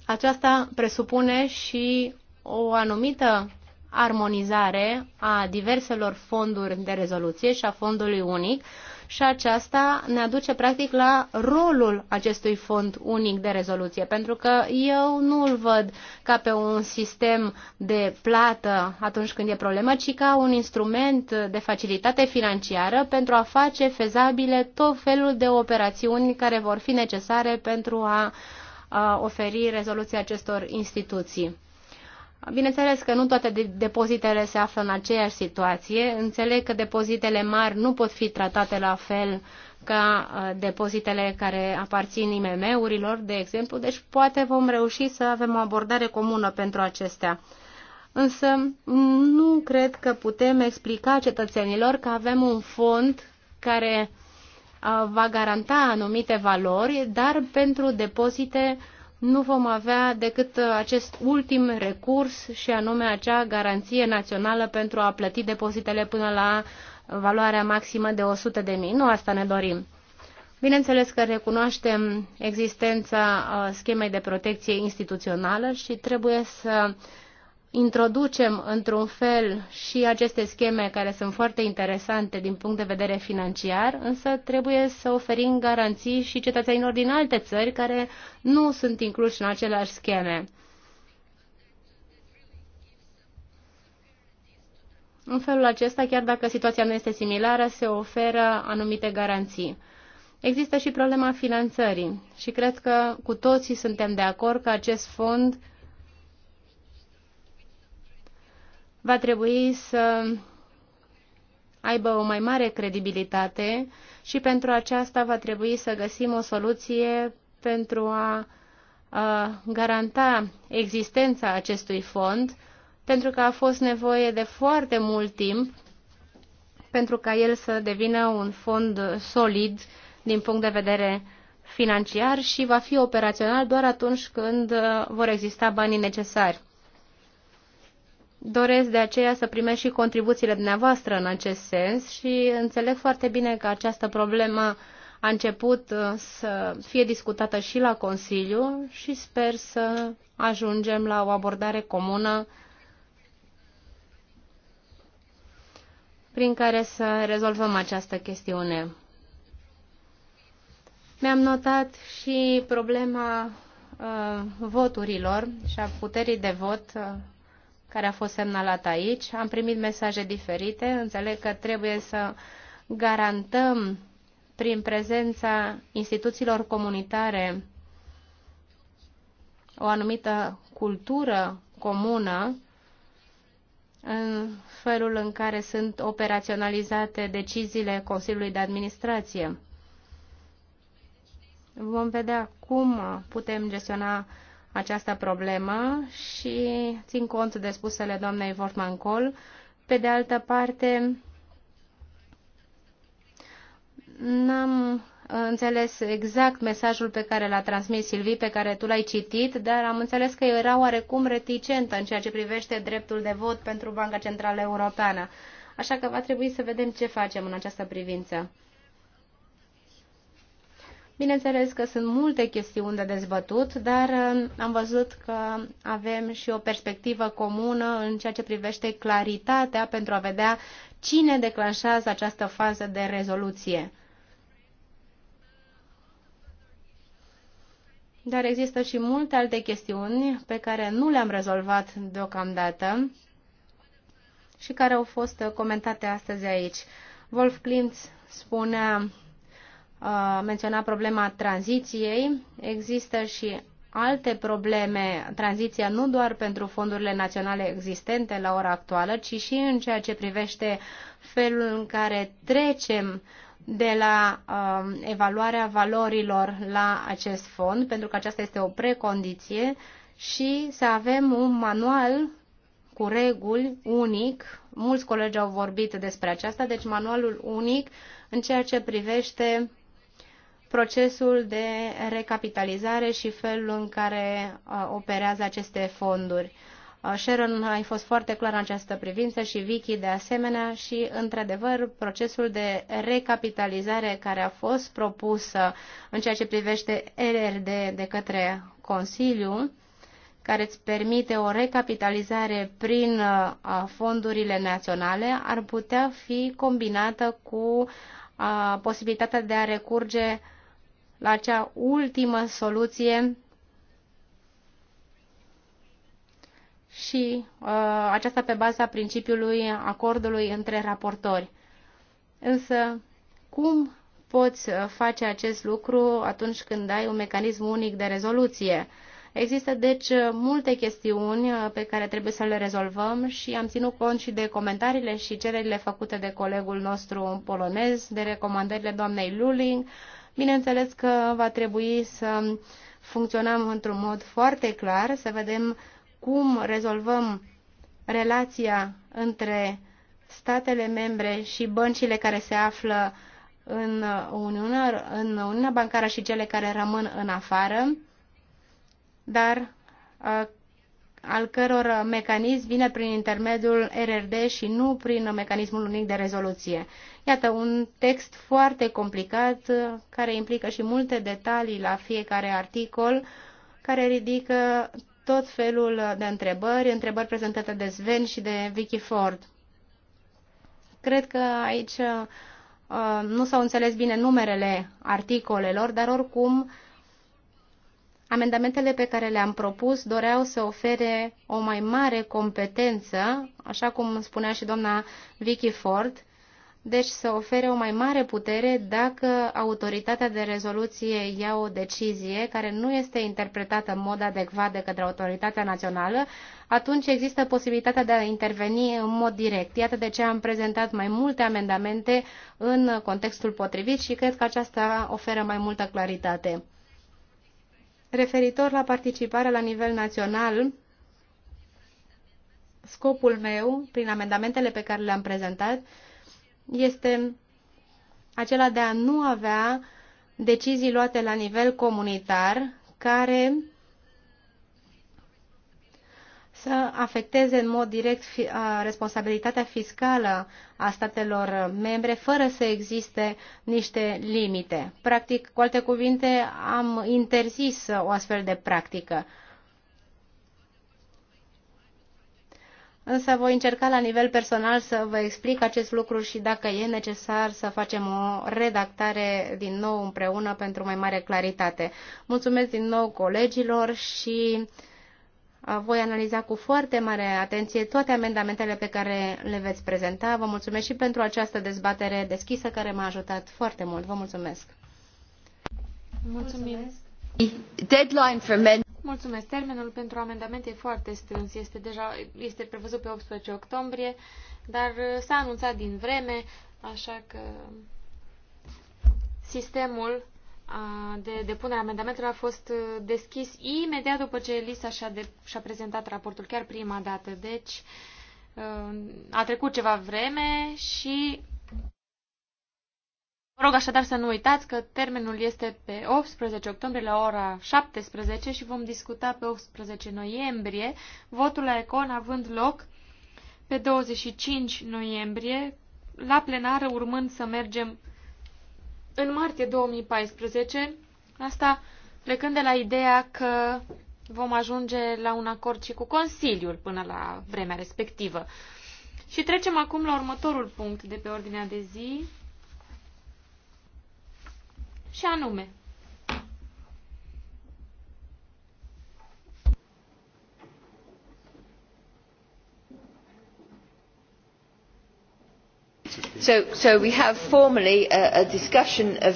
Aceasta presupune și o anumită armonizare a diverselor fonduri de rezoluție și a fondului unic, și aceasta ne aduce practic la rolul acestui fond unic de rezoluție, pentru că eu nu îl văd ca pe un sistem de plată atunci când e problemă, ci ca un instrument de facilitate financiară pentru a face fezabile tot felul de operațiuni care vor fi necesare pentru a oferi rezoluția acestor instituții. Bineînțeles că nu toate depozitele se află în aceeași situație. Înțeleg că depozitele mari nu pot fi tratate la fel ca uh, depozitele care aparțin IMM-urilor, de exemplu, deci poate vom reuși să avem o abordare comună pentru acestea. Însă nu cred că putem explica cetățenilor că avem un fond care uh, va garanta anumite valori, dar pentru depozite uh, nu vom avea decât uh, acest ultim recurs și anume acea garanție națională pentru a plăti depozitele până la valoarea maximă de 100 de mii. Nu asta ne dorim. Bineînțeles că recunoaștem existența uh, schemei de protecție instituțională și trebuie să introducem într-un fel și aceste scheme care sunt foarte interesante din punct de vedere financiar, însă trebuie să oferim garanții și cetățenilor din alte țări care nu sunt incluși în aceleași scheme. În felul acesta, chiar dacă situația nu este similară, se oferă anumite garanții. Există și problema finanțării și cred că cu toții suntem de acord că acest fond va trebui să aibă o mai mare credibilitate și pentru aceasta va trebui să găsim o soluție pentru a, a garanta existența acestui fond, pentru că a fost nevoie de foarte mult timp pentru ca el să devină un fond solid din punct de vedere financiar și va fi operațional doar atunci când uh, vor exista banii necesari. Doresc de aceea să primesc și contribuțiile dumneavoastră în acest sens și înțeleg foarte bine că această problemă a început uh, să fie discutată și la Consiliu și sper să ajungem la o abordare comună prin care să rezolvăm această chestiune. Mi-am notat și problema uh, voturilor și a puterii de vot uh, care a fost semnalat aici. Am primit mesaje diferite. Înțeleg că trebuie să garantăm prin prezența instituțiilor comunitare o anumită cultură comună în felul în care sunt operaționalizate deciziile Consiliului de Administrație. Vom vedea cum putem gestiona această problemă și țin cont de spusele doamnei Vortman Col. Pe de altă parte, n-am înțeles exact mesajul pe care l-a transmis Silvi, pe care tu l-ai citit, dar am înțeles că era oarecum reticentă în ceea ce privește dreptul de vot pentru Banca Centrală Europeană. Așa că va trebui să vedem ce facem în această privință. Bineînțeles că sunt multe chestiuni de dezbătut, dar um, am văzut că avem și o perspectivă comună în ceea ce privește claritatea pentru a vedea cine declanșează această fază de rezoluție. Dar există și multe alte chestiuni pe care nu le-am rezolvat deocamdată și care au fost comentate astăzi aici. Wolf Klimt spunea menționa problema tranziției. Există și alte probleme, tranziția nu doar pentru fondurile naționale existente la ora actuală, ci și în ceea ce privește felul în care trecem de la uh, evaluarea valorilor la acest fond, pentru că aceasta este o precondiție, și să avem un manual cu reguli unic. Mulți colegi au vorbit despre aceasta, deci manualul unic în ceea ce privește procesul de recapitalizare și felul în care uh, operează aceste fonduri. Uh, Sharon a fost foarte clar în această privință și Vicky de asemenea și, într-adevăr, procesul de recapitalizare care a fost propusă în ceea ce privește LRD de către Consiliu, care îți permite o recapitalizare prin uh, fondurile naționale, ar putea fi combinată cu posibilitatea de a recurge la acea ultimă soluție și uh, aceasta pe baza principiului acordului între raportori. Însă, cum poți uh, face acest lucru atunci când ai un mecanism unic de rezoluție? Există, deci, multe chestiuni uh, pe care trebuie să le rezolvăm și am ținut cont și de comentariile și cererile făcute de colegul nostru polonez, de recomandările doamnei Luling, uh, Bineînțeles că va trebui să funcționăm într-un mod foarte clar, să vedem cum rezolvăm relația între statele membre și băncile care se află în Uniunea, în Uniunea Bancară și cele care rămân în afară, dar al căror mecanism vine prin intermediul RRD și nu prin mecanismul unic de rezoluție. Iată, un text foarte complicat care implică și multe detalii la fiecare articol, care ridică tot felul de întrebări, întrebări prezentate de Sven și de Vicky Ford. Cred că aici uh, nu s-au înțeles bine numerele articolelor, dar oricum uh, Amendamentele pe care le-am propus doreau să ofere o mai mare competență, așa cum spunea și doamna Vicky Ford, deci să ofere o mai mare putere dacă autoritatea de rezoluție ia o decizie care nu este interpretată în mod adecvat de către autoritatea națională, atunci există posibilitatea de a interveni în mod direct. Iată de ce am prezentat mai multe amendamente în contextul potrivit și cred că aceasta oferă mai multă claritate. Referitor la participarea la nivel național, scopul meu, prin amendamentele pe care le-am prezentat, este acela de a nu avea decizii luate la nivel comunitar care să afecteze în mod direct responsabilitatea fiscală a statelor membre, fără să existe niște limite. Practic, cu alte cuvinte, am interzis o astfel de practică. Însă voi încerca la nivel personal să vă explic acest lucru și dacă e necesar să facem o redactare din nou împreună pentru mai mare claritate. Mulțumesc din nou colegilor și voi analiza cu foarte mare atenție toate amendamentele pe care le veți prezenta. Vă mulțumesc și pentru această dezbatere deschisă care m-a ajutat foarte mult. Vă mulțumesc. Mulțumim. Deadline Mulțumesc. Termenul pentru amendamente e foarte strâns. Este deja este prevăzut pe 18 octombrie, dar s-a anunțat din vreme, așa că sistemul de depunere a amendamentelor a fost uh, deschis imediat după ce Elisa și-a, de, și-a prezentat raportul, chiar prima dată. Deci uh, a trecut ceva vreme și vă rog așadar să nu uitați că termenul este pe 18 octombrie la ora 17 și vom discuta pe 18 noiembrie, votul la Econ având loc pe 25 noiembrie, la plenară urmând să mergem în martie 2014, asta plecând de la ideea că vom ajunge la un acord și cu Consiliul până la vremea respectivă. Și trecem acum la următorul punct de pe ordinea de zi, și anume So, so we have formally a,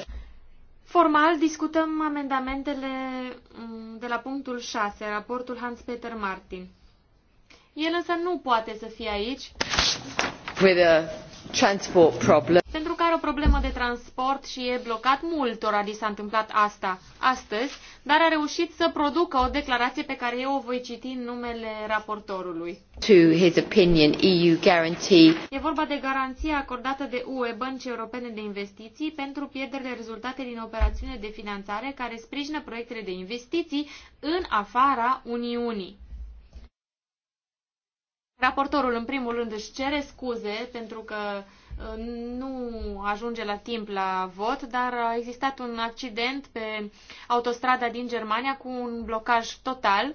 Formal discutăm amendamentele mm, de la punctul 6, raportul Hans-Peter Martin. El însă nu poate să fie aici. With a pentru că are o problemă de transport și e blocat multora li s-a întâmplat asta astăzi, dar a reușit să producă o declarație pe care eu o voi citi în numele raportorului. To his opinion, EU guarantee. E vorba de garanția acordată de UE Bănci Europene de Investiții pentru pierderile rezultate din operațiune de finanțare care sprijină proiectele de investiții în afara Uniunii. Raportorul, în primul rând, își cere scuze pentru că uh, nu ajunge la timp la vot, dar a existat un accident pe autostrada din Germania cu un blocaj total.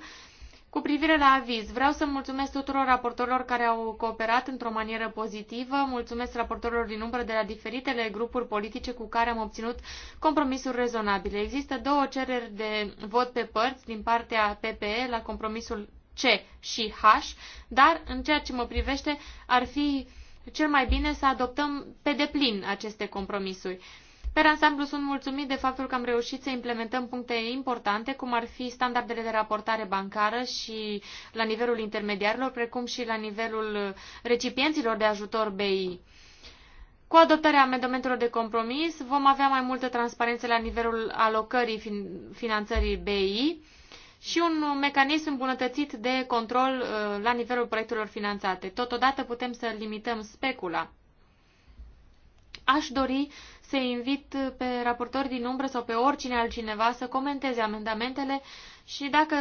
Cu privire la aviz, vreau să mulțumesc tuturor raportorilor care au cooperat într-o manieră pozitivă, mulțumesc raportorilor din umbră de la diferitele grupuri politice cu care am obținut compromisuri rezonabile. Există două cereri de vot pe părți din partea PPE la compromisul C și H, dar în ceea ce mă privește ar fi cel mai bine să adoptăm pe deplin aceste compromisuri. Pe ansamblu sunt mulțumit de faptul că am reușit să implementăm puncte importante, cum ar fi standardele de raportare bancară și la nivelul intermediarilor, precum și la nivelul recipienților de ajutor BI. Cu adoptarea amendamentelor de compromis vom avea mai multă transparență la nivelul alocării fin- finanțării BI, și un mecanism îmbunătățit de control uh, la nivelul proiectelor finanțate. Totodată putem să limităm specula. Aș dori să invit pe raportori din umbră sau pe oricine altcineva să comenteze amendamentele și dacă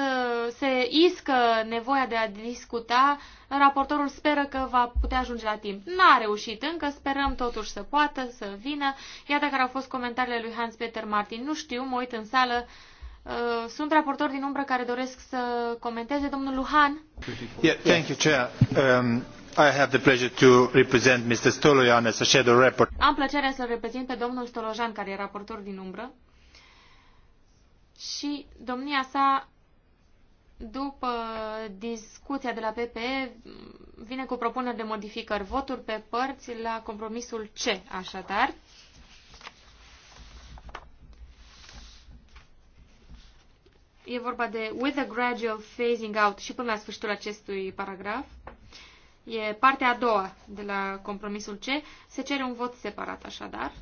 se iscă nevoia de a discuta, raportorul speră că va putea ajunge la timp. N-a reușit încă, sperăm totuși să poată, să vină. Iată care au fost comentariile lui Hans-Peter Martin. Nu știu, mă uit în sală, Uh, sunt raportori din umbră care doresc să comenteze. Domnul Luhan. Yeah, thank you, Chair. Um, I have the pleasure to represent Mr. Stolojan as a shadow report. Am plăcerea să-l reprezint pe domnul Stolojan, care e raportor din umbră. Și domnia sa, după discuția de la PPE, vine cu propuneri de modificări, voturi pe părți la compromisul C, așadar. E vorba de with a gradual phasing out și până la sfârșitul acestui paragraf. E partea a doua de la compromisul C. Se cere un vot separat, așadar.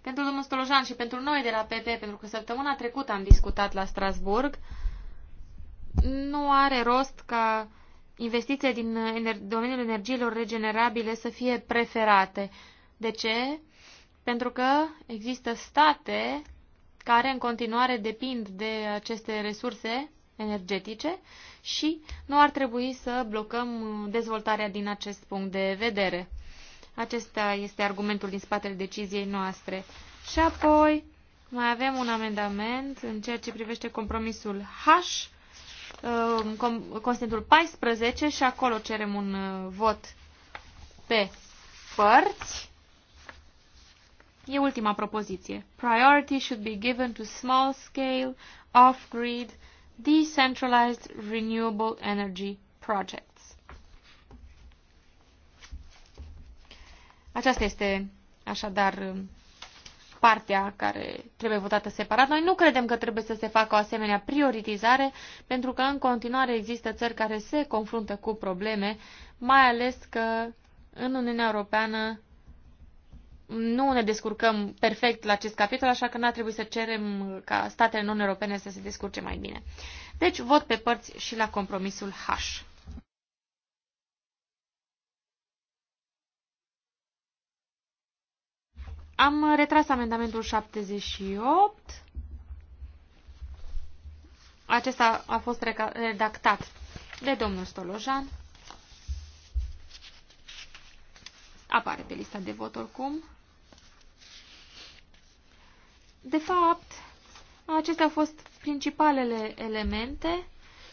Pentru domnul Stolojan și pentru noi de la PP, pentru că săptămâna trecută am discutat la Strasburg, nu are rost ca investiția din domeniul energiilor regenerabile să fie preferate. De ce? pentru că există state care în continuare depind de aceste resurse energetice și nu ar trebui să blocăm dezvoltarea din acest punct de vedere. Acesta este argumentul din spatele deciziei noastre. Și apoi mai avem un amendament în ceea ce privește compromisul H, uh, consentul 14 și acolo cerem un uh, vot pe părți E ultima propoziție. Priority should be given to small-scale, off-grid, decentralized renewable energy projects. Aceasta este așadar partea care trebuie votată separat. Noi nu credem că trebuie să se facă o asemenea prioritizare, pentru că în continuare există țări care se confruntă cu probleme, mai ales că în Uniunea Europeană nu ne descurcăm perfect la acest capitol, așa că n a trebuit să cerem ca statele non-europene să se descurce mai bine. Deci, vot pe părți și la compromisul H. Am retras amendamentul 78. Acesta a fost redactat de domnul Stolojan. Apare pe lista de vot oricum. De fapt, acestea au fost principalele elemente,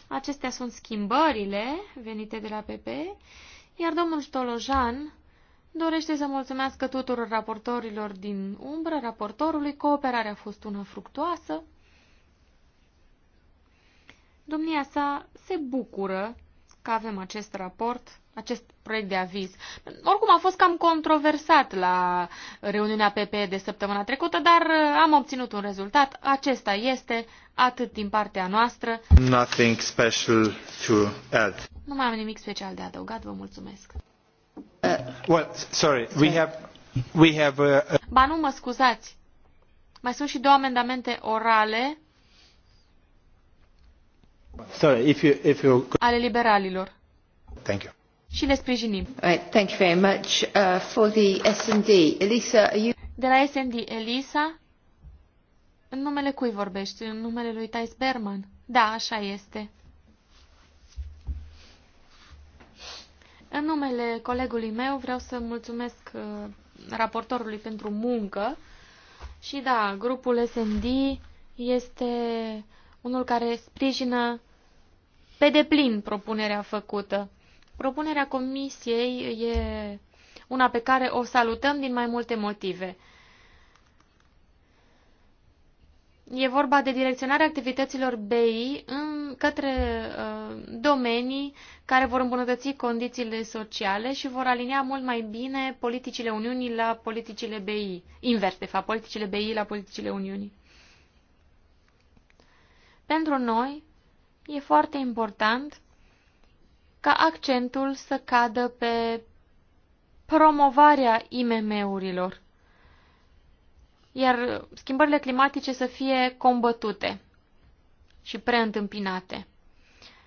acestea sunt schimbările venite de la PP, iar domnul Stolojan dorește să mulțumească tuturor raportorilor din umbră, raportorului, cooperarea a fost una fructuoasă. Domnia sa se bucură că avem acest raport, acest proiect de aviz. Oricum a fost cam controversat la reuniunea PP de săptămâna trecută, dar uh, am obținut un rezultat. Acesta este atât din partea noastră. Nothing special to add. Nu mai am nimic special de adăugat, vă mulțumesc. Uh, well, sorry, we have, we have Uh, ba nu, mă scuzați. Mai sunt și două amendamente orale sorry, if you, if you... ale liberalilor. Thank you și le sprijinim. Uh, De la S&D, Elisa, în numele cui vorbești? În numele lui Thais Berman? Da, așa este. În numele colegului meu vreau să mulțumesc uh, raportorului pentru muncă și da, grupul SND este unul care sprijină pe deplin propunerea făcută. Propunerea comisiei e una pe care o salutăm din mai multe motive. E vorba de direcționarea activităților BI în, către uh, domenii care vor îmbunătăți condițiile sociale și vor alinia mult mai bine politicile Uniunii la politicile BI. Invers, de fapt, politicile BI la politicile Uniunii. Pentru noi e foarte important ca accentul să cadă pe promovarea IMM-urilor, iar schimbările climatice să fie combătute și preîntâmpinate.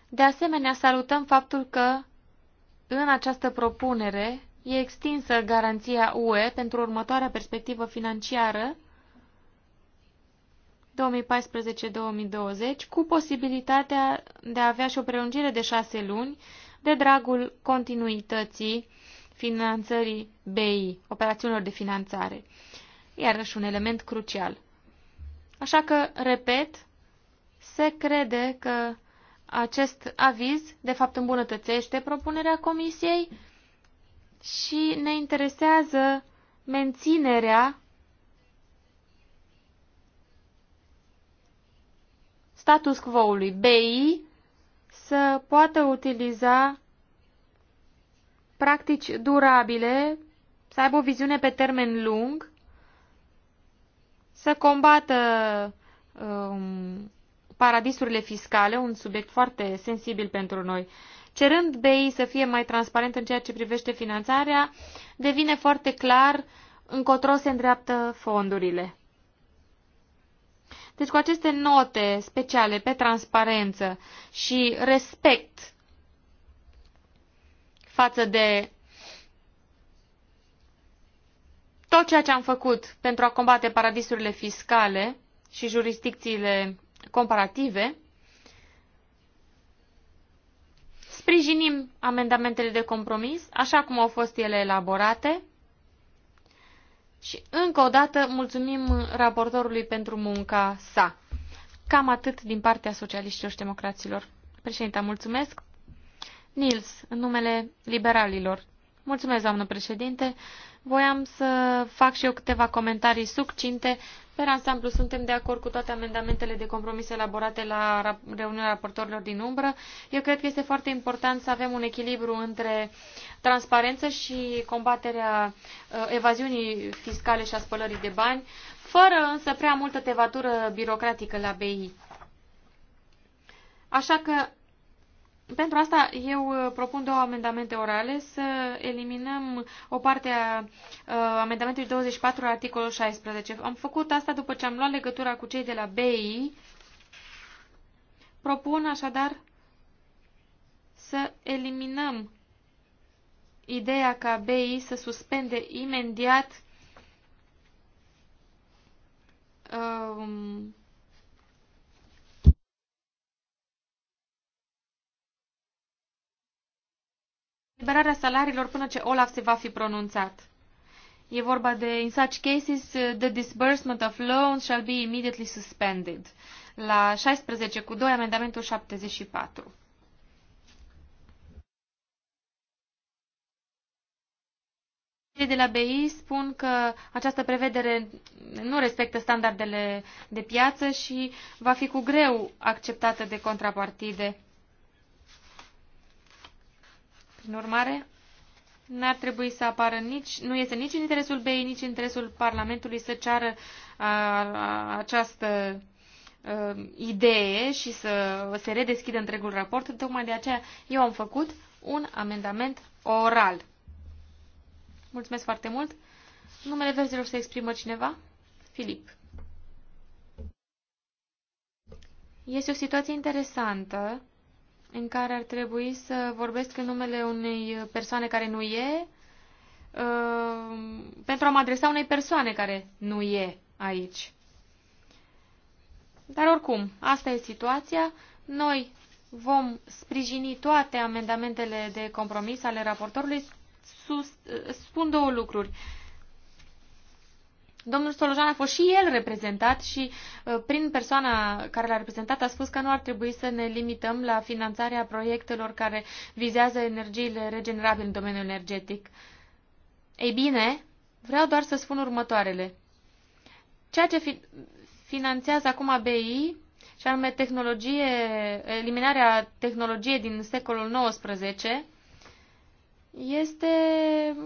De asemenea, salutăm faptul că în această propunere e extinsă garanția UE pentru următoarea perspectivă financiară 2014-2020, cu posibilitatea de a avea și o prelungire de șase luni de dragul continuității finanțării BI, operațiunilor de finanțare. Iarăși un element crucial. Așa că, repet, se crede că acest aviz, de fapt, îmbunătățește propunerea comisiei și ne interesează menținerea status quo-ului BI să poată utiliza practici durabile, să aibă o viziune pe termen lung, să combată um, paradisurile fiscale, un subiect foarte sensibil pentru noi. Cerând BI să fie mai transparent în ceea ce privește finanțarea, devine foarte clar încotro se îndreaptă fondurile. Deci cu aceste note speciale pe transparență și respect față de tot ceea ce am făcut pentru a combate paradisurile fiscale și jurisdicțiile comparative, sprijinim amendamentele de compromis așa cum au fost ele elaborate și încă o dată mulțumim raportorului pentru munca sa. Cam atât din partea socialiștilor și democraților. Președinte, mulțumesc. Nils, în numele liberalilor. Mulțumesc, doamnă președinte voiam să fac și eu câteva comentarii succinte. Per ansamblu, suntem de acord cu toate amendamentele de compromis elaborate la reuniunea raportorilor din umbră. Eu cred că este foarte important să avem un echilibru între transparență și combaterea uh, evaziunii fiscale și a spălării de bani, fără însă prea multă tevatură birocratică la BI. Așa că pentru asta eu uh, propun două amendamente orale, să eliminăm o parte a uh, amendamentului 24 articolul 16. Am făcut asta după ce am luat legătura cu cei de la BI. Propun așadar să eliminăm ideea ca BI să suspende imediat um, liberarea salariilor până ce Olaf se va fi pronunțat. E vorba de, in such cases, the disbursement of loans shall be immediately suspended. La 16 cu 2, amendamentul 74. Cei de la BI spun că această prevedere nu respectă standardele de piață și va fi cu greu acceptată de contrapartide prin urmare, n-ar trebui să apară nici, nu este nici în interesul BEI, nici în interesul Parlamentului să ceară a, a, această a, idee și să se redeschidă întregul raport. Tocmai de aceea eu am făcut un amendament oral. Mulțumesc foarte mult. Numele verzilor se exprimă cineva? Filip. Este o situație interesantă în care ar trebui să vorbesc în numele unei persoane care nu e, uh, pentru a mă adresa unei persoane care nu e aici. Dar oricum, asta e situația. Noi vom sprijini toate amendamentele de compromis ale raportorului. Sus, uh, spun două lucruri. Uh, Domnul Stolojan a fost și el reprezentat și uh, prin persoana care l-a reprezentat a spus că nu ar trebui să ne limităm la finanțarea proiectelor care vizează energiile regenerabile în domeniul energetic. Ei bine, vreau doar să spun următoarele. Ceea ce fi finanțează acum ABI, și anume tehnologie, eliminarea tehnologiei din secolul XIX, este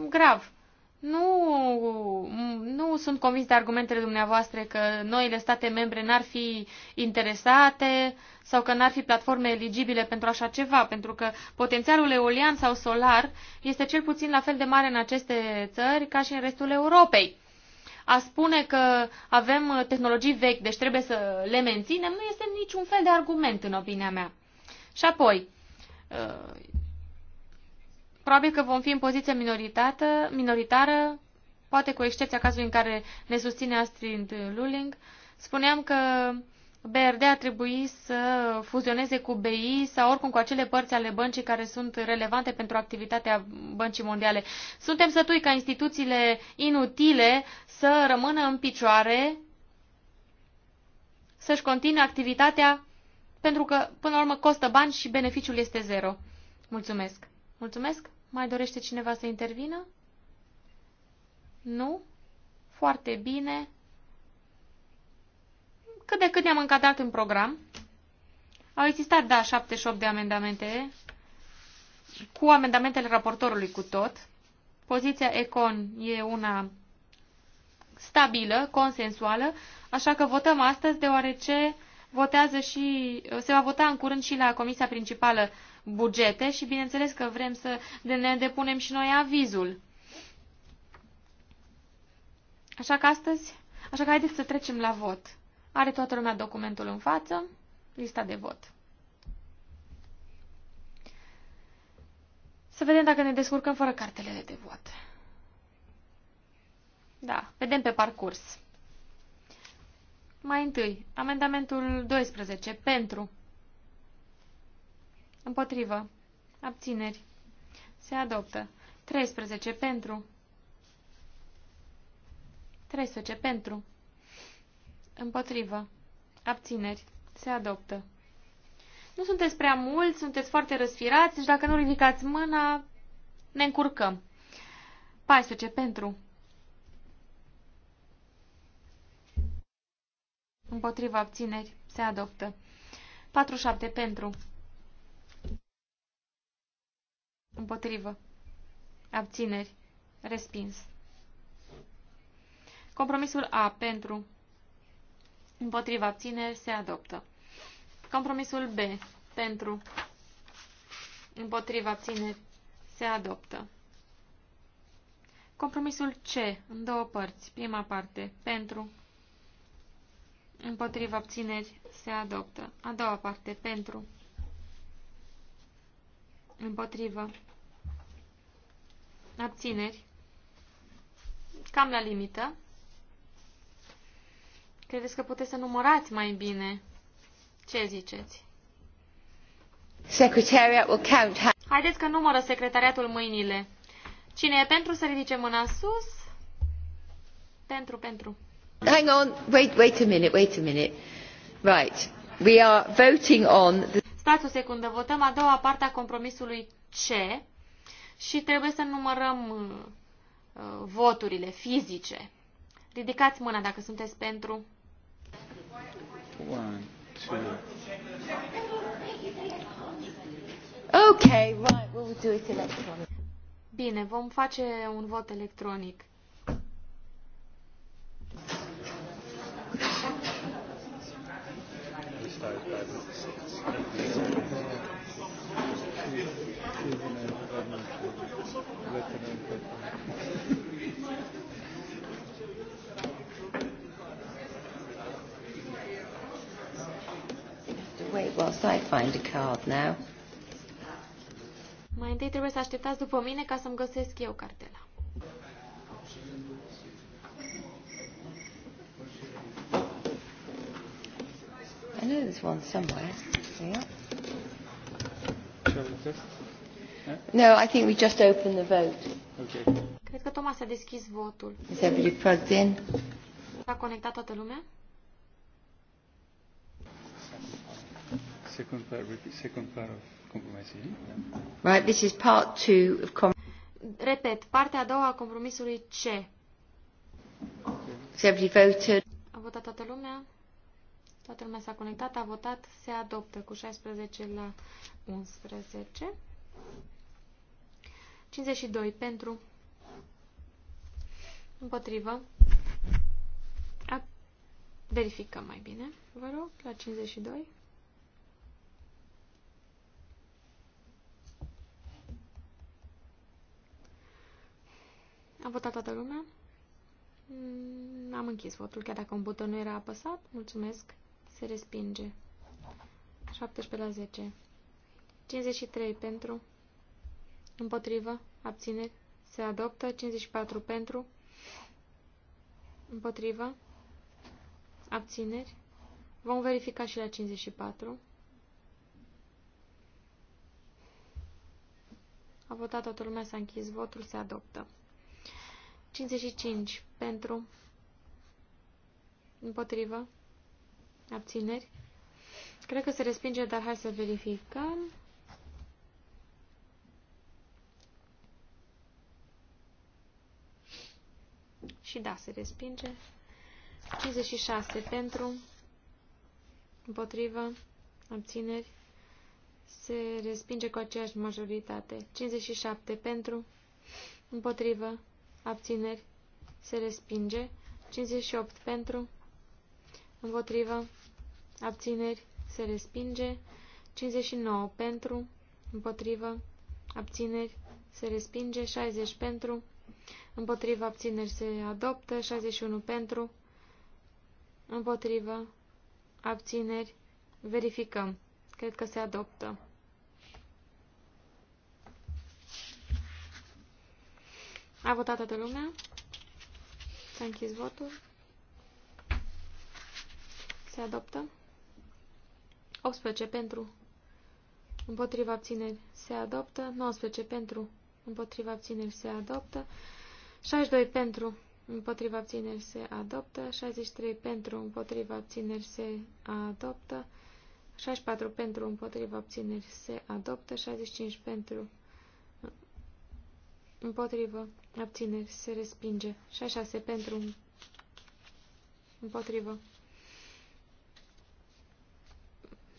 grav nu, nu sunt convins de argumentele dumneavoastră că noile state membre n-ar fi interesate sau că n-ar fi platforme eligibile pentru așa ceva, pentru că potențialul eolian sau solar este cel puțin la fel de mare în aceste țări ca și în restul Europei. A spune că avem tehnologii vechi, deci trebuie să le menținem, nu este niciun fel de argument în opinia mea. Și apoi, probabil că vom fi în poziție minoritară, poate cu excepția cazului în care ne susține Astrid Luling. Spuneam că BRD a trebuit să fuzioneze cu BI sau oricum cu acele părți ale băncii care sunt relevante pentru activitatea băncii mondiale. Suntem sătui ca instituțiile inutile să rămână în picioare, să-și continue activitatea, pentru că, până la urmă, costă bani și beneficiul este zero. Mulțumesc! Mulțumesc! Mai dorește cineva să intervină? Nu? Foarte bine. Cât de cât ne-am încadrat în program. Au existat, da, 78 de amendamente, cu amendamentele raportorului cu tot. Poziția Econ e una stabilă, consensuală, așa că votăm astăzi, deoarece votează și, se va vota în curând și la Comisia Principală bugete și bineînțeles că vrem să ne depunem și noi avizul. Așa că astăzi, așa că haideți să trecem la vot. Are toată lumea documentul în față, lista de vot. Să vedem dacă ne descurcăm fără cartelele de vot. Da, vedem pe parcurs. Mai întâi, amendamentul 12 pentru Împotrivă. Abțineri. Se adoptă. 13 pentru. 13 pentru. Împotrivă. Abțineri. Se adoptă. Nu sunteți prea mulți, sunteți foarte răsfirați, și dacă nu ridicați mâna, ne încurcăm. 14 pentru. Împotriva abțineri. Se adoptă. 47 pentru. Împotrivă. Abțineri. Respins. Compromisul A. Pentru. Împotriva abțineri se adoptă. Compromisul B. Pentru. Împotriva abțineri se adoptă. Compromisul C. În două părți. Prima parte. Pentru. Împotriva abțineri se adoptă. A doua parte. Pentru. Împotrivă. Abțineri. Cam la limită. Credeți că puteți să numărați mai bine? Ce ziceți? Secretariat will count. Haideți că numără secretariatul mâinile. Cine e pentru să ridice mâna sus? Pentru, pentru. Hang on, wait, wait a minute, wait a minute. Right, we are voting on... The... Stați o secundă, votăm a doua parte a compromisului C și trebuie să numărăm uh, uh voturile fizice. Ridicați mâna dacă sunteți pentru. One, two. Okay, right, we'll do it electronic. Bine, vom face un vot electronic. whilst I find a card now. Mai întâi trebuie să așteptați după mine ca să-mi găsesc eu cartela. I know there's one somewhere. Yeah. No, I think we just open the vote. Okay. Cred că Thomas a deschis votul. Is everybody plugged in? S-a conectat toată lumea? second second part of Right, this is part two of com Repet, partea a doua a compromisului C. Okay. voted. A votat toată lumea? Toată lumea s-a conectat, a votat, se adoptă cu 16 la 11. 52 pentru, împotrivă, a, verificăm mai bine, vă rog, la 52. A votat toată lumea? Mm, am închis votul, chiar dacă un buton nu era apăsat. Mulțumesc. Se respinge. 17 la 10. 53 pentru. Împotrivă. Abțineri. Se adoptă. 54 pentru. Împotrivă. Abțineri. Vom verifica și la 54. A votat toată lumea, s-a închis votul, se adoptă. 55 pentru, împotrivă, abțineri. Cred că se respinge, dar hai să verificăm. Și da, se respinge. 56 pentru, împotrivă, abțineri. Se respinge cu aceeași majoritate. 57 pentru, împotrivă, abțineri, se respinge. 58 pentru, împotrivă, abțineri, se respinge. 59 pentru, împotrivă, abțineri, se respinge. 60 pentru, împotrivă, abțineri, se adoptă. 61 pentru, împotrivă, abțineri, verificăm. Cred că se adoptă. A votat toată lumea? S-a închis votul. Se adoptă. 18 pentru. Împotriva abțineri se adoptă. 19 pentru. Împotriva abțineri se adoptă. 62 pentru. Împotriva abțineri se adoptă. 63 pentru. Împotriva abțineri se adoptă. 64 pentru. Împotriva abțineri se adoptă. 65 pentru. Împotrivă. Abțineri. Se respinge. și așa se pentru. Împotrivă.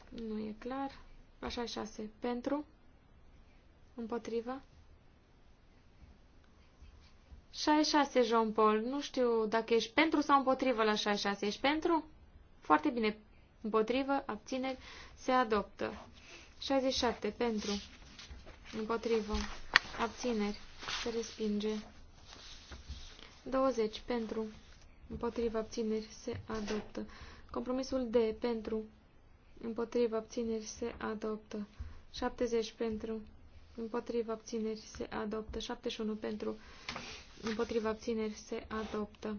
Nu e clar. Așa se pentru. Împotrivă. 66, Jean-Paul. Nu știu dacă ești pentru sau împotrivă la 66. Ești pentru? Foarte bine. Împotrivă, abțineri, se adoptă. 67, pentru. Împotrivă, abțineri, se respinge. 20 pentru, împotriva abțineri se adoptă. Compromisul D pentru, împotriva abțineri se adoptă. 70 pentru, împotriva abțineri se adoptă. 71 pentru, împotriva abțineri se adoptă.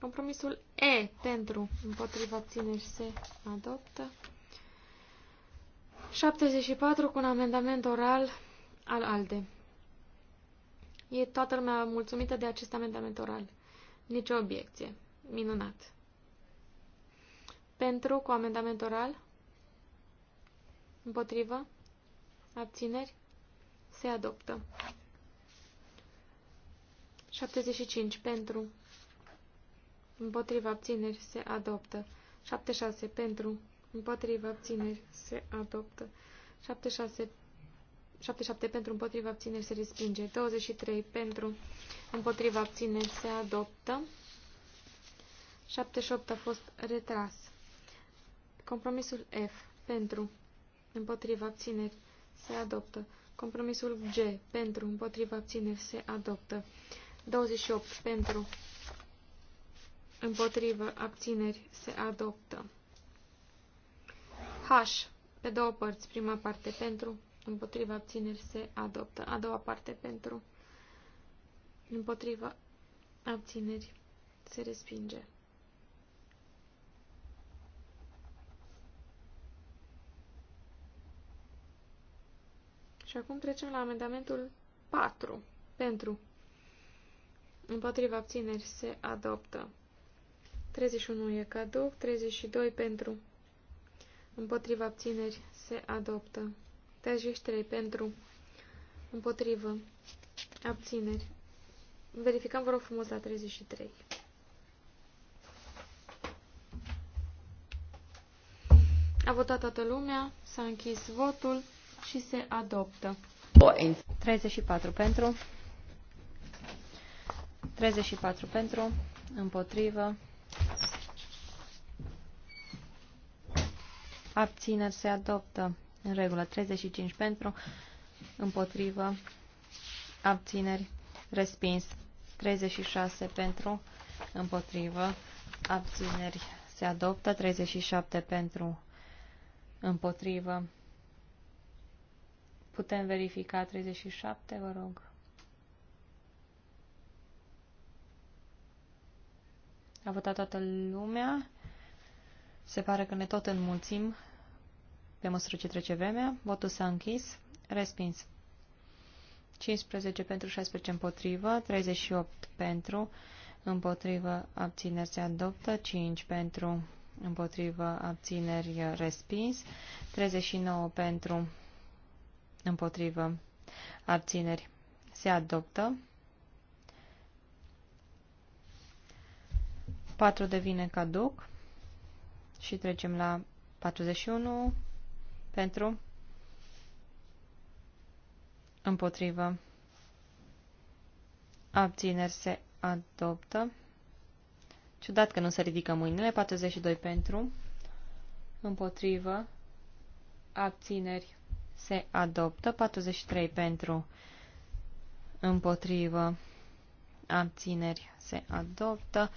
Compromisul E pentru, împotriva abțineri se adoptă. 74 cu un amendament oral al ALDE. E toată lumea mulțumită de acest amendament oral. Nicio obiecție. Minunat. Pentru cu amendament oral? Împotrivă? Abțineri? Se adoptă. 75. Pentru. Împotrivă abțineri se adoptă. 76. Pentru. Împotrivă abțineri se adoptă. 76. 77 pentru împotriva abțineri se respinge. 23 pentru împotriva abțineri se adoptă. 78 a fost retras. Compromisul F pentru împotriva abțineri se adoptă. Compromisul G pentru împotriva abțineri se adoptă. 28 pentru împotriva abțineri se adoptă. H pe două părți, prima parte pentru împotriva abțineri se adoptă. A doua parte pentru împotriva abțineri se respinge. Și acum trecem la amendamentul 4. Pentru. Împotriva abțineri se adoptă. 31 e caduc, 32 pentru. Împotriva abțineri se adoptă. 33 pentru, împotrivă, abțineri. Verificăm, vă rog frumos, la 33. A votat toată lumea, s-a închis votul și se adoptă. 34 pentru, 34 pentru, împotrivă, abțineri se adoptă. În regulă, 35 pentru, împotrivă, abțineri, respins. 36 pentru, împotrivă, abțineri, se adoptă. 37 pentru, împotrivă. Putem verifica 37, vă rog. A votat toată lumea. Se pare că ne tot înmulțim pe măsură ce trece vremea. Votul s-a închis. Respins. 15 pentru, 16 împotrivă, 38 pentru, împotrivă, abțineri se adoptă, 5 pentru, împotrivă, abțineri respins, 39 pentru, împotrivă, abțineri se adoptă, 4 devine caduc și trecem la 41, pentru. Împotrivă. Abțineri se adoptă. Ciudat că nu se ridică mâinile. 42 pentru. Împotrivă. Abțineri se adoptă. 43 pentru. Împotrivă. Abțineri se adoptă.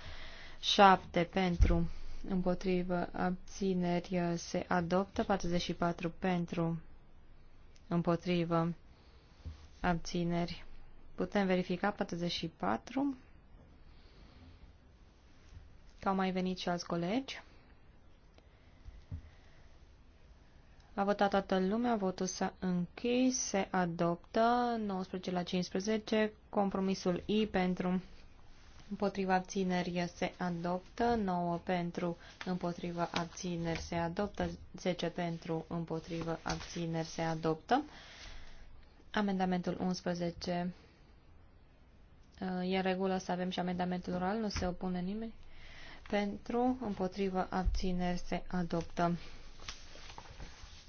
7 pentru împotrivă, abțineri uh, se adoptă, 44 pentru, împotrivă, abțineri. Putem verifica 44. Că au mai venit și alți colegi. A votat toată lumea, votul s-a închis, se adoptă 19 la 15, compromisul I pentru împotriva abțineri se adoptă, 9 pentru, împotriva abțineri se adoptă, 10 pentru, împotriva abțineri se adoptă. Amendamentul 11 e în regulă să avem și amendamentul oral, nu se opune nimeni. Pentru, împotriva abțineri se adoptă.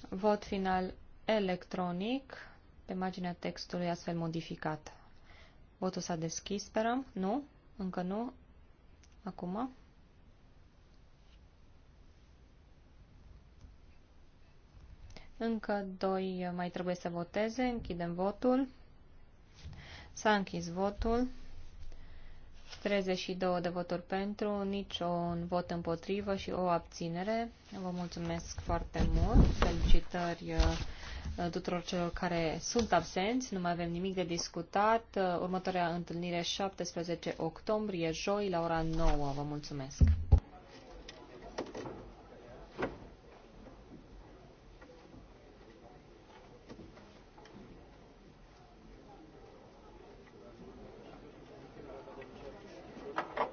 Vot final electronic pe marginea textului astfel modificat. Votul s-a deschis, sperăm? Nu? Încă nu. Acum. Încă doi mai trebuie să voteze. Închidem votul. S-a închis votul. 32 de voturi pentru, niciun vot împotrivă și o abținere. Vă mulțumesc foarte mult. Felicitări uh, Uh, tuturor celor care sunt absenți. Nu mai avem nimic de discutat. Uh, următoarea întâlnire 17 octombrie, joi, la ora 9. Vă mulțumesc!